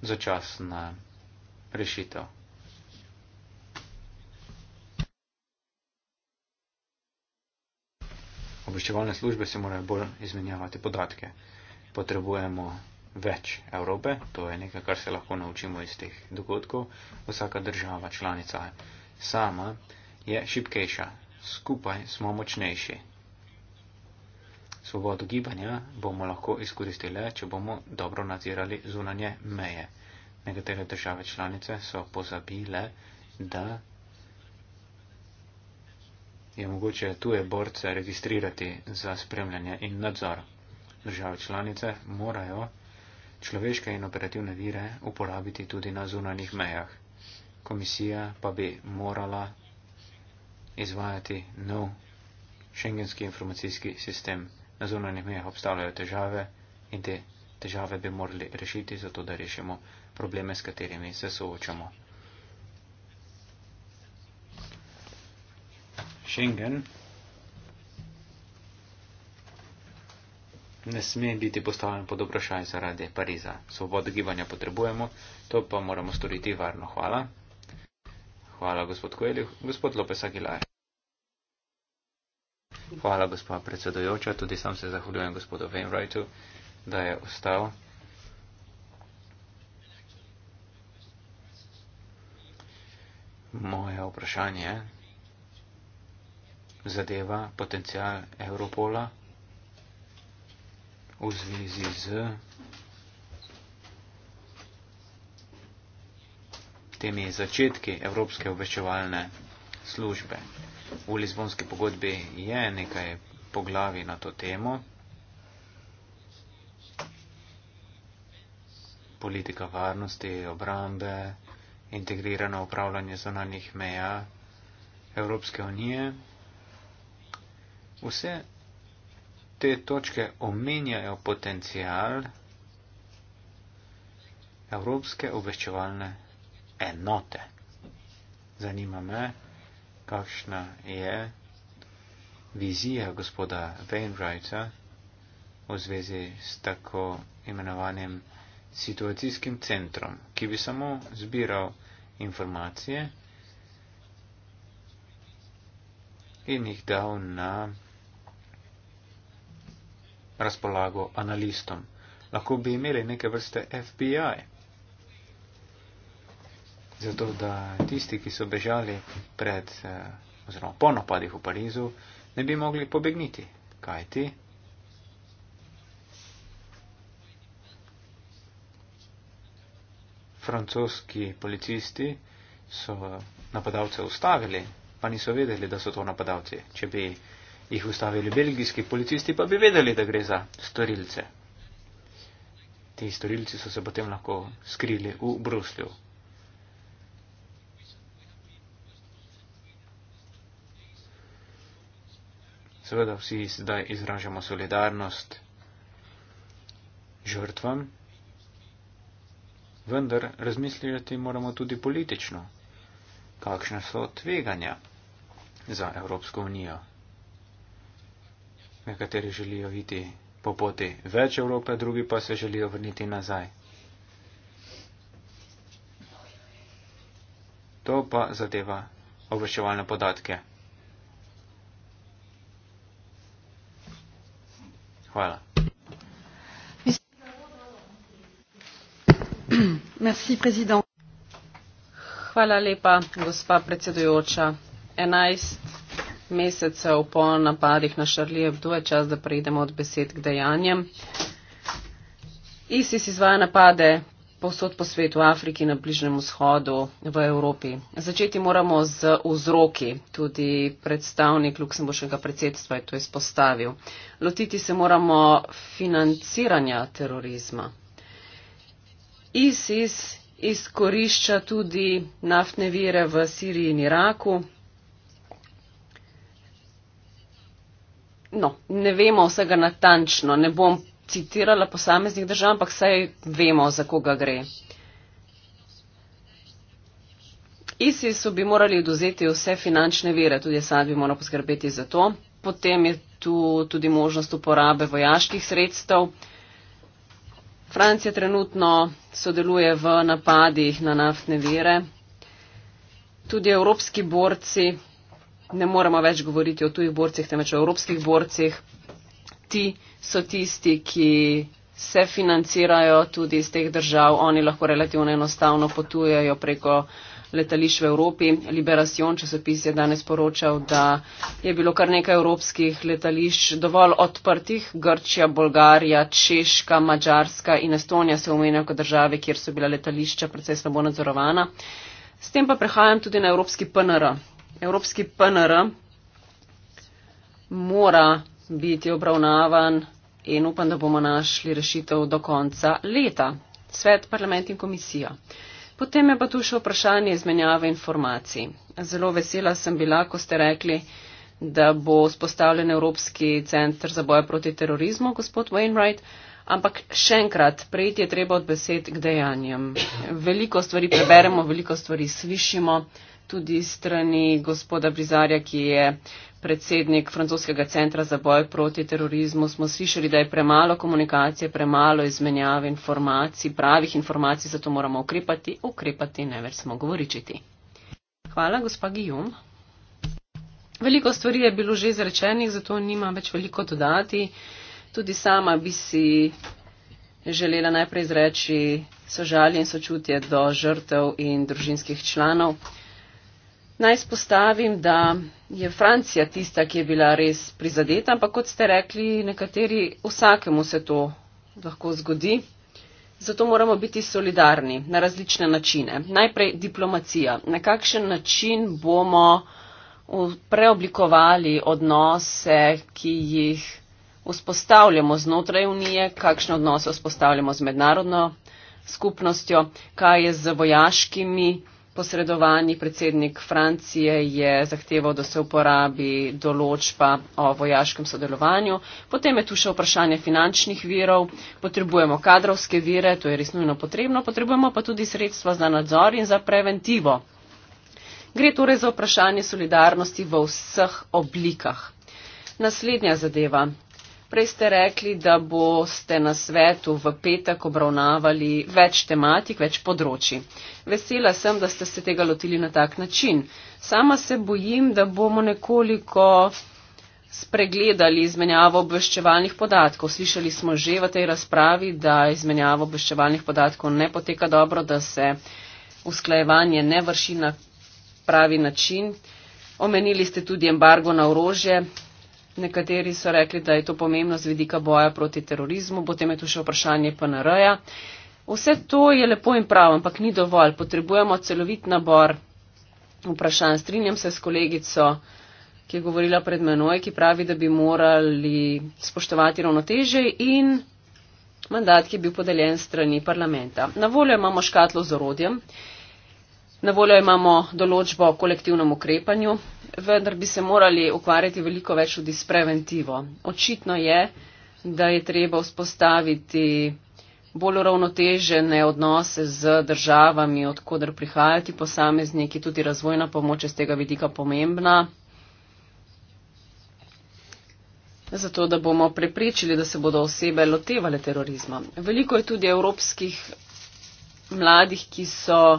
začasna rešitev. obveščevalne službe se morajo bolj izmenjavati podatke. Potrebujemo več Evrope, to je nekaj, kar se lahko naučimo iz teh dogodkov. Vsaka država članica sama je šipkejša, skupaj smo močnejši. Svobodo gibanja bomo lahko izkoristili, če bomo dobro nadzirali zunanje meje. Nekatere države članice so pozabile, da je mogoče tuje borce registrirati za spremljanje in nadzor. Države članice morajo človeške in operativne vire uporabiti tudi na zunanjih mejah. Komisija pa bi morala izvajati nov šengenski informacijski sistem. Na zunanjih mejah obstavljajo težave in te težave bi morali rešiti, zato da rešimo probleme, s katerimi se soočamo. Schengen ne sme biti postavljen pod vprašanje zaradi Pariza. Svobodo gibanja potrebujemo, to pa moramo storiti varno. Hvala. Hvala, gospod Koeli. Gospod Lopes Aguilar. Hvala, gospod predsedojoča. Tudi sam se zahvaljujem gospodu Wainwrightu, da je ostal. Moje vprašanje je zadeva potencial Europola v zvezi z temi začetki Evropske obveščevalne službe. V Lizbonski pogodbi je nekaj poglavi na to temo. Politika varnosti, obrambe, integrirano upravljanje zonanih meja Evropske unije. Vse te točke omenjajo potencial Evropske obveščevalne enote. Zanima me, kakšna je vizija gospoda Wainwrighta v zvezi s tako imenovanim situacijskim centrom, ki bi samo zbiral informacije in jih dal na razpolago analistom. Lahko bi imeli neke vrste FBI. Zato, da tisti, ki so bežali pred eh, oziroma po napadih v Parizu, ne bi mogli pobegniti. Kaj ti? Francoski policisti so napadalce ustavili, pa niso vedeli, da so to napadalci. Če bi jih ustavili belgijski policisti, pa bi vedeli, da gre za storilce. Ti storilci so se potem lahko skrili v Bruslju. Seveda vsi zdaj izražamo solidarnost žrtvam, vendar razmisliti moramo tudi politično, kakšna so tveganja za Evropsko unijo. Nekateri želijo iti po poti več Evrope, drugi pa se želijo vrniti nazaj. To pa zadeva obveščevalne podatke. Hvala. Merci, Hvala lepa, gospa predsedujoča. 11 mesecev po napadih na Šarlije Abdu je čas, da preidemo od besed k dejanjem. ISIS izvaja napade posod po svetu, v Afriki, na Bližnem vzhodu, v Evropi. Začeti moramo z vzroki. Tudi predstavnik Luksemburškega predsedstva je to izpostavil. Lotiti se moramo financiranja terorizma. ISIS izkorišča tudi naftne vire v Siriji in Iraku, no, ne vemo vsega natančno, ne bom citirala posameznih držav, ampak saj vemo, za koga gre. ISIS-u bi morali oduzeti vse finančne vire, tudi sad bi moral poskrbeti za to. Potem je tu tudi možnost uporabe vojaških sredstev. Francija trenutno sodeluje v napadih na naftne vire. Tudi evropski borci ne moremo več govoriti o tujih borcih, temveč o evropskih borcih. Ti so tisti, ki se financirajo tudi iz teh držav. Oni lahko relativno enostavno potujejo preko letališč v Evropi. Liberacion časopis je danes poročal, da je bilo kar nekaj evropskih letališč dovolj odprtih. Grčija, Bolgarija, Češka, Mačarska in Estonija se omenjajo kot države, kjer so bila letališča precej slabo nadzorovana. S tem pa prehajam tudi na evropski PNR. Evropski PNR mora biti obravnavan in upam, da bomo našli rešitev do konca leta. Svet, parlament in komisija. Potem je pa tu še vprašanje izmenjave informacij. Zelo vesela sem bila, ko ste rekli, da bo spostavljen Evropski centr za boje proti terorizmu, gospod Wainwright, ampak še enkrat, prejti je treba od besed k dejanjem. Veliko stvari preberemo, veliko stvari slišimo, tudi strani gospoda Brizarja, ki je predsednik francoskega centra za boj proti terorizmu, smo slišali, da je premalo komunikacije, premalo izmenjav informacij, pravih informacij, zato moramo ukrepati, ukrepati, ne več samo govoričiti. Hvala, gospa Gijum. Veliko stvari je bilo že izrečenih, zato nimam več veliko dodati. Tudi sama bi si želela najprej izreči sožalje in sočutje do žrtev in družinskih članov. Naj spostavim, da je Francija tista, ki je bila res prizadeta, ampak kot ste rekli, nekateri vsakemu se to lahko zgodi. Zato moramo biti solidarni na različne načine. Najprej diplomacija. Na kakšen način bomo preoblikovali odnose, ki jih vzpostavljamo znotraj Unije, kakšne odnose vzpostavljamo z mednarodno skupnostjo, kaj je z vojaškimi posredovani predsednik Francije je zahteval, da se uporabi določba o vojaškem sodelovanju. Potem je tu še vprašanje finančnih virov, potrebujemo kadrovske vire, to je res nujno potrebno, potrebujemo pa tudi sredstva za nadzor in za preventivo. Gre torej za vprašanje solidarnosti v vseh oblikah. Naslednja zadeva. Prej ste rekli, da boste na svetu v petek obravnavali več tematik, več področji. Vesela sem, da ste se tega lotili na tak način. Sama se bojim, da bomo nekoliko spregledali izmenjavo obveščevalnih podatkov. Slišali smo že v tej razpravi, da izmenjavo obveščevalnih podatkov ne poteka dobro, da se usklajevanje ne vrši na pravi način. Omenili ste tudi embargo na orožje, Nekateri so rekli, da je to pomembno z vidika boja proti terorizmu, potem je tu še vprašanje PNR-ja. Vse to je lepo in prav, ampak ni dovolj. Potrebujemo celovit nabor vprašanj. Strinjam se s kolegico, ki je govorila pred menoj, ki pravi, da bi morali spoštovati ravnoteže in mandat, ki je bil podeljen strani parlamenta. Na voljo imamo škatlo z orodjem, na voljo imamo določbo o kolektivnem ukrepanju, vendar bi se morali ukvarjati veliko več tudi s preventivo. Očitno je, da je treba vzpostaviti bolj ravnotežene odnose z državami, odkudar prihajati posamezniki, tudi razvojna pomoč je z tega vidika pomembna. Zato, da bomo prepričali, da se bodo osebe lotevale terorizma. Veliko je tudi evropskih mladih, ki so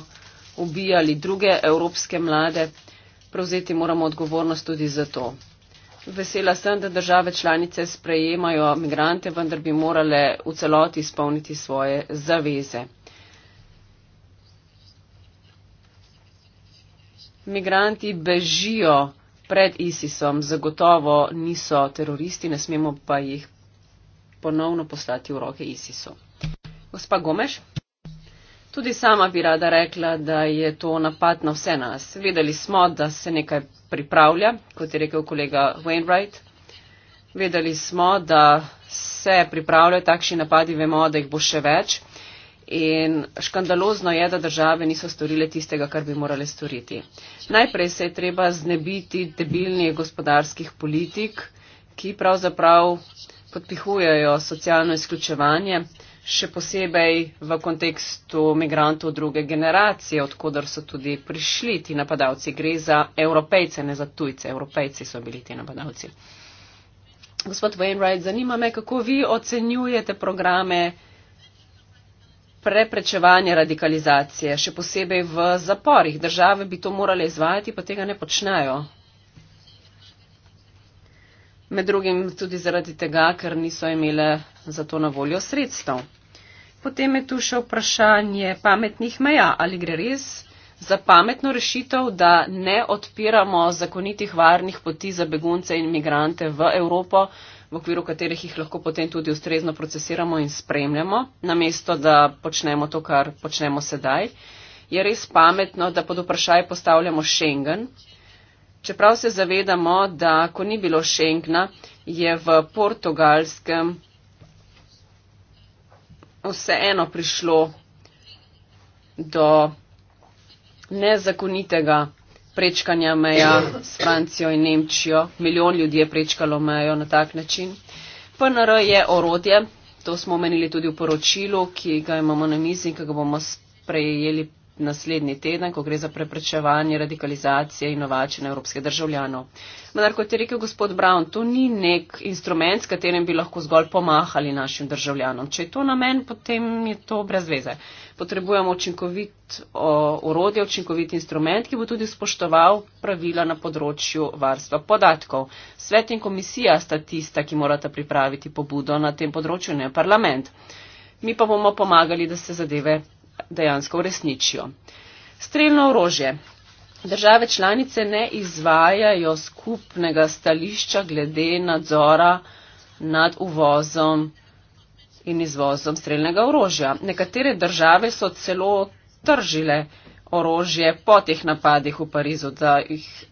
ubijali druge evropske mlade, prevzeti moramo odgovornost tudi za to. Vesela sem, da države članice sprejemajo migrante, vendar bi morale v celoti izpolniti svoje zaveze. Migranti bežijo pred ISISom, zagotovo niso teroristi, ne smemo pa jih ponovno poslati v roke ISISu. Gospa Gomeš. Tudi sama bi rada rekla, da je to napad na vse nas. Vedeli smo, da se nekaj pripravlja, kot je rekel kolega Wainwright. Vedeli smo, da se pripravljajo takšni napadi, vemo, da jih bo še več. In škandalozno je, da države niso storile tistega, kar bi morale storiti. Najprej se je treba znebiti debilnih gospodarskih politik, ki pravzaprav podpihujejo socialno izključevanje še posebej v kontekstu migrantov druge generacije, odkudar so tudi prišli ti napadalci. Gre za evropejce, ne za tujce. Evropejci so bili ti napadalci. Gospod Wainwright, zanima me, kako vi ocenjujete programe preprečevanja radikalizacije, še posebej v zaporih. Države bi to morale izvajati, pa tega ne počnejo. Med drugim tudi zaradi tega, ker niso imele za to na voljo sredstev. Potem je tu še vprašanje pametnih meja. Ali gre res za pametno rešitev, da ne odpiramo zakonitih varnih poti za begunce in imigrante v Evropo, v okviru katerih jih lahko potem tudi ustrezno procesiramo in spremljamo, namesto da počnemo to, kar počnemo sedaj? Je res pametno, da pod vprašaj postavljamo Schengen? Čeprav se zavedamo, da ko ni bilo Schengna, je v portugalskem vseeno prišlo do nezakonitega prečkanja meja s Francijo in Nemčijo. Milijon ljudi je prečkalo mejo na tak način. PNR je orodje, to smo omenili tudi v poročilu, ki ga imamo na mizi in ki ga bomo sprejeli naslednji teden, ko gre za preprečevanje radikalizacije in novačenja evropskih državljanov. Vendar, kot je rekel gospod Brown, to ni nek instrument, s katerim bi lahko zgolj pomahali našim državljanom. Če je to namen, potem je to brez veze. Potrebujemo učinkovit urodje, učinkovit instrument, ki bo tudi spoštoval pravila na področju varstva podatkov. Svet in komisija sta tista, ki morata pripraviti pobudo na tem področju, ne parlament. Mi pa bomo pomagali, da se zadeve dejansko uresničijo. Streljno orožje. Države članice ne izvajajo skupnega stališča glede nadzora nad uvozom in izvozom streljnega orožja. Nekatere države so celo tržile orožje po teh napadih v Parizu, da jih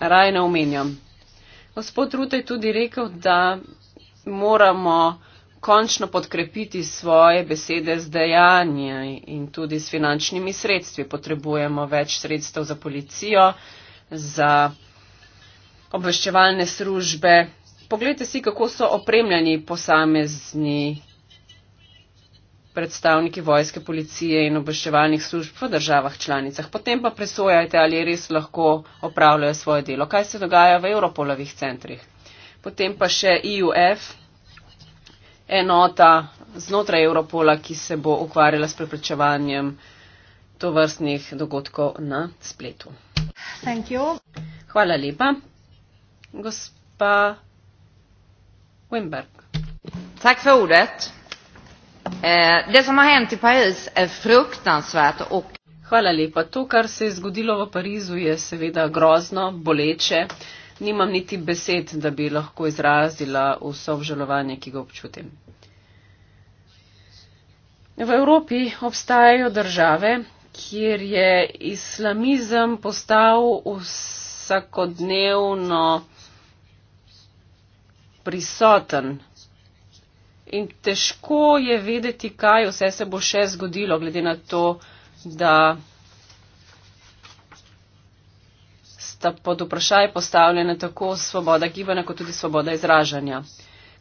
raje ne omenjam. Gospod Rute je tudi rekel, da moramo končno podkrepiti svoje besede z dejanje in tudi s finančnimi sredstvi. Potrebujemo več sredstev za policijo, za obveščevalne službe. Poglejte si, kako so opremljeni posamezni predstavniki vojske, policije in obveščevalnih služb v državah članicah. Potem pa presojajte, ali res lahko opravljajo svoje delo. Kaj se dogaja v Europolovih centrih? Potem pa še EUF, enota znotraj Europola, ki se bo ukvarjala s preprečevanjem tovrstnih dogodkov na spletu. Hvala lepa. Gospa Wimberg. Tak for ordet. Eh, det som har hänt i Paris är fruktansvärt och... Hvala lepa. To, kar se je zgodilo v Parizu, je seveda grozno, boleče. Eh, nimam niti besed, da bi lahko izrazila vso obžalovanje, ki ga občutim. V Evropi obstajajo države, kjer je islamizem postal vsakodnevno prisoten. In težko je vedeti, kaj vse se bo še zgodilo, glede na to, da sta pod vprašaj postavljena tako svoboda gibanja kot tudi svoboda izražanja.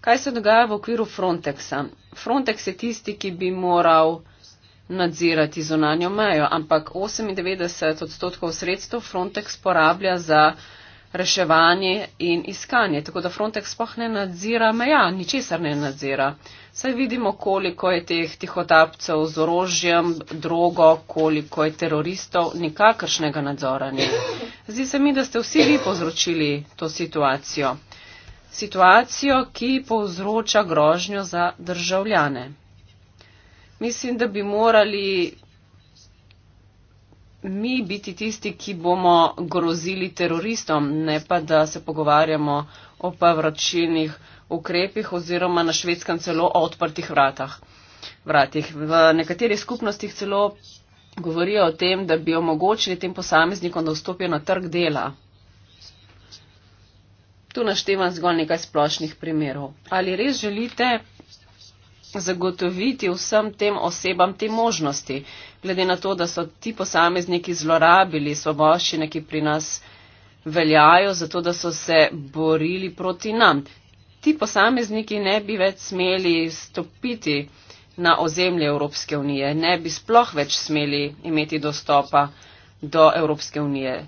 Kaj se dogaja v okviru Frontexa? Frontex je tisti, ki bi moral nadzirati zunanjo mejo, ampak 98 odstotkov sredstev Frontex porablja za reševanje in iskanje. Tako da Frontex pa ne nadzira meja, ničesar ne nadzira. Saj vidimo, koliko je teh tihotapcev z orožjem, drogo, koliko je teroristov, nikakršnega nadzora ni. Zdi se mi, da ste vsi vi povzročili to situacijo. Situacijo, ki povzroča grožnjo za državljane. Mislim, da bi morali mi biti tisti, ki bomo grozili teroristom, ne pa da se pogovarjamo o povračilnih ukrepih oziroma na švedskem celo o odprtih vratah. vratih. V nekaterih skupnostih celo govorijo o tem, da bi omogočili tem posameznikom, da vstopijo na trg dela. Tu naštevam zgolj nekaj splošnih primerov. Ali res želite zagotoviti vsem tem osebam te možnosti, glede na to, da so ti posamezniki zlorabili svoboščine, ki pri nas veljajo, zato da so se borili proti nam. Ti posamezniki ne bi več smeli stopiti na ozemlje Evropske unije, ne bi sploh več smeli imeti dostopa do Evropske unije.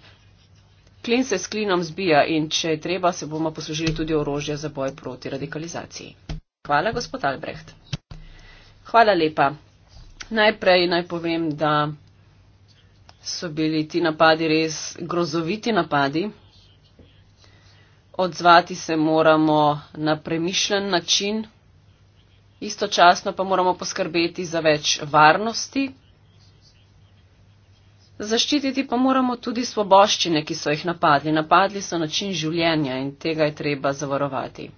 Klin se s klinom zbija in če je treba, se bomo poslužili tudi orožja za boj proti radikalizaciji. Hvala, gospod Albrecht. Hvala lepa. Najprej naj povem, da so bili ti napadi res grozoviti napadi. Odzvati se moramo na premišljen način, istočasno pa moramo poskrbeti za več varnosti. Zaščititi pa moramo tudi svoboščine, ki so jih napadli. Napadli so način življenja in tega je treba zavarovati.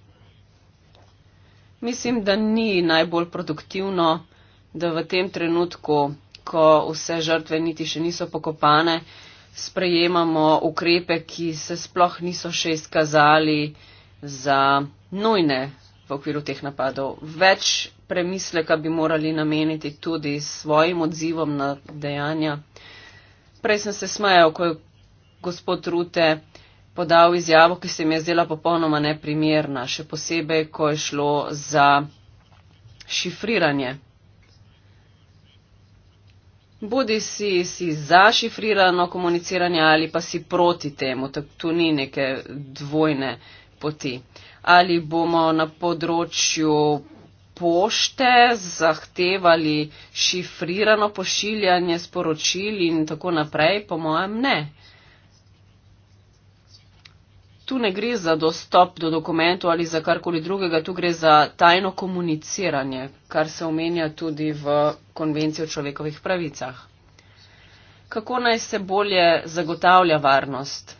Mislim, da ni najbolj produktivno, da v tem trenutku, ko vse žrtve niti še niso pokopane, sprejemamo ukrepe, ki se sploh niso še izkazali za nujne v okviru teh napadov. Več premisleka bi morali nameniti tudi svojim odzivom na dejanja. Prej sem se smejal, ko je gospod Rute podal izjavo, ki se mi je zdela popolnoma neprimerna, še posebej, ko je šlo za šifriranje. Bodi si, si zašifrirano komuniciranje ali pa si proti temu, tako tu ni neke dvojne poti. Ali bomo na področju pošte zahtevali šifrirano pošiljanje sporočil in tako naprej, po mojem ne tu ne gre za dostop do dokumentov ali za karkoli drugega, tu gre za tajno komuniciranje, kar se omenja tudi v konvenciji o človekovih pravicah. Kako naj se bolje zagotavlja varnost?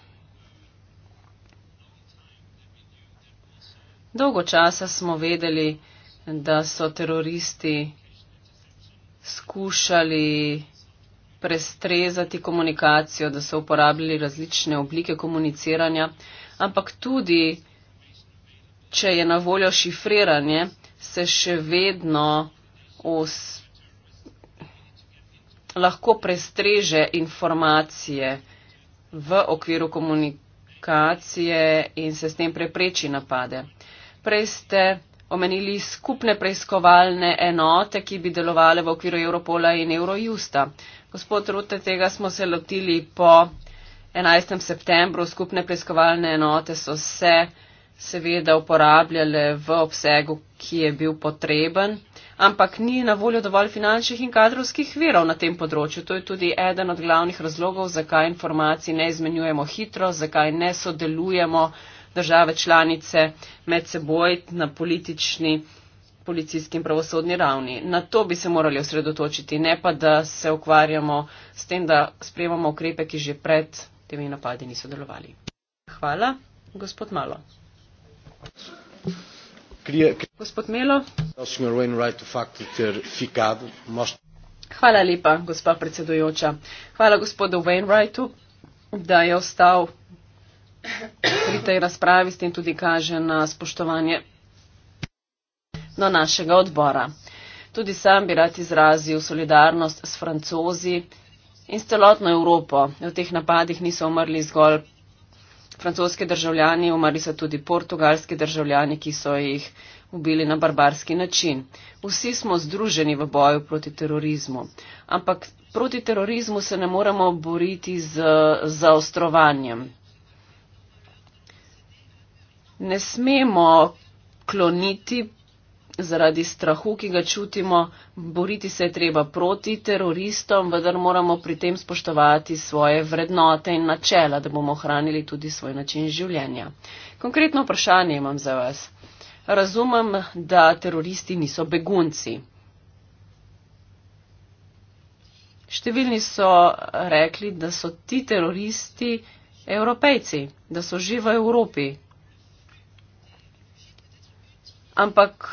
Dolgo časa smo vedeli, da so teroristi skušali prestrezati komunikacijo, da so uporabljali različne oblike komuniciranja, ampak tudi, če je na voljo šifriranje, se še vedno os, lahko prestreže informacije v okviru komunikacije in se s tem prepreči napade. Prej ste omenili skupne preiskovalne enote, ki bi delovale v okviru Europola in Eurojusta. Gospod Rute, tega smo se lotili po 11. septembru skupne preiskovalne enote so se seveda uporabljale v obsegu, ki je bil potreben, ampak ni na voljo dovolj finančnih in kadrovskih virov na tem področju. To je tudi eden od glavnih razlogov, zakaj informacij ne izmenjujemo hitro, zakaj ne sodelujemo države članice med seboj na politični, policijski in pravosodni ravni. Na to bi se morali osredotočiti, ne pa da se ukvarjamo s tem, da sprejemamo ukrepe, ki že pred temi napadi niso delovali. Hvala, gospod Malo. Gospod Melo. Hvala lepa, gospa predsedujoča. Hvala gospodu Wainwrightu, da je ostal pri tej razpravi, s tem tudi kaže na spoštovanje na našega odbora. Tudi sam bi rad izrazil solidarnost s francozi, in s celotno Evropo. V teh napadih niso umrli zgolj francoski državljani, umrli so tudi portugalski državljani, ki so jih ubili na barbarski način. Vsi smo združeni v boju proti terorizmu, ampak proti terorizmu se ne moremo boriti z zaostrovanjem. Ne smemo kloniti zaradi strahu, ki ga čutimo, boriti se je treba proti teroristom, vendar moramo pri tem spoštovati svoje vrednote in načela, da bomo ohranili tudi svoj način življenja. Konkretno vprašanje imam za vas. Razumem, da teroristi niso begunci. Številni so rekli, da so ti teroristi evropejci, da so živi v Evropi. Ampak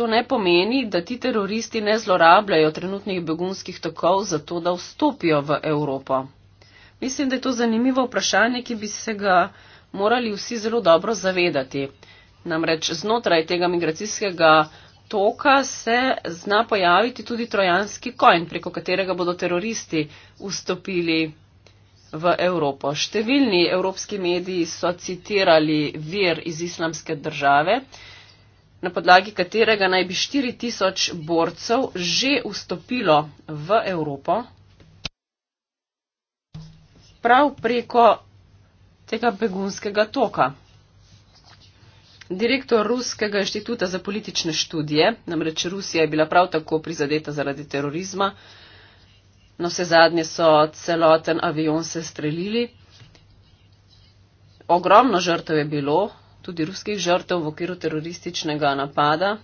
to ne pomeni, da ti teroristi ne zlorabljajo trenutnih begunskih tokov za to, da vstopijo v Evropo. Mislim, da je to zanimivo vprašanje, ki bi se ga morali vsi zelo dobro zavedati. Namreč znotraj tega migracijskega toka se zna pojaviti tudi trojanski konj, preko katerega bodo teroristi vstopili v Evropo. Številni evropski mediji so citirali vir iz islamske države, na podlagi katerega naj bi 4000 borcev že vstopilo v Evropo. Prav preko tega begunskega toka. Direktor Ruskega inštituta za politične študije, namreč Rusija je bila prav tako prizadeta zaradi terorizma, no vse zadnje so celoten avion se streljili. Ogromno žrtev je bilo, tudi ruskih žrtev v okviru terorističnega napada.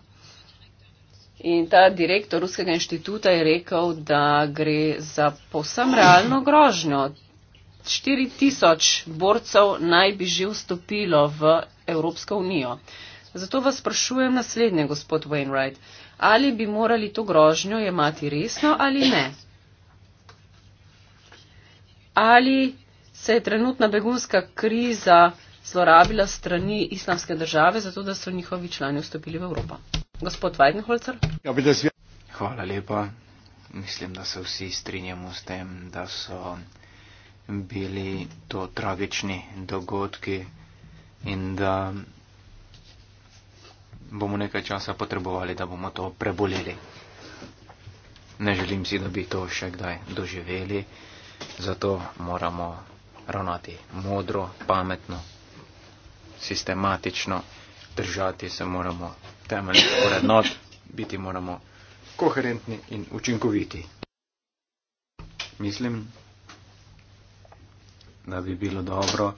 In ta direktor Ruskega inštituta je rekel, da gre za posem realno grožnjo. 4000 borcev naj bi že vstopilo v Evropsko unijo. Zato vas sprašujem naslednje, gospod Wainwright, ali bi morali to grožnjo jemati resno ali ne? Ali se je trenutna begunska kriza zlorabila strani islamske države, zato da so njihovi člani vstopili v Evropo. Gospod Weidenholzer. Ja, Hvala lepa. Mislim, da se vsi strinjamo s tem, da so bili to tragični dogodki in da bomo nekaj časa potrebovali, da bomo to preboleli. Ne želim si, da bi to še kdaj doživeli, zato moramo ravnati modro, pametno, sistematično držati se moramo temeljnih vrednot, biti moramo koherentni in učinkoviti. Mislim, da bi bilo dobro,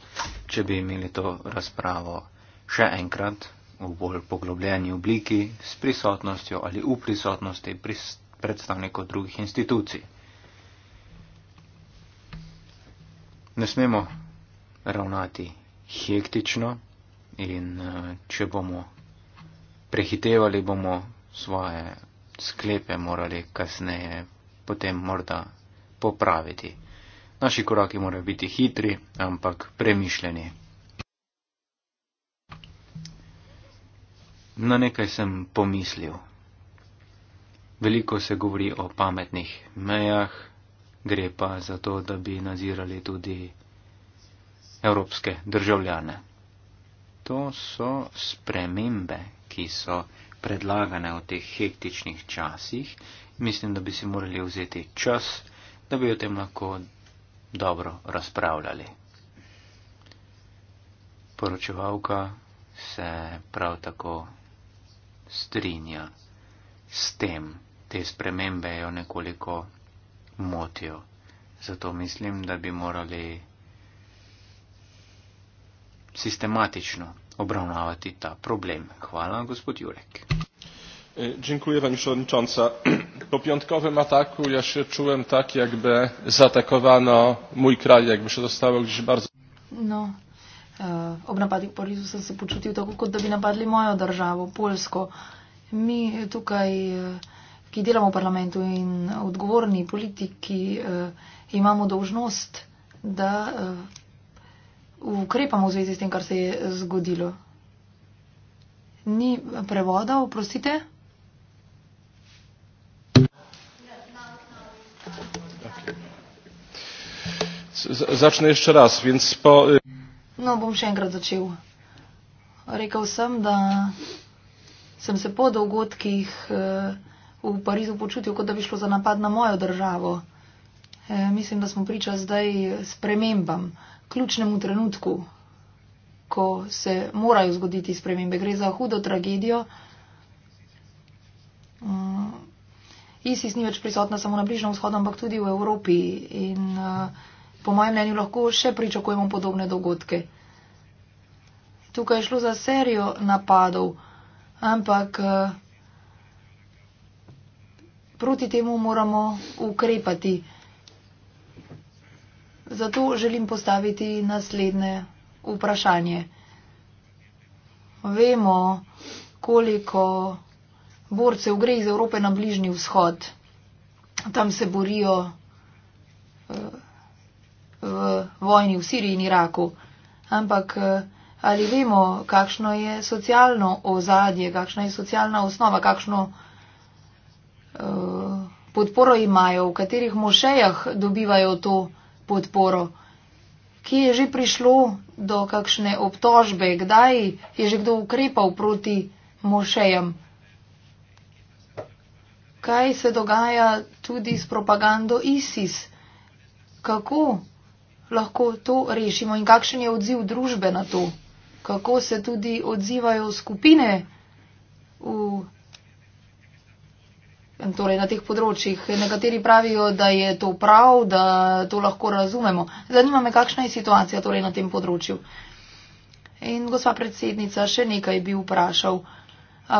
če bi imeli to razpravo še enkrat v bolj poglobljeni obliki s prisotnostjo ali v prisotnosti predstavnikov drugih institucij. Ne smemo ravnati hektično, in eh, če bomo prehitevali, bomo svoje sklepe morali kasneje potem morda popraviti. Naši koraki morajo biti hitri, ampak premišljeni. Na nekaj sem pomislil. Veliko se govori o pametnih mejah, gre pa za to, da bi nadzirali tudi evropske državljane to so spremembe, ki so predlagane v teh hektičnih časih. Mislim, da bi si morali vzeti čas, da bi o tem lahko dobro razpravljali. Poročevalka se prav tako strinja s tem, te spremembe jo nekoliko motijo. Zato mislim, da bi morali sistematično obravnavati ta problem. Hvala, gospod Jurek. E, dziękuję Pani Przewodnicząca. Po piątkowym ataku ja się czułem tak, jakby zaatakowano mój kraj, jakby się zostało gdzieś bardzo... No, e, ob napadach Parizu sam się poczuł tak, jakby by napadli moją državo, Polsko. My tutaj, e, ki delamo parlamentu i odgovorni politiki, e, imamo dążność, da e, ukrepamo v zvezi s tem, kar se je zgodilo. Ni prevoda, oprostite. Začne še raz. Pa... No, bom še enkrat začel. Rekel sem, da sem se po dogodkih e, v Parizu počutil, kot da bi šlo za napad na mojo državo. E, mislim, da smo priča zdaj spremembam ključnemu trenutku, ko se morajo zgoditi spremembe. Gre za hudo tragedijo. Mm, ISIS ni več prisotna samo na Bližnem vzhodu, ampak tudi v Evropi in eh, po mojem mnenju lahko še pričakujemo podobne dogodke. Tukaj je šlo za serijo napadov, ampak eh, proti temu moramo ukrepati. Zato želim postaviti naslednje vprašanje. Vemo, koliko borcev gre iz Evrope na Bližnji vzhod. Tam se borijo eh, v vojni v Siriji in Iraku. Ampak eh, ali vemo, kakšno je socialno ozadje, kakšna je socialna osnova, kakšno eh, podporo imajo, v katerih mošejah dobivajo to podporo. Kje je že prišlo do kakšne obtožbe, kdaj je že kdo ukrepal proti mošejem? Kaj se dogaja tudi s propagando ISIS? Kako lahko to rešimo in kakšen je odziv družbe na to? Kako se tudi odzivajo skupine v torej na teh področjih. Nekateri pravijo, da je to prav, da to lahko razumemo. Zanima me, kakšna je situacija torej na tem področju. In gospa predsednica, še nekaj bi vprašal.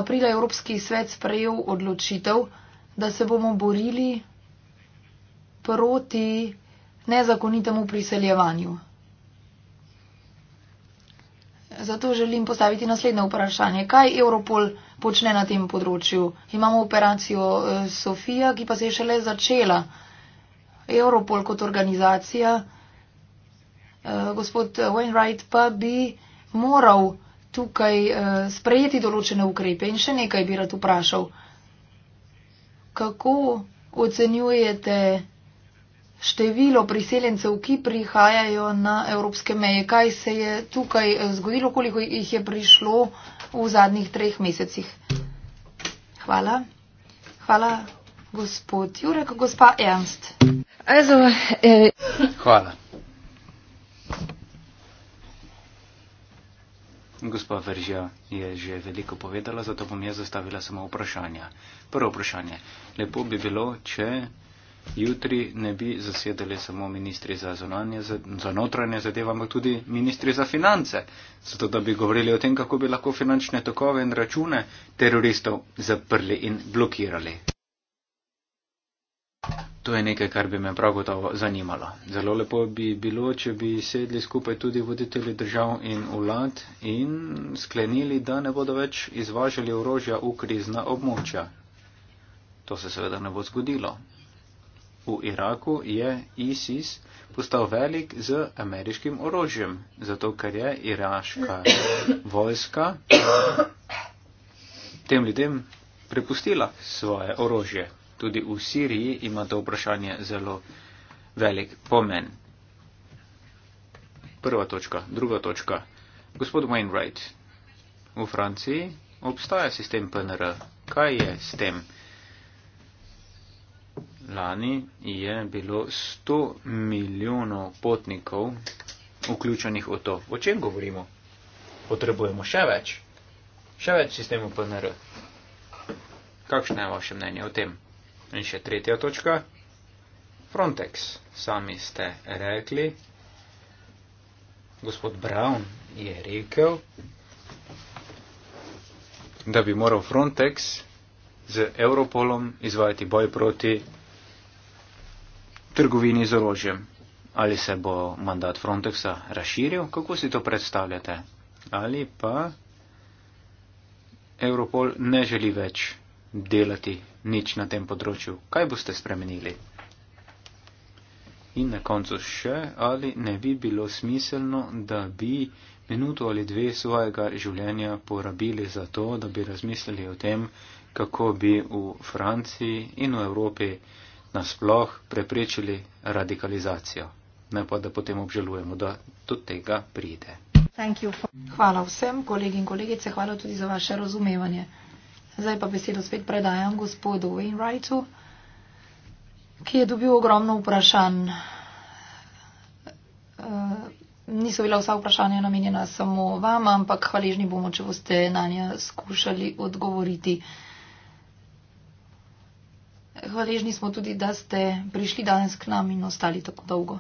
Aprila je Evropski svet sprejel odločitev, da se bomo borili proti nezakonitemu priseljevanju. Zato želim postaviti naslednje vprašanje. Kaj Europol počne na tem področju? Imamo operacijo eh, Sofija, ki pa se je šele začela. Europol kot organizacija, eh, gospod Wainwright pa bi moral tukaj eh, sprejeti določene ukrepe. In še nekaj bi rad vprašal. Kako ocenjujete število priseljencev, ki prihajajo na evropske meje. Kaj se je tukaj eh, zgodilo, koliko jih je prišlo v zadnjih treh mesecih? Hvala. Hvala, gospod Jurek, gospa Ernst. Also, eh. Hvala. Gospa Veržja je že veliko povedala, zato bom jaz zastavila samo vprašanja. Prvo vprašanje. Lepo bi bilo, če jutri ne bi zasedali samo ministri za, zunanje, za, za notranje zadeve, ampak tudi ministri za finance, zato da bi govorili o tem, kako bi lahko finančne tokove in račune teroristov zaprli in blokirali. To je nekaj, kar bi me prav gotovo zanimalo. Zelo lepo bi bilo, če bi sedli skupaj tudi voditelji držav in vlad in sklenili, da ne bodo več izvažali orožja v krizna območja. To se seveda ne bo zgodilo. V Iraku je ISIS postal velik z ameriškim orožjem, zato ker je iraška vojska tem ljudem prepustila svoje orožje. Tudi v Siriji ima to vprašanje zelo velik pomen. Prva točka. Druga točka. Gospod Wainwright, v Franciji obstaja sistem PNR. Kaj je s tem? lani je bilo 100 milijonov potnikov vključenih v to. O čem govorimo? Potrebujemo še več. Še več sistemov PNR. Kakšno je vaše mnenje o tem? In še tretja točka. Frontex. Sami ste rekli, gospod Brown je rekel, da bi moral Frontex z Europolom izvajati boj proti trgovini z orožjem. Ali se bo mandat Frontexa razširil, kako si to predstavljate? Ali pa Europol ne želi več delati nič na tem področju? Kaj boste spremenili? In na koncu še, ali ne bi bilo smiselno, da bi minuto ali dve svojega življenja porabili za to, da bi razmislili o tem, kako bi v Franciji in v Evropi nasploh preprečili radikalizacijo. Ne pa, da potem obžalujemo, da do tega pride. Hvala vsem, kolegi in kolegice, hvala tudi za vaše razumevanje. Zdaj pa besedo spet predajam gospodu Wainwrightu, ki je dobil ogromno vprašanj. Eh, niso bila vsa vprašanja namenjena samo vam, ampak hvaležni bomo, če boste na nje skušali odgovoriti. Hvaležni smo tudi, da ste prišli danes k nam in ostali tako dolgo.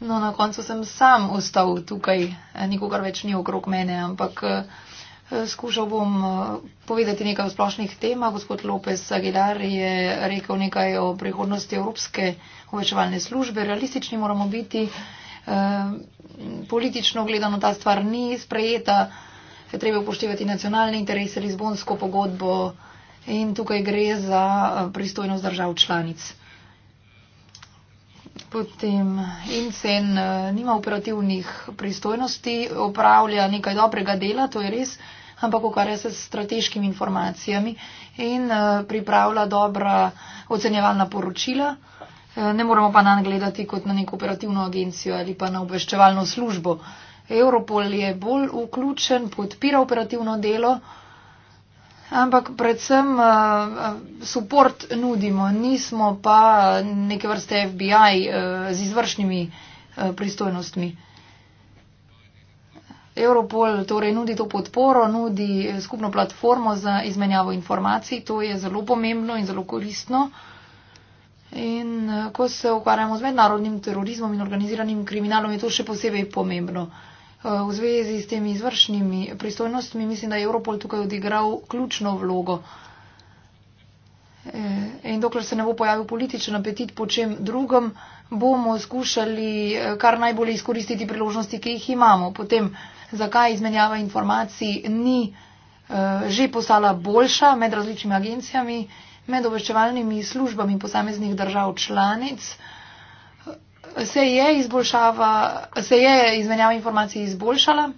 No, na koncu sem sam ostal tukaj, nikogar več ni okrog mene, ampak eh, skušal bom eh, povedati nekaj o splošnih temah. Gospod Lopez Aguilar je rekel nekaj o prihodnosti Evropske obveščevalne službe. Realistični moramo biti, eh, politično gledano ta stvar ni sprejeta je treba upoštevati nacionalne interese, Lizbonsko pogodbo in tukaj gre za eh, pristojnost držav članic. Potem Incen eh, nima operativnih pristojnosti, opravlja nekaj dobrega dela, to je res, ampak ukvarja se s strateškimi informacijami in eh, pripravlja dobra ocenjevalna poročila. Ne moremo pa nanj gledati kot na neko operativno agencijo ali pa na obveščevalno službo. Europol je bolj vključen, podpira operativno delo, ampak predvsem uh, support nudimo, nismo pa neke vrste FBI uh, eh, z izvršnimi uh, pristojnostmi. Europol torej nudi to podporo, nudi skupno platformo za izmenjavo informacij, to je zelo pomembno in zelo koristno. In ko se ukvarjamo z mednarodnim terorizmom in organiziranim kriminalom, je to še posebej pomembno. Eh, v zvezi s temi izvršnimi pristojnostmi. Mislim, da je Europol tukaj odigral ključno vlogo. Eh, in dokler se ne bo pojavil političen apetit po čem drugem, bomo skušali eh, kar najbolje izkoristiti priložnosti, ki jih imamo. Potem, zakaj izmenjava informacij ni že postala boljša med različnimi agencijami, med obveščevalnimi službami posameznih držav članic se je izboljšava, se je izmenjava informacij izboljšala.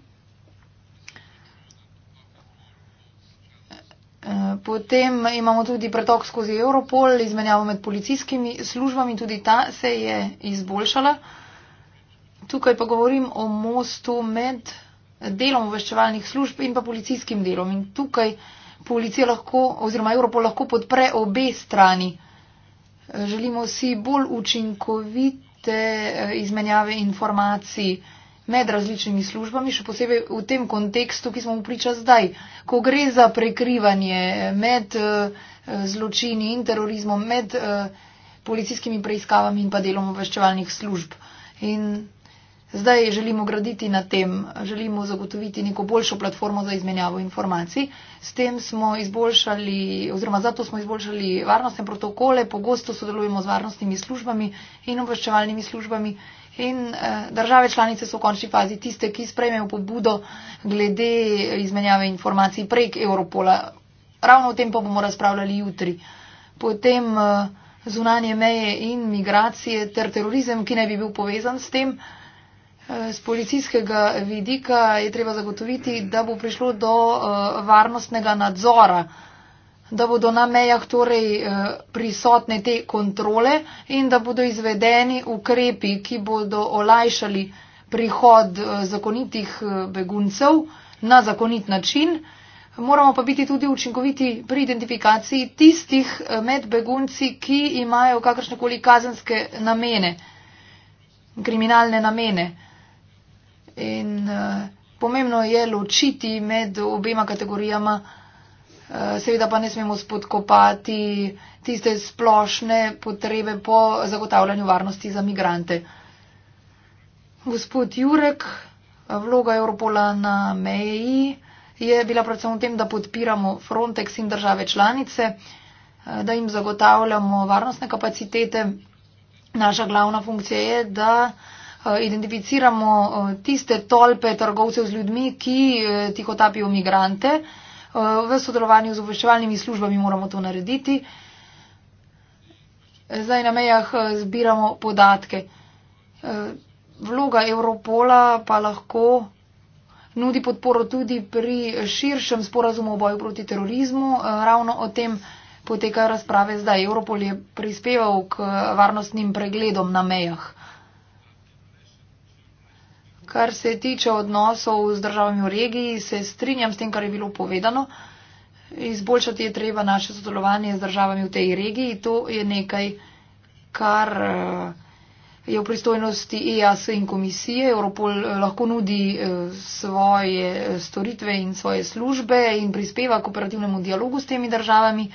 Potem imamo tudi pretok skozi Europol, izmenjava med policijskimi službami, tudi ta se je izboljšala. Tukaj pa govorim o mostu med delom obveščevalnih služb in pa policijskim delom. In tukaj policija lahko oziroma Europol lahko podpre obe strani. Želimo si bolj učinkovit te eh, izmenjave informacij med različnimi službami, še posebej v tem kontekstu, ki smo mu priča zdaj, ko gre za prekrivanje med eh, zločini in terorizmom, med eh, policijskimi preiskavami in pa delom obveščevalnih služb. In Zdaj želimo graditi na tem, želimo zagotoviti neko boljšo platformo za izmenjavo informacij. S tem smo izboljšali, oziroma zato smo izboljšali varnostne protokole, pogosto sodelujemo z varnostnimi službami in obveščevalnimi službami. In eh, države članice so v končni fazi tiste, ki sprejmejo pobudo glede izmenjave informacij prek Europola. Ravno o tem pa bomo razpravljali jutri. Potem eh, zunanje meje in migracije ter terorizem, ki naj bi bil povezan s tem. Z eh, policijskega vidika je treba zagotoviti, da bo prišlo do eh, varnostnega nadzora, da bodo na mejah torej eh, prisotne te kontrole in da bodo izvedeni ukrepi, ki bodo olajšali prihod zakonitih beguncev na zakonit način. Moramo pa biti tudi učinkoviti pri identifikaciji tistih med begunci, ki imajo kakršnekoli kazenske namene, kriminalne namene. In uh, pomembno je ločiti med obema kategorijama, uh, seveda pa ne smemo spodkopati tiste splošne potrebe po zagotavljanju varnosti za migrante. Gospod Jurek, vloga Europola na meji je bila predvsem v tem, da podpiramo Frontex in države članice, eh, da jim zagotavljamo varnostne kapacitete. Naša glavna funkcija je, da Eh, identificiramo eh, tiste tolpe trgovcev z ljudmi, ki eh, tihotapijo migrante. V sodelovanju z obveščevalnimi službami moramo to narediti. Zdaj na mejah zbiramo podatke. Vloga Evropola pa lahko nudi podporo tudi pri širšem sporazumu o boju proti terorizmu. Ravno o tem potekajo razprave zdaj. Evropol je prispeval k varnostnim pregledom na mejah. Kar se tiče odnosov z državami v regiji, se strinjam s tem, kar je bilo povedano. Izboljšati je treba naše sodelovanje z državami v tej regiji. To je nekaj, kar eh, je v pristojnosti EAS in komisije. Europol eh, lahko nudi eh, svoje storitve in svoje službe in prispeva k operativnemu dialogu s temi državami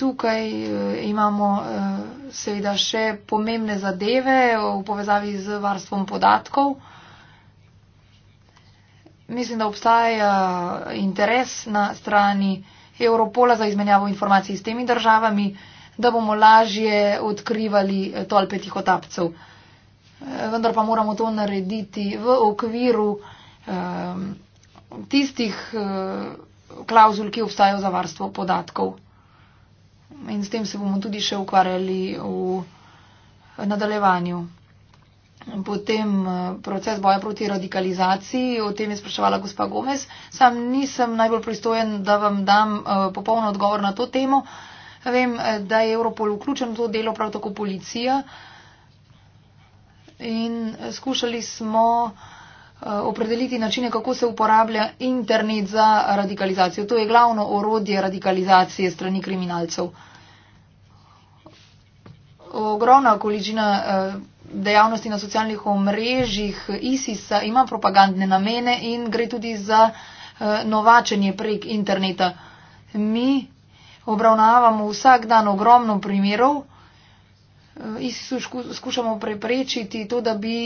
tukaj eh, imamo eh, seveda še pomembne zadeve v povezavi z varstvom podatkov. Mislim, da obstaja eh, interes na strani Europola za izmenjavo informacij s temi državami, da bomo lažje odkrivali tolpe tih otapcev. Vendar pa moramo to narediti v okviru tistih klauzul, ki obstajajo za varstvo podatkov in s tem se bomo tudi še ukvarjali v nadaljevanju. Potem eh, proces boja proti radikalizaciji, o tem je spraševala gospa Gomez. Sam nisem najbolj pristojen, da vam dam eh, popolno odgovor na to temo. Vem, eh, da je Europol vključen v to delo, prav tako policija. In skušali smo opredeliti načine, kako se uporablja internet za radikalizacijo. To je glavno orodje radikalizacije strani kriminalcev ogromna količina eh, dejavnosti na socialnih omrežjih ISIS-a ima propagandne namene in gre tudi za eh, novačenje prek interneta. Mi obravnavamo vsak dan ogromno primerov. Eh, ISIS-u skušamo preprečiti to, da bi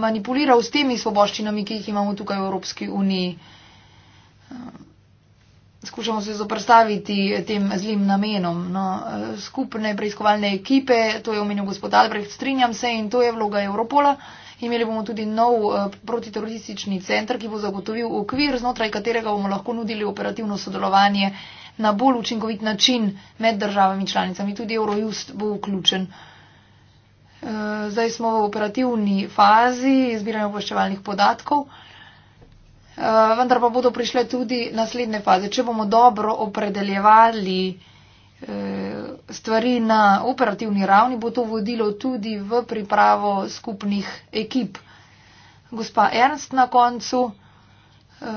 manipuliral s temi svoboščinami, ki jih imamo tukaj v Evropski uniji skušamo se zoprstaviti tem zlim namenom. No, skupne preiskovalne ekipe, to je omenil gospod Albrecht, strinjam se in to je vloga Europola. Imeli bomo tudi nov eh, protiteroristični center, ki bo zagotovil okvir, znotraj katerega bomo lahko nudili operativno sodelovanje na bolj učinkovit način med državami članicami. Tudi Eurojust bo vključen. Eh, zdaj smo v operativni fazi zbiranja obveščevalnih podatkov. Eh, vendar pa bodo prišle tudi naslednje faze. Če bomo dobro opredeljevali eh, stvari na operativni ravni, bo to vodilo tudi v pripravo skupnih ekip. Gospa Ernst na koncu, eh,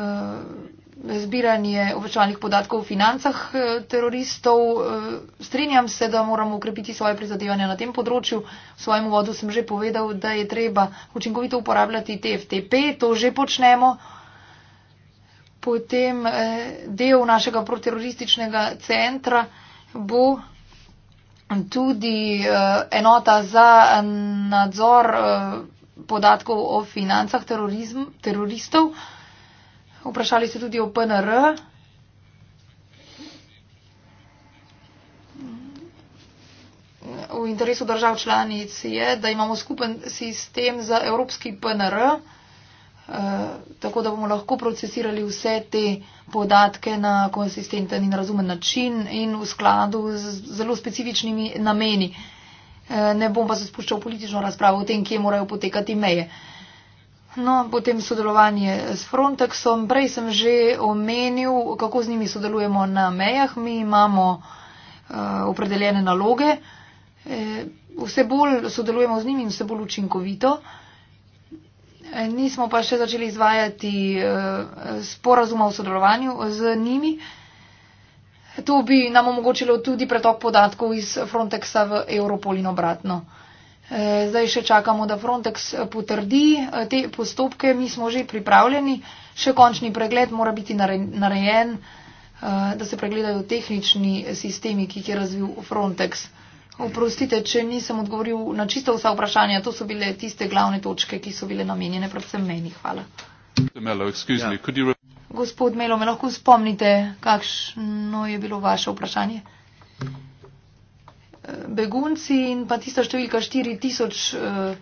zbiranje obveščevalnih podatkov o financah teroristov. Strinjam se, da moramo ukrepiti svoje prizadevanja na tem področju. V svojem vodu sem že povedal, da je treba učinkovito uporabljati TFTP, to že počnemo potem eh, del našega protirorističnega centra bo tudi eh, enota za eh, nadzor podatkov o financah terorizm, teroristov. Vprašali ste tudi o PNR. V interesu držav članic je, da imamo skupen sistem za evropski PNR. Eh, tako da bomo lahko procesirali vse te podatke na konsistenten in razumen način in v skladu z zelo specifičnimi nameni. Eh, ne bom pa se spuščal v politično razpravo o tem, kje morajo potekati meje. No, potem sodelovanje s Frontexom. Prej sem že omenil, kako z njimi sodelujemo na mejah. Mi imamo eh, opredeljene naloge. Vse bolj sodelujemo z njimi in vse bolj učinkovito. Nismo pa še začeli izvajati eh, sporazuma o sodelovanju z njimi. To bi nam omogočilo tudi pretok podatkov iz Frontexa v Europol in obratno. Eh, zdaj še čakamo, da Frontex potrdi eh, te postopke. Mi smo že pripravljeni, še končni pregled mora biti narejen, da se pregledajo tehnični sistemi, ki jih je razvil Frontex. Oprostite, če nisem odgovoril na čisto vsa vprašanja, to so bile tiste glavne točke, ki so bile namenjene predvsem meni. Hvala. Mello, ja. me, Gospod Melo, me lahko spomnite, kakšno je bilo vaše vprašanje? Eh, begunci in pa tista številka 4000 eh,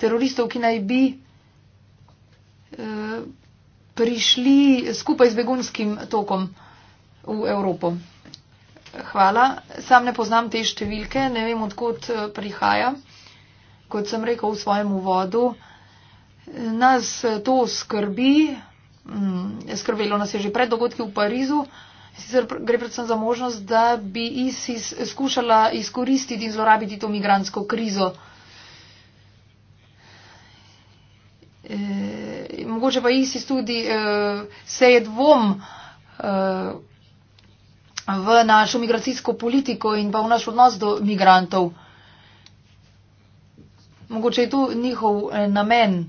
teroristov, ki naj bi eh, prišli skupaj z begunskim tokom v Evropo. Hvala. Sam ne poznam te številke, ne vem, odkot eh, prihaja. Kot sem rekel v svojem uvodu, nas eh, to skrbi, mm, skrbelo nas je že pred dogodki v Parizu, sicer gre predvsem za možnost, da bi ISIS skušala izkoristiti in zlorabiti to migransko krizo. E, mogoče pa ISIS tudi e, seje dvom. E, v našo migracijsko politiko in pa v naš odnos do migrantov. Mogoče je to njihov eh, namen,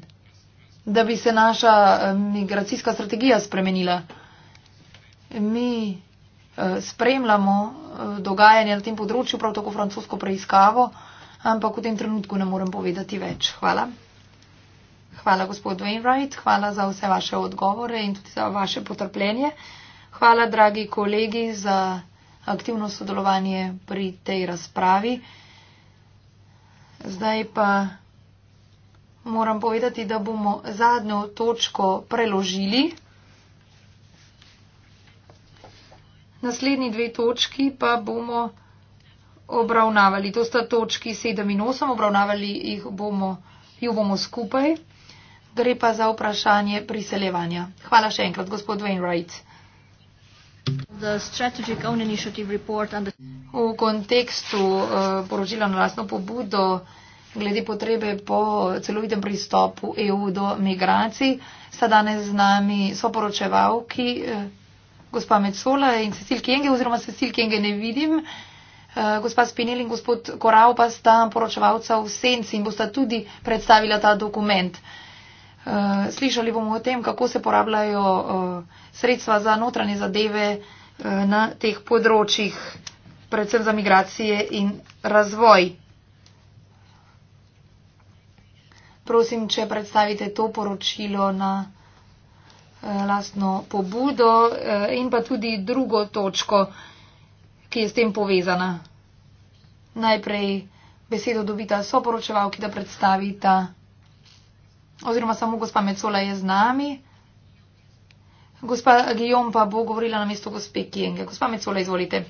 da bi se naša eh, migracijska strategija spremenila. Mi eh, spremljamo dogajanje na tem področju, prav tako francosko preiskavo, ampak v tem trenutku ne morem povedati več. Hvala. Hvala, gospod Wainwright, hvala za vse vaše odgovore in tudi za vaše potrpljenje. Hvala, dragi kolegi, za aktivno sodelovanje pri tej razpravi. Zdaj pa moram povedati, da bomo zadnjo točko preložili. Naslednji dve točki pa bomo obravnavali. To sta točki 7 in 8, obravnavali jih bomo, jih bomo skupaj. Gre pa za vprašanje priseljevanja. Hvala še enkrat, gospod Wainwright. V kontekstu uh, poročila na lastno pobudo glede potrebe po celovitem pristopu EU do migracij sta danes z nami soporočevalki uh, gospa Metsola in Cecil Kenge oziroma Cecil Kenge ne vidim. Eh, gospa Spinel in gospod Korau pa sta poročevalca v senci in bosta tudi predstavila ta dokument. Uh, Eh, slišali bomo o tem, kako se porabljajo eh, sredstva za notranje zadeve eh, na teh področjih, predvsem za migracije in razvoj. Prosim, če predstavite to poročilo na lastno pobudo in pa tudi drugo točko, ki je s tem povezana. Najprej besedo dobita soporočevalki, da predstavita oziroma samo gospa Mecola je z nami. Gospa Gijom pa bo govorila na mesto gospe Kienge. Gospa Mecola, izvolite.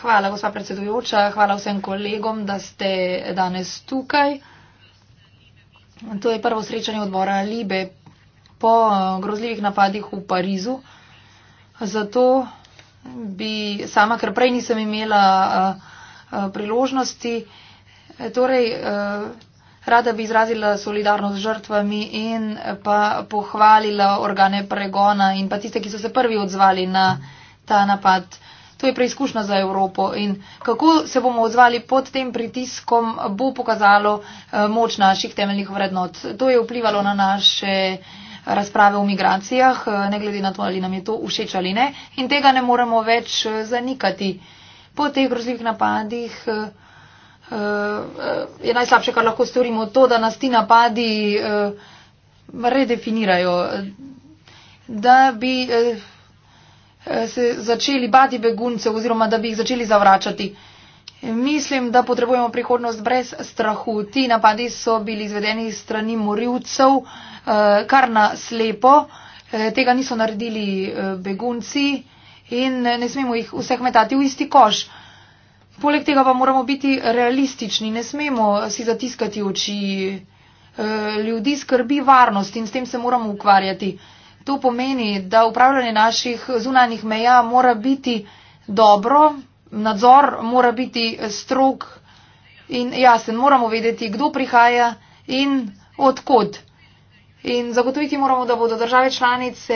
Hvala, gospa predsedujoča, hvala vsem kolegom, da ste danes tukaj. To je prvo srečanje odbora Libe po eh, grozljivih napadih v Parizu. Zato bi sama, ker prej nisem imela eh, eh, priložnosti, torej Rada bi izrazila solidarnost z žrtvami in pa pohvalila organe pregona in pa tiste, ki so se prvi odzvali na ta napad. To je preizkušnja za Evropo in kako se bomo odzvali pod tem pritiskom, bo pokazalo eh, moč naših temeljnih vrednot. To je vplivalo na naše eh, razprave o migracijah, eh, ne glede na to, ali nam je to všeč ali ne. In tega ne moremo več zanikati. Po teh grozljivih napadih. Eh, eh, je najslabše, kar lahko storimo, to, da nas ti napadi eh, redefinirajo, da bi se začeli bati beguncev oziroma da bi jih začeli zavračati. Mislim, da potrebujemo prihodnost brez strahu. Ti napadi so bili izvedeni strani morilcev, kar na slepo. Tega niso naredili begunci in ne smemo jih vseh metati v isti koš. Poleg tega pa moramo biti realistični, ne smemo si zatiskati oči. E, ljudi skrbi varnost in s tem se moramo ukvarjati. To pomeni, da upravljanje naših zunanjih meja mora biti dobro, nadzor mora biti strok in jasen. Moramo vedeti, kdo prihaja in odkot. In zagotoviti moramo, da bodo države članice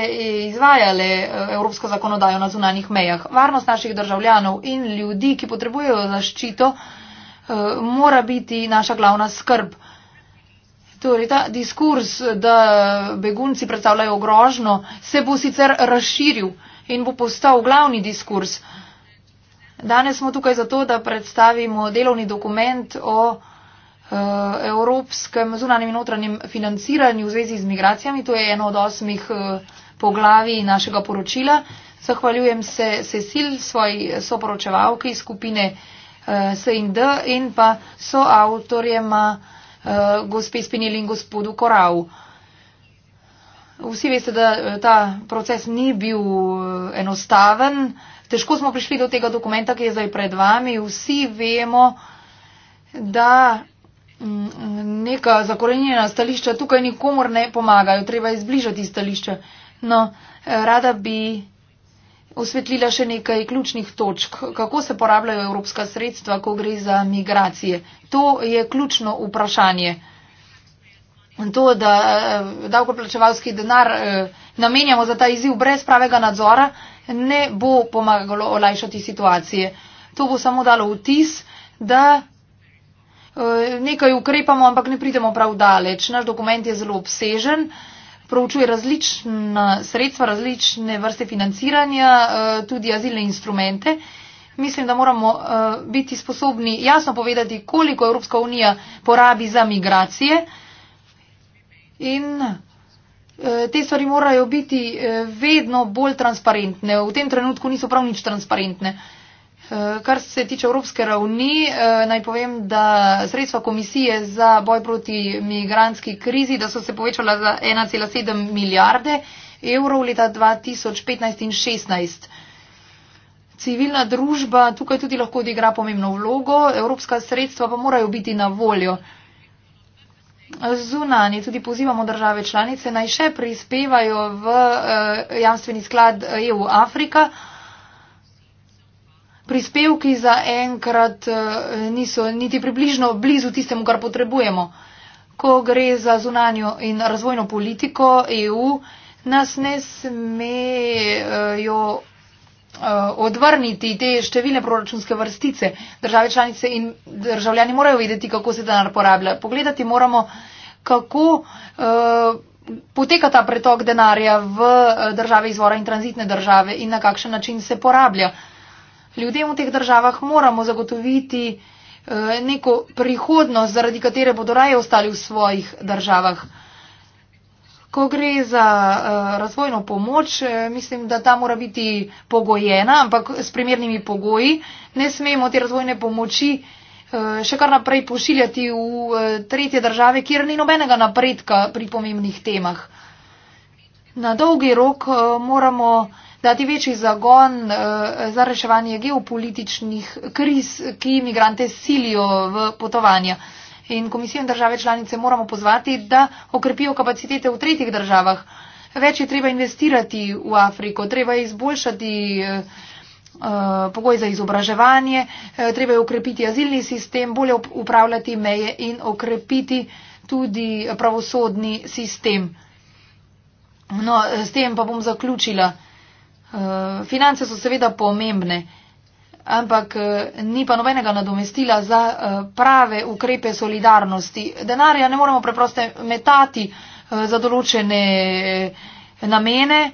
izvajale eh, evropsko zakonodajo na zunanjih mejah. Varnost naših državljanov in ljudi, ki potrebujejo zaščito, eh, mora biti naša glavna skrb. Torej, ta diskurs, da begunci predstavljajo grožno, se bo sicer razširil in bo postal glavni diskurs. Danes smo tukaj zato, da predstavimo delovni dokument o Eh, evropskem zunanjem in notranjem financiranju v zvezi z migracijami. To je eno od osmih eh, poglavi našega poročila. Zahvaljujem se Cecil, svoj soporočevalki skupine eh, SND in pa soavtorjema gospe Spinelli in gospodu Korau. Vsi veste, da ta proces ni bil enostaven. Težko smo prišli do tega dokumenta, ki je zdaj pred vami. Vsi vemo, da neka zakorenjena stališča tukaj nikomor ne pomagajo, treba izbližati stališča. No, rada bi osvetlila še nekaj ključnih točk, kako se porabljajo evropska sredstva, ko gre za migracije. To je ključno vprašanje. To, da eh, davkoplačevalski denar eh, namenjamo za ta izziv brez pravega nadzora, ne bo pomagalo olajšati situacije. To bo samo dalo vtis, da Eh, nekaj ukrepamo, ampak ne pridemo prav daleč. Naš dokument je zelo obsežen, proučuje različna sredstva, različne vrste financiranja, eh, tudi azilne instrumente. Mislim, da moramo eh, biti sposobni jasno povedati, koliko Evropska unija porabi za migracije in te stvari morajo biti vedno bolj transparentne. V tem trenutku niso prav nič transparentne. Eh, kar se tiče Evropske ravni, eh, naj povem, da sredstva komisije za boj proti migranski krizi, da so se povečala za 1,7 milijarde evrov leta 2015 in 2016. Civilna družba tukaj tudi lahko odigra pomembno vlogo, evropska sredstva pa morajo biti na voljo. Zunanje tudi pozivamo države članice naj še prispevajo v eh, jamstveni sklad EU Afrika prispevki za enkrat eh, niso niti približno blizu tistemu, kar potrebujemo. Ko gre za zunanjo in razvojno politiko EU, nas ne smejo eh, odvrniti te številne proračunske vrstice. Države članice in državljani morajo vedeti, kako se denar porablja. Pogledati moramo, kako eh, poteka ta pretok denarja v države izvora in tranzitne države in na kakšen način se porablja ljudem v teh državah moramo zagotoviti eh, neko prihodnost, zaradi katere bodo raje ostali v svojih državah. Ko gre za eh, razvojno pomoč, eh, mislim, da ta mora biti pogojena, ampak s primernimi pogoji. Ne smemo te razvojne pomoči še kar naprej pošiljati v tretje države, kjer ni nobenega napredka pri pomembnih temah. Na dolgi rok moramo dati večji zagon eh, za reševanje geopolitičnih kriz, ki imigrante silijo v potovanja. In komisijo in države članice moramo pozvati, da okrepijo kapacitete v tretjih državah. Več je treba investirati v Afriko, treba izboljšati eh, eh, pogoj za izobraževanje, treba je okrepiti azilni sistem, bolje upravljati meje in okrepiti tudi pravosodni sistem. No, s tem pa bom zaključila. Eh, finance so seveda pomembne, ampak eh, ni pa nobenega nadomestila za eh, prave ukrepe solidarnosti. Denarja ne moremo preproste metati za določene namene,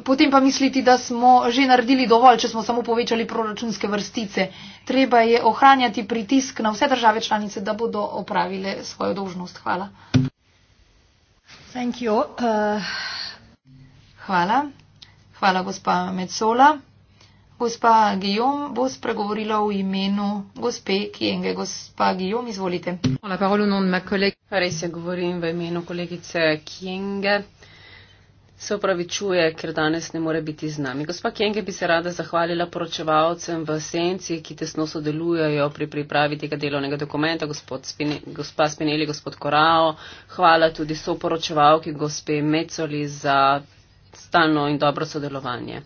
potem pa misliti, da smo že naredili dovolj, če smo samo povečali proračunske vrstice. Treba je ohranjati pritisk na vse države članice, da bodo opravile svojo dolžnost. Hvala. Thank you. Uh... Hvala. Hvala, gospa Medsola. Gospa Guillaume bo spregovorila v imenu gospe Kienge. Gospa Guillaume, izvolite. Hvala, Paolo, non me koleg. Res je, govorim v imenu kolegice Kienge. Se opravičuje, ker danes ne more biti z nami. Gospa Kenge bi se rada zahvalila poročevalcem v Senci, ki tesno sodelujejo pri pripravi tega delovnega dokumenta, Spine, gospa Spineli, gospod Korao. Hvala tudi soporočevalki, gospe Mecoli, za stalno in dobro sodelovanje.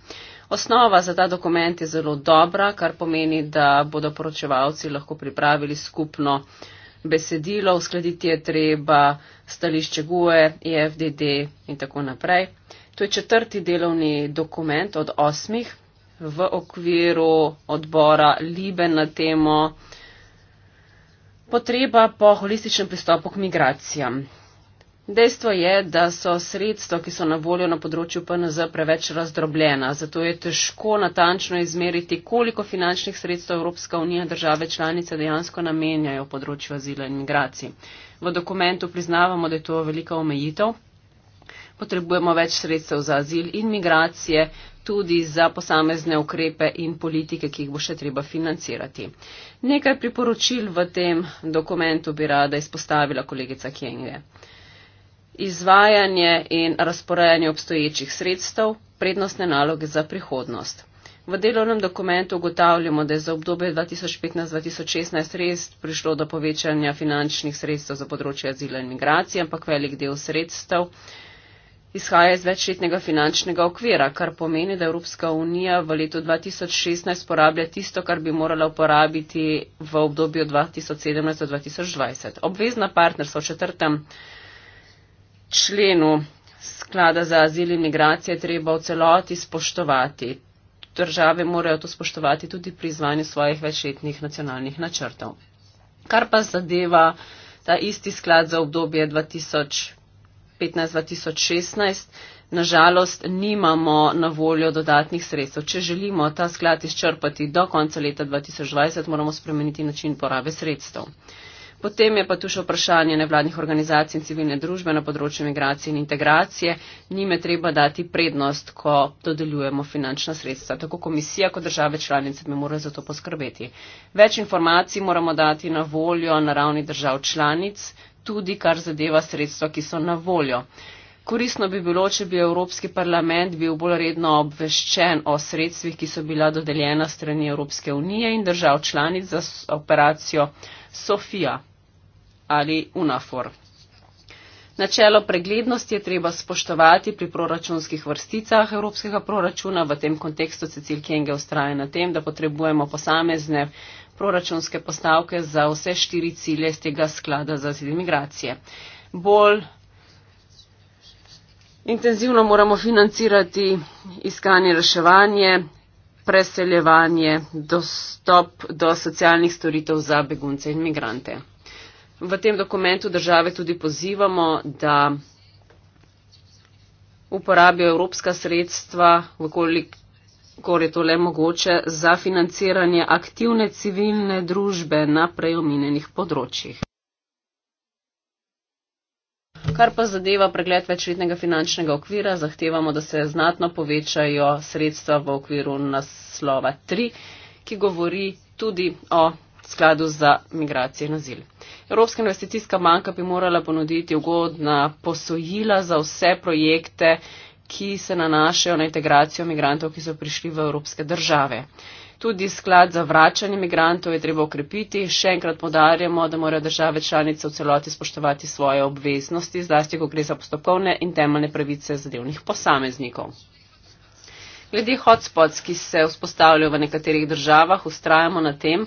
Osnova za ta dokument je zelo dobra, kar pomeni, da bodo poročevalci lahko pripravili skupno besedilo, uskladiti je treba stališče GUE, EFDD in tako naprej. To je četrti delovni dokument od osmih v okviru odbora Libe na temo potreba po holističnem pristopu k migracijam. Dejstvo je, da so sredstva, ki so na voljo na področju PNZ, preveč razdrobljena, zato je težko natančno izmeriti, koliko finančnih sredstev Evropska unija in države članice dejansko namenjajo področju azila in migracij. V dokumentu priznavamo, da je to velika omejitev. Potrebujemo več sredstev za azil in migracije, tudi za posamezne ukrepe in politike, ki jih bo še treba financirati. Nekaj priporočil v tem dokumentu bi rada izpostavila kolegica Kenge izvajanje in razporejanje obstoječih sredstev, prednostne naloge za prihodnost. V delovnem dokumentu ugotavljamo, da je za obdobje 2015-2016 res prišlo do povečanja finančnih sredstev za področje azila in migracije, ampak velik del sredstev izhaja iz večletnega finančnega okvira, kar pomeni, da Evropska unija v letu 2016 porablja tisto, kar bi morala uporabiti v obdobju 2017-2020. Obvezna partnerstva v četrtem členu sklada za azil in migracije treba v celoti spoštovati. Države morajo to spoštovati tudi pri izvanju svojih večletnih nacionalnih načrtov. Kar pa zadeva ta isti sklad za obdobje 2015-2016, nažalost nimamo na voljo dodatnih sredstev. Če želimo ta sklad izčrpati do konca leta 2020, moramo spremeniti način porabe sredstev. Potem je pa tu še vprašanje nevladnih organizacij in civilne družbe na področju migracije in integracije. Njime treba dati prednost, ko dodeljujemo finančna sredstva. Tako komisija kot države članice bi morali za to poskrbeti. Več informacij moramo dati na voljo na ravni držav članic, tudi kar zadeva sredstva, ki so na voljo. Korisno bi bilo, če bi Evropski parlament bil bolj redno obveščen o sredstvih, ki so bila dodeljena strani Evropske unije in držav članic za operacijo Sofia ali UNAFOR. Načelo preglednosti je treba spoštovati pri proračunskih vrsticah evropskega proračuna. V tem kontekstu Cecil Kenge ustraja na tem, da potrebujemo posamezne proračunske postavke za vse štiri cilje z tega sklada za zid imigracije. Bolj intenzivno moramo financirati iskanje reševanje, preseljevanje, dostop do socialnih storitev za begunce in imigrante v tem dokumentu države tudi pozivamo, da uporabijo evropska sredstva, vkolikor je to le mogoče, za financiranje aktivne civilne družbe na prejominjenih področjih. Kar pa zadeva pregled večletnega finančnega okvira, zahtevamo, da se znatno povečajo sredstva v okviru naslova 3, ki govori tudi o skladu za migracije in azil. Evropska investicijska banka bi morala ponuditi ugodna posojila za vse projekte, ki se nanašajo na integracijo migrantov, ki so prišli v evropske države. Tudi sklad za vračanje migrantov je treba okrepiti. Še enkrat podarjamo, da morajo države članice v celoti spoštovati svoje obveznosti, zlasti, ko gre za postopkovne in temeljne pravice zadevnih posameznikov. Glede hotspots, ki se vzpostavljajo v nekaterih državah, ustrajamo na tem,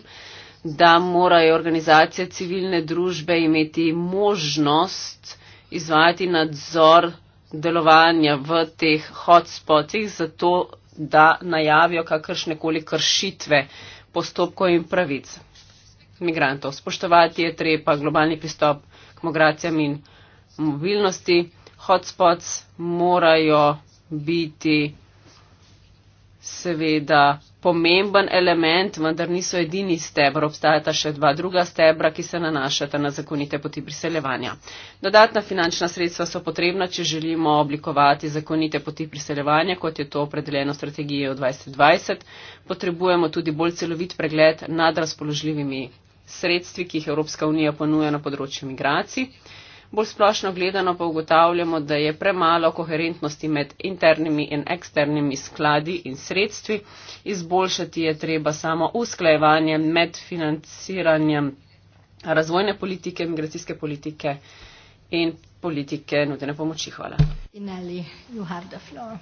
da morajo organizacije civilne družbe imeti možnost izvajati nadzor delovanja v teh hotspotih, zato da najavijo kakršnekoli kršitve postopkov in pravic migrantov. Spoštovati je treba globalni pristop k migracijam in mobilnosti. Hotspots morajo biti seveda pomemben element, vendar niso edini stebr, obstajata še dva druga stebra, ki se nanašata na zakonite poti priseljevanja. Dodatna finančna sredstva so potrebna, če želimo oblikovati zakonite poti priseljevanja, kot je to opredeljeno strategijo 2020. Potrebujemo tudi bolj celovit pregled nad razpoložljivimi sredstvi, ki jih Evropska unija ponuja na področju migracij bolj splošno gledano pa ugotavljamo, da je premalo koherentnosti med internimi in eksternimi skladi in sredstvi. Izboljšati je treba samo usklajevanje med financiranjem razvojne politike, migracijske politike in politike nudene pomoči. Hvala. Spinelli, you have the floor.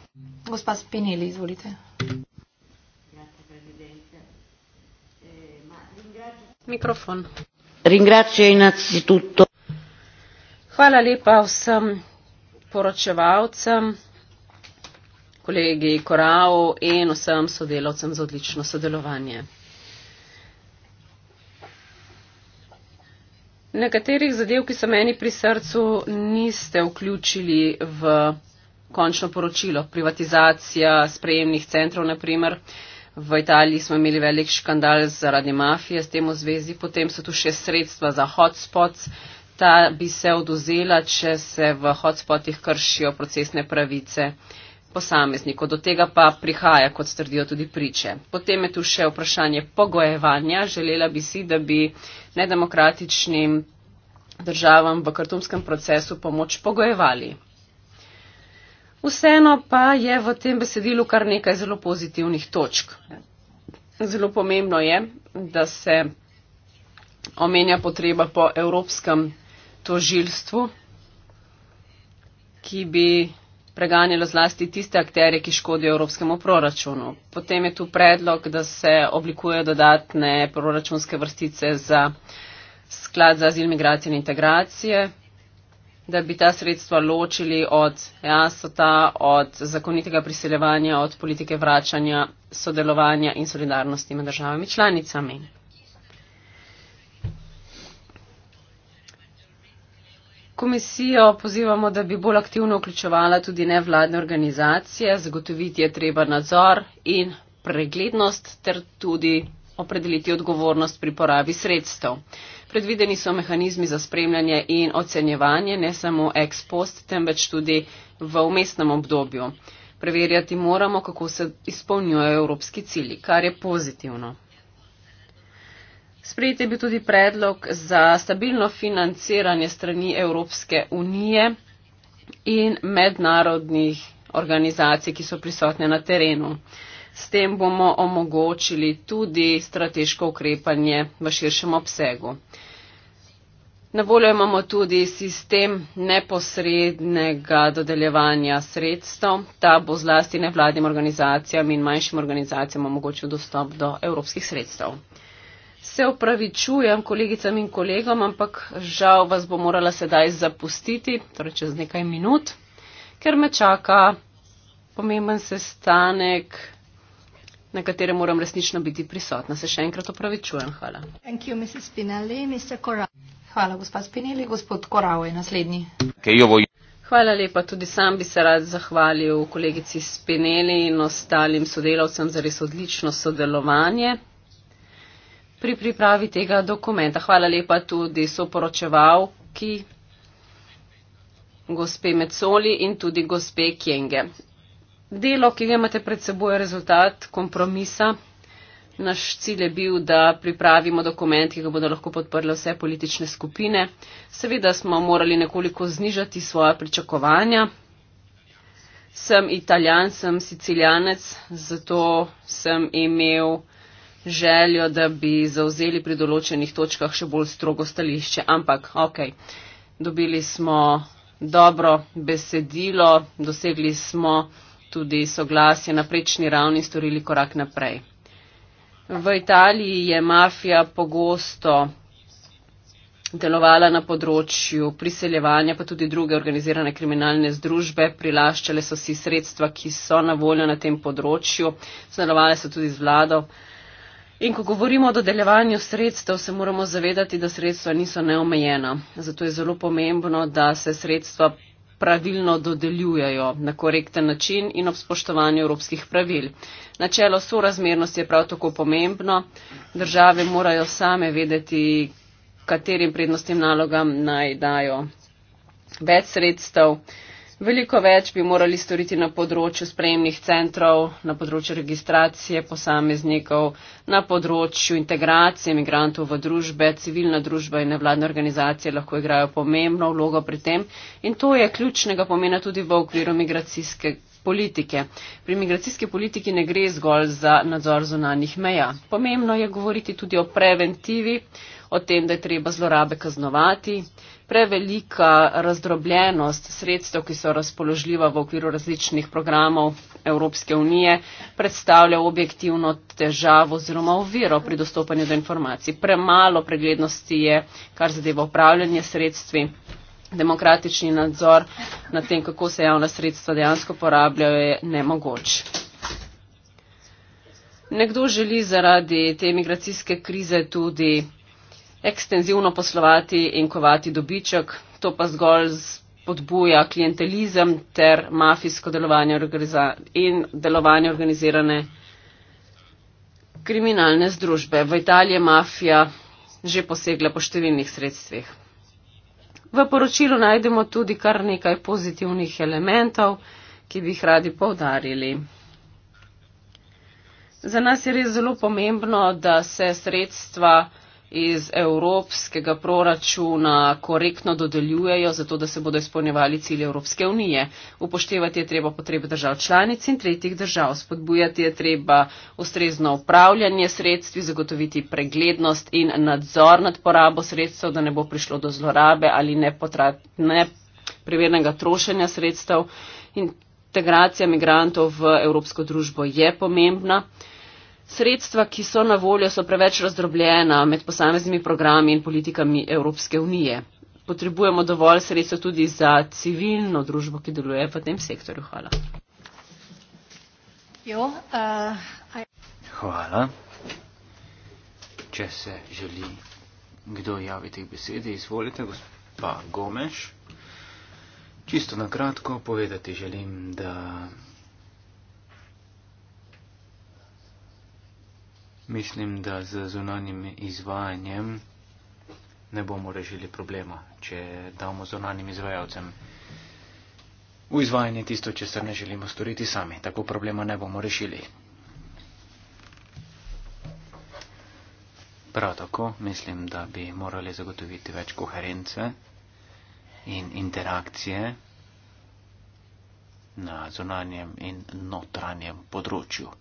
Gospa Spinelli, izvolite. Mikrofon. Ringrazio innanzitutto. Hvala lepa vsem poročevalcem, kolegi Korau in vsem sodelavcem za odlično sodelovanje. Nekaterih zadev, ki so meni pri srcu, niste vključili v končno poročilo. Privatizacija sprejemnih centrov, naprimer. V Italiji smo imeli velik škandal zaradi mafije s tem v zvezi. Potem so tu še sredstva za hotspots, ta bi se oduzela, če se v hotspotih kršijo procesne pravice posameznikov. Do tega pa prihaja, kot strdijo tudi priče. Potem je tu še vprašanje pogojevanja. Želela bi si, da bi nedemokratičnim državam v kartumskem procesu pomoč pogojevali. Vseeno pa je v tem besedilu kar nekaj zelo pozitivnih točk. Zelo pomembno je, da se omenja potreba po evropskem tožilstvu, ki bi preganjalo zlasti tiste akterje, ki škodijo evropskemu proračunu. Potem je tu predlog, da se oblikuje dodatne proračunske vrstice za sklad za azil, migracije in integracije, da bi ta sredstva ločili od jasota, od zakonitega priseljevanja, od politike vračanja, sodelovanja in solidarnosti med državami članicami. Komisijo pozivamo, da bi bolj aktivno vključevala tudi nevladne organizacije, zagotoviti je treba nadzor in preglednost ter tudi opredeliti odgovornost pri porabi sredstev. Predvideni so mehanizmi za spremljanje in ocenjevanje ne samo ex post, temveč tudi v umestnem obdobju. Preverjati moramo, kako se izpolnjujejo evropski cili, kar je pozitivno. Sprejet je bil tudi predlog za stabilno financiranje strani Evropske unije in mednarodnih organizacij, ki so prisotne na terenu. S tem bomo omogočili tudi strateško ukrepanje v širšem obsegu. Na voljo imamo tudi sistem neposrednega dodeljevanja sredstev. Ta bo zlasti nevladnim organizacijam in manjšim organizacijam omogočil dostop do evropskih sredstev. Se opravičujem kolegicam in kolegom, ampak žal vas bo morala sedaj zapustiti, torej čez nekaj minut, ker me čaka pomemben sestanek, na katerem moram resnično biti prisotna. Se še enkrat opravičujem. Hvala. You, Spinelli, hvala, gospod Spinelli. Gospod Korao je naslednji. Hvala lepa. Tudi sam bi se rad zahvalil kolegici Spinelli in ostalim sodelavcem za res odlično sodelovanje pri pripravi tega dokumenta. Hvala lepa tudi soporočevalki gospe Mecoli in tudi gospe Kjenge. Delo, ki ga imate pred seboj, je rezultat kompromisa. Naš cilj je bil, da pripravimo dokument, ki ga bodo lahko podprle vse politične skupine. Seveda smo morali nekoliko znižati svoje pričakovanja. Sem italijan, sem sicilijanec, zato sem imel željo, da bi zauzeli pri določenih točkah še bolj strogo stališče. Ampak, ok, dobili smo dobro besedilo, dosegli smo tudi soglasje na prečni ravni in storili korak naprej. V Italiji je mafija pogosto delovala na področju priseljevanja, pa tudi druge organizirane kriminalne združbe, prilaščale so si sredstva, ki so na voljo na tem področju, sodelovale so tudi z vlado. In ko govorimo o dodeljevanju sredstev, se moramo zavedati, da sredstva niso neomejena. Zato je zelo pomembno, da se sredstva pravilno dodeljujejo na korekten način in ob spoštovanju evropskih pravil. Načelo sorazmernosti je prav tako pomembno. Države morajo same vedeti, katerim prednostnim nalogam naj dajo več sredstev. Uh, Veliko več bi morali storiti na področju sprejemnih centrov, na področju registracije posameznikov, na področju integracije migrantov v družbe. Civilna družba in nevladne organizacije lahko igrajo pomembno vlogo pri tem in to je ključnega pomena tudi v okviru migracijske politike. Pri migracijski politiki ne gre zgolj za nadzor zunanih meja. Pomembno je govoriti tudi o preventivi o tem, da je treba zlorabe kaznovati. Prevelika razdrobljenost sredstev, ki so razpoložljiva v okviru različnih programov Evropske unije, predstavlja objektivno težavo oziroma oviro pri dostopanju do informacij. Premalo preglednosti je, kar zadeva upravljanje sredstvi. Demokratični nadzor nad tem, kako se javna sredstva dejansko porabljajo, je nemogoč. Nekdo želi zaradi te migracijske krize tudi ekstenzivno poslovati in kovati dobiček, to pa zgolj podbuja klientelizem ter mafijsko delovanje in delovanje organizirane kriminalne združbe. V Italiji je mafija že posegla po številnih sredstvih. V poročilu najdemo tudi kar nekaj pozitivnih elementov, ki bi jih radi povdarili. Za nas je res zelo pomembno, da se sredstva iz evropskega proračuna korektno dodeljujejo, zato da se bodo izpolnjevali cilje Evropske unije. Upoštevati je treba potrebe držav članic in tretjih držav. Spodbujati je treba ustrezno upravljanje sredstvi, zagotoviti preglednost in nadzor nad porabo sredstev, da ne bo prišlo do zlorabe ali nepreverjenega trošenja sredstev. Integracija migrantov v Evropsko družbo je pomembna sredstva, ki so na voljo, so preveč razdrobljena med posameznimi programi in politikami Evropske unije. Potrebujemo dovolj sredstva tudi za civilno družbo, ki deluje v tem sektorju. Hvala. Jo, uh, eh, I... Hvala. Če se želi kdo javiti k besedi, izvolite, gospa Gomeš. Čisto na kratko povedati želim, da. Mislim, da z zunanjim izvajanjem ne bomo rešili problema, če damo zunanjim izvajalcem v izvajanje tisto, če se ne želimo storiti sami. Tako problema ne bomo rešili. Prav tako mislim, da bi morali zagotoviti več koherence in interakcije na zunanjem in notranjem področju,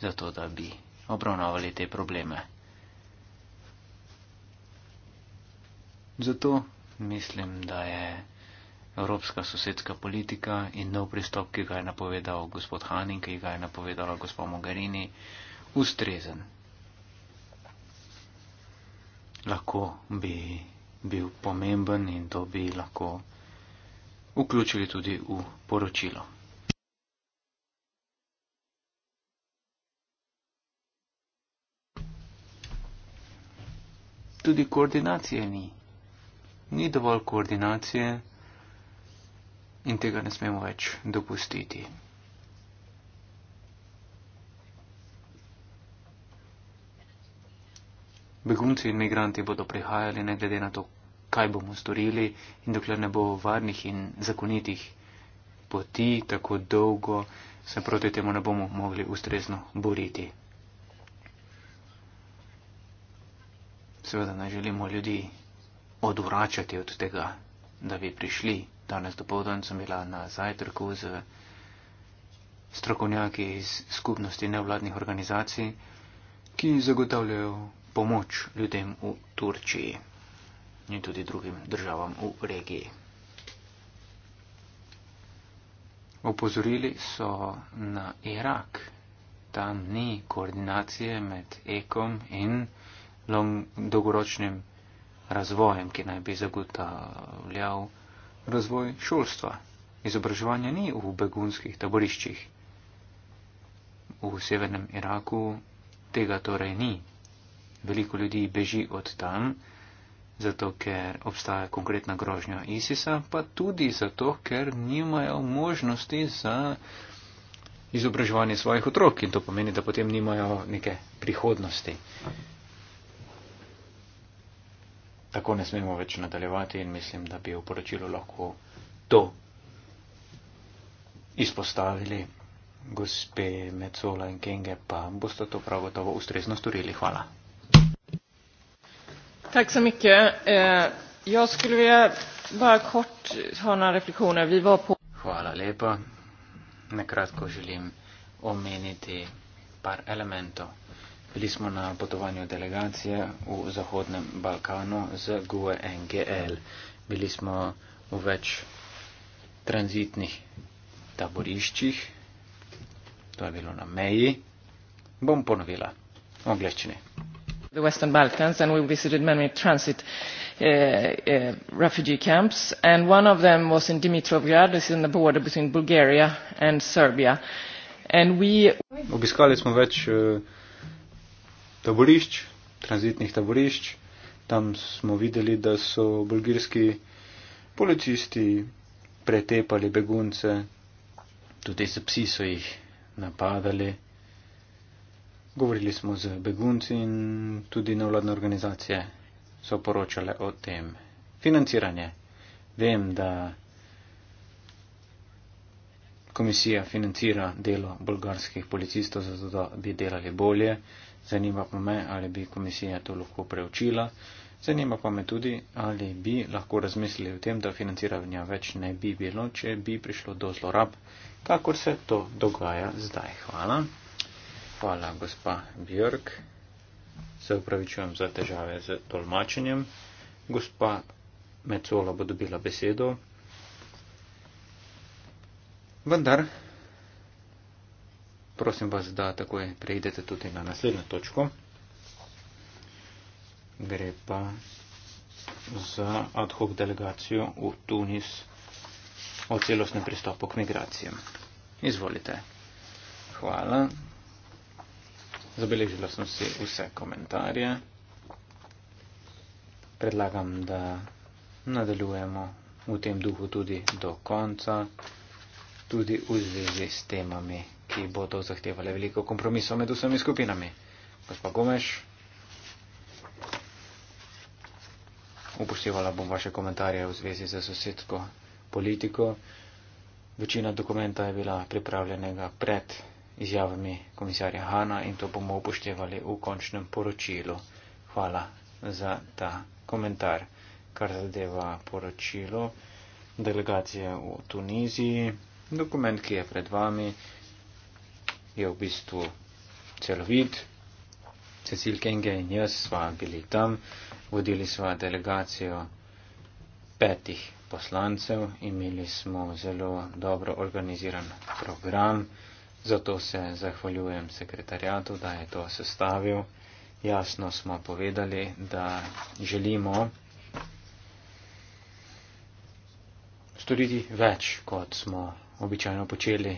zato da bi obravnavali te probleme. Zato mislim, da je evropska sosedska politika in nov pristop, ki ga je napovedal gospod Hanin, ki ga je napovedala gospa Mogarini, ustrezen. Lahko bi bil pomemben in to bi lahko vključili tudi v poročilo. tudi koordinacije ni. Ni dovolj koordinacije in tega ne smemo več dopustiti. Begunci in imigranti bodo prihajali, ne glede na to, kaj bomo storili in dokler ne bo varnih in zakonitih poti tako dolgo, se proti temu ne bomo mogli ustrezno boriti. Seveda ne želimo ljudi odvračati od tega, da bi prišli. Danes do povdanca sem bila na zajtrku z strokovnjaki iz skupnosti nevladnih organizacij, ki zagotavljajo pomoč ljudem v Turčiji in tudi drugim državam v regiji. Opozorili so na Irak. Tam ni koordinacije med ekom in long, dolgoročnim razvojem, ki naj bi zagotavljal razvoj šolstva. Izobraževanje ni v begunskih taboriščih. V severnem Iraku tega torej ni. Veliko ljudi beži od tam, zato ker obstaja konkretna grožnja ISIS-a, pa tudi zato, ker nimajo možnosti za izobraževanje svojih otrok in to pomeni, da potem nimajo neke prihodnosti. Aha tako ne smemo več nadaljevati in mislim, da bi v poročilu lahko to izpostavili. Gospe Mecola in Kenge pa boste to prav gotovo ustrezno storili. Hvala. Tack så mycket. Eh, jag skulle vilja bara kort ha några reflektioner. Vi var på... Hvala lepa. Nekratko želim omeniti par elementov. Bili smo na potovanju delegacije v Zahodnem Balkanu z GUE NGL. Bili smo v več tranzitnih taboriščih, to je bilo na meji. Bom ponovila v angleščini. The Western Balkans, and we visited many transit uh, uh, refugee camps. And one of them was in Dimitrovgrad, this is in the border between Bulgaria and Serbia. And we taborišč, tranzitnih taborišč. Tam smo videli, da so bolgirski policisti pretepali begunce, tudi se psi so jih napadali. Govorili smo z begunci in tudi nevladne organizacije so poročale o tem. Financiranje. Vem, da komisija financira delo bolgarskih policistov, zato da bi delali bolje, Zanima pa me, ali bi komisija to lahko preučila. Zanima pa me tudi, ali bi lahko razmislili o tem, da financiranja več ne bi bilo, če bi prišlo do zlorab, kakor se to dogaja zdaj. Hvala. Hvala, gospa Björk. Se upravičujem za težave z tolmačenjem. Gospa Mecola bo dobila besedo. Vendar prosim vas, da takoj prejdete tudi na naslednjo točko. Gre pa za ad hoc delegacijo v Tunis o celostnem pristopu k migracijam. Izvolite. Hvala. Zabeležila sem si vse komentarje. Predlagam, da nadaljujemo v tem duhu tudi do konca, tudi v zvezi s temami ki bodo zahtevale veliko kompromisov med vsemi skupinami. Gospa Gomeš, upoštevala bom vaše komentarje v zvezi z sosedsko politiko. Večina dokumenta je bila pripravljenega pred izjavami komisarja Hanna in to bomo upoštevali v končnem poročilu. Hvala za ta komentar. Kar zadeva poročilo delegacije v Tuniziji, dokument, ki je pred vami je v bistvu celovit. Cecil Kenge in jaz sva bili tam, vodili sva delegacijo petih poslancev, imeli smo zelo dobro organiziran program, zato se zahvaljujem sekretarjatu, da je to sestavil. Jasno smo povedali, da želimo storiti več, kot smo običajno počeli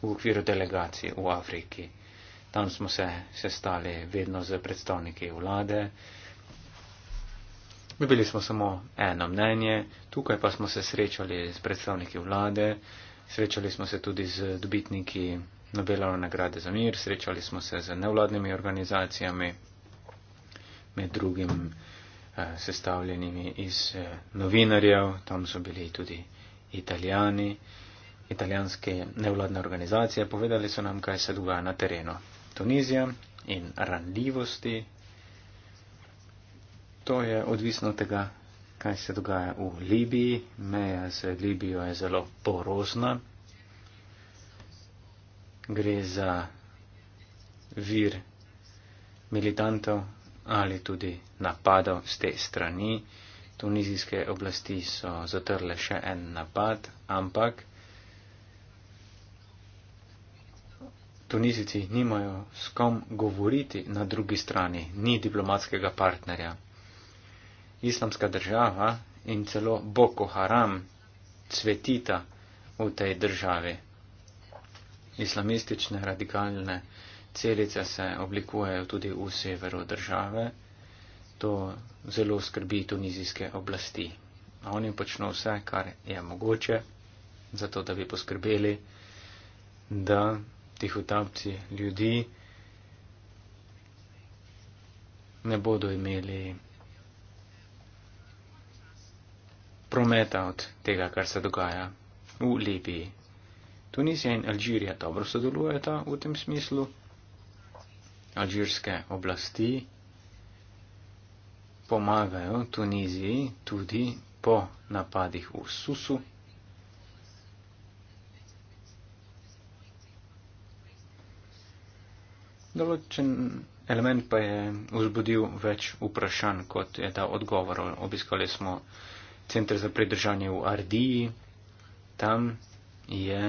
v okviru delegacij v Afriki. Tam smo se sestali vedno z predstavniki vlade. Dobili smo samo eno mnenje, tukaj pa smo se srečali z predstavniki vlade, srečali smo se tudi z dobitniki Nobelove nagrade za mir, srečali smo se z nevladnimi organizacijami, med drugim eh, sestavljenimi iz eh, novinarjev, tam so bili tudi italijani. Eh, italijanske nevladne organizacije, povedali so nam, kaj se dogaja na terenu. Tunizija in ranljivosti, to je odvisno od tega, kaj se dogaja v Libiji. Meja z Libijo je zelo porozna. Gre za vir militantov ali tudi napadov z te strani. Tunizijske oblasti so zatrle še en napad, ampak Tunizici nimajo s kom govoriti na drugi strani, ni diplomatskega partnerja. Islamska država in celo Boko Haram cvetita v tej državi. Islamistične radikalne celice se oblikujejo tudi v severu države. To zelo skrbi tunizijske oblasti. A oni počnejo vse, kar je mogoče, zato da bi poskrbeli, da tihotapci ljudi ne bodo imeli prometa od tega, kar se dogaja v Libiji. Tunizija in Alžirija dobro sodelujeta v tem smislu. Alžirske oblasti pomagajo Tuniziji tudi po napadih v Susu, Določen element pa je vzbudil več vprašanj, kot je ta odgovor. Obiskali smo centr za pridržanje v Ardiji. Tam je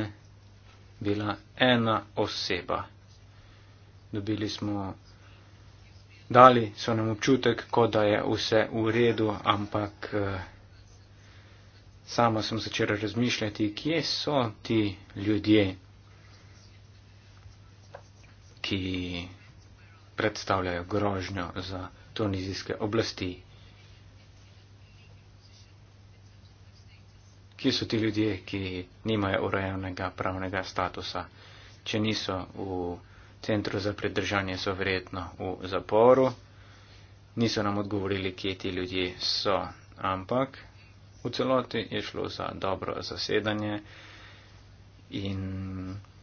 bila ena oseba. Dobili smo, dali so nam občutek, kot da je vse v redu, ampak eh, sama sem začela razmišljati, kje so ti ljudje, ki predstavljajo grožnjo za tunizijske oblasti. Kje so ti ljudje, ki nimajo urejenega pravnega statusa? Če niso v centru za pridržanje, so verjetno v zaporu. Niso nam odgovorili, kje ti ljudje so, ampak v celoti je šlo za dobro zasedanje in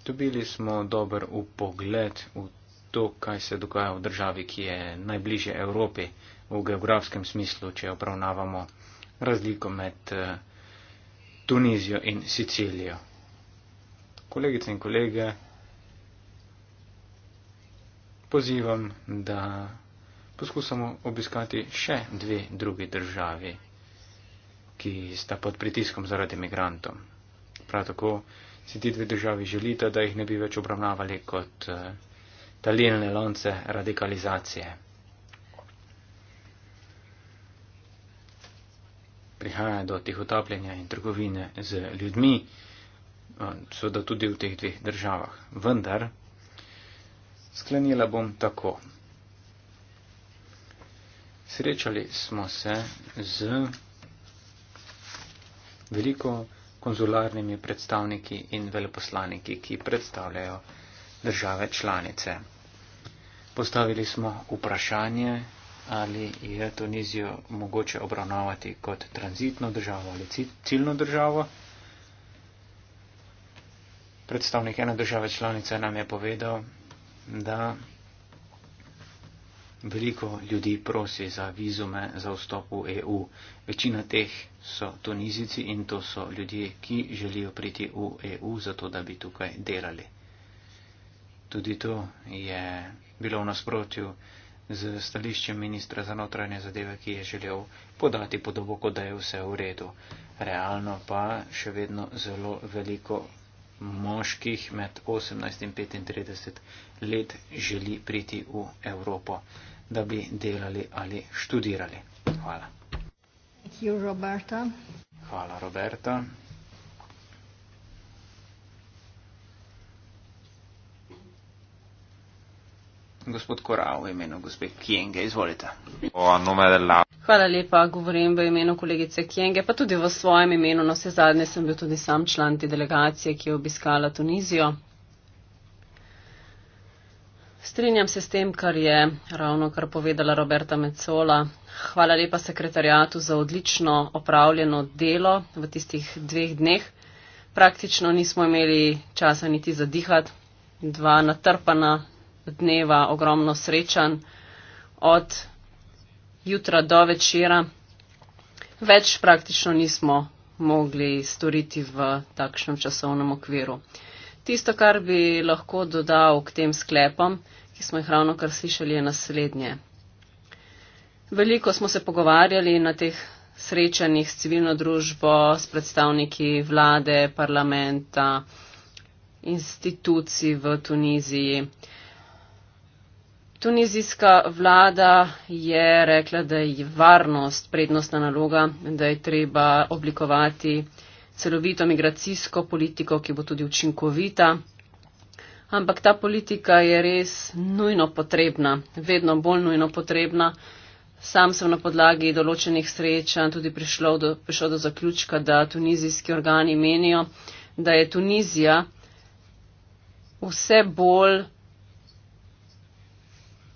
dobili smo dober upogled v to, kaj se dogaja v državi, ki je najbližje Evropi v geografskem smislu, če obravnavamo razliko med eh, Tunizijo in Sicilijo. Kolegice in kolege, pozivam, da poskusamo obiskati še dve druge državi, ki sta pod pritiskom zaradi imigrantov. Prav tako si ti dve državi želite, da jih ne bi več obravnavali kot eh, talilne lonce radikalizacije. Prihaja do tih utapljanja in trgovine z ljudmi, eh, seveda tudi v teh dveh državah. Vendar, sklenila bom tako. Srečali smo se z veliko konzularnimi predstavniki in veleposlaniki, ki predstavljajo države članice. Postavili smo vprašanje, ali je Tunizijo mogoče obravnavati kot tranzitno državo ali ciljno državo. Predstavnik ene države članice nam je povedal, da veliko ljudi prosi za vizume za vstop v EU. Večina teh so tunizici in to so ljudje, ki želijo priti v EU, zato da bi tukaj delali. Tudi to je bilo v nasprotju z stališčem ministra za notranje zadeve, ki je želel podati podobo, kot da je vse v redu. Realno pa še vedno zelo veliko moških med 18 in 35 let želi priti v Evropo da bi delali ali študirali. Hvala. Thank you, Roberta. Hvala, Roberta. Gospod Korao, v imenu gospe Kienge, izvolite. Hvala lepa, govorim v imenu kolegice Kienge, pa tudi v svojem imenu. Na vse zadnje sem bil tudi sam član te delegacije, ki je obiskala Tunizijo. Strinjam se s tem, kar je ravno kar povedala Roberta Mecola. Hvala lepa sekretarjatu za odlično opravljeno delo v tistih dveh dneh. Praktično nismo imeli časa niti zadihati. Dva natrpana dneva, ogromno srečan od jutra do večera. Več praktično nismo mogli storiti v takšnem časovnem okviru. Tisto, kar bi lahko dodal k tem sklepom, ki smo jih ravno kar slišali, je naslednje. Veliko smo se pogovarjali na teh srečanjih s civilno družbo, s predstavniki vlade, parlamenta, institucij v Tuniziji. Tunizijska vlada je rekla, da je varnost prednostna naloga, da je treba oblikovati celovito migracijsko politiko, ki bo tudi učinkovita. Ampak ta politika je res nujno potrebna, vedno bolj nujno potrebna. Sam sem na podlagi določenih srečanj tudi prišlo do, prišlo do zaključka, da tunizijski organi menijo, da je Tunizija vse bolj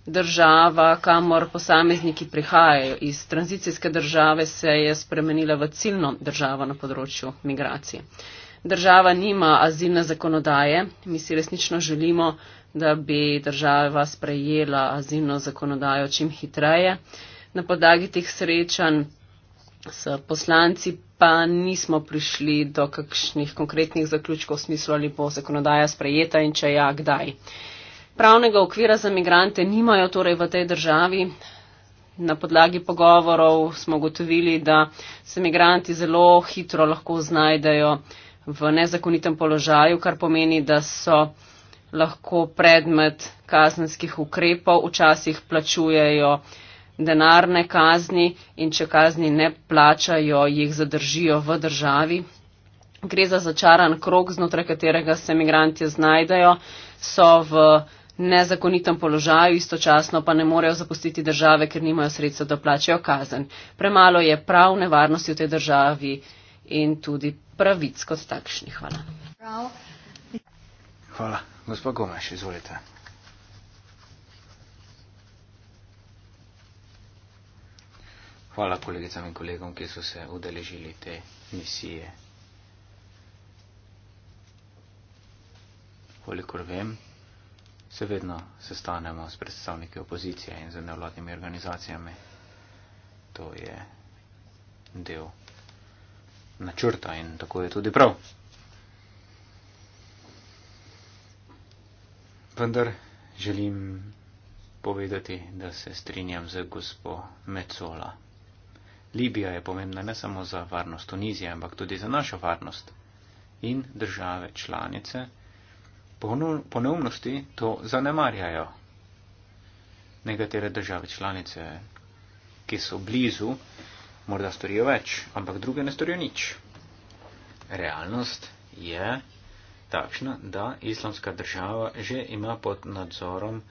država, kamor posamezniki prihajajo iz tranzicijske države, se je spremenila v ciljno državo na področju migracije. Država nima azilne zakonodaje, mi si resnično želimo, da bi država sprejela azilno zakonodajo čim hitreje. Na podlagi teh srečanj s poslanci pa nismo prišli do kakšnih konkretnih zaključkov v smislu, ali bo zakonodaja sprejeta in če ja, kdaj. Uh, pravnega okvira za migrante nimajo torej v tej državi. Na podlagi pogovorov smo gotovili, da se migranti zelo hitro lahko znajdejo v nezakonitem položaju, kar pomeni, da so lahko predmet kazenskih ukrepov, včasih plačujejo denarne kazni in če kazni ne plačajo, jih zadržijo v državi. Gre za začaran krok, znotraj katerega se migranti znajdejo, so v nezakonitem položaju, istočasno pa ne morejo zapustiti države, ker nimajo sredstva, da plačajo kazen. Premalo je pravne varnosti v tej državi in tudi pravic kot takšnih. Hvala. Hvala. Gospod Gomeš, izvolite. Hvala kolegicam in kolegom, ki so se udeležili te misije. Kolikor vem, se vedno sestanemo s predstavniki opozicije in z nevladnimi organizacijami. To je del načrta in tako je tudi prav. Vendar želim povedati, da se strinjam z gospo Mecola. Libija je pomembna ne samo za varnost Tunizije, ampak tudi za našo varnost in države članice ponovnosti to zanemarjajo. Nekatere države članice, ki so blizu, morda storijo več, ampak druge ne storijo nič. Realnost je takšna, da islamska država že ima pod nadzorom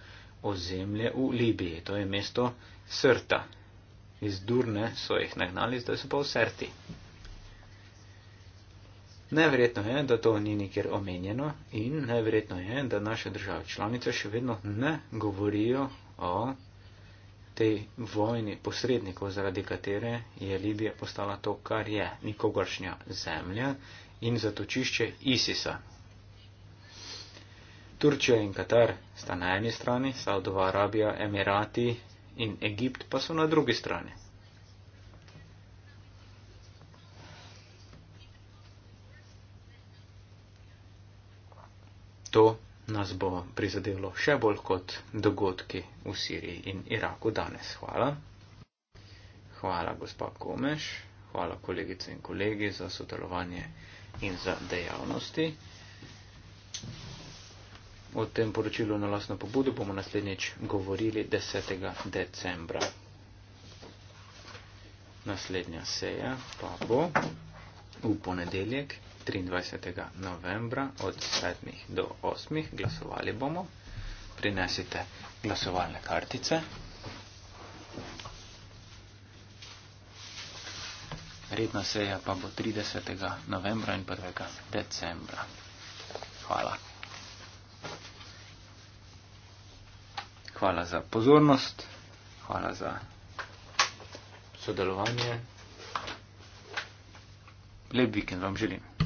ozemlje v Libiji, to je mesto Srta. Iz Durne so jih nagnali, zdaj so pa v Srti. Neverjetno je, da to ni nikjer omenjeno in neverjetno je, da naše države članice še vedno ne govorijo o tej vojni posrednikov, zaradi katere je Libija postala to, kar je nikogaršnja zemlja in zatočišče ISISA. Turčija in Katar sta na eni strani, Saudova Arabija, Emirati in Egipt pa so na drugi strani. To nas bo prizadelo še bolj kot dogodki v Siriji in Iraku danes. Hvala. Hvala, gospa Komeš. Hvala, kolegice in kolegi, za sodelovanje in za dejavnosti. O tem poročilu na lasno pobudo bomo naslednjič govorili 10. decembra. Naslednja seja pa bo v ponedeljek 23. novembra od 7. do 8. glasovali bomo. Prinesite glasovalne kartice. Redna seja pa bo 30. novembra in 1. decembra. Hvala. Hvala za pozornost, hvala za sodelovanje. Lep vikend vam želim.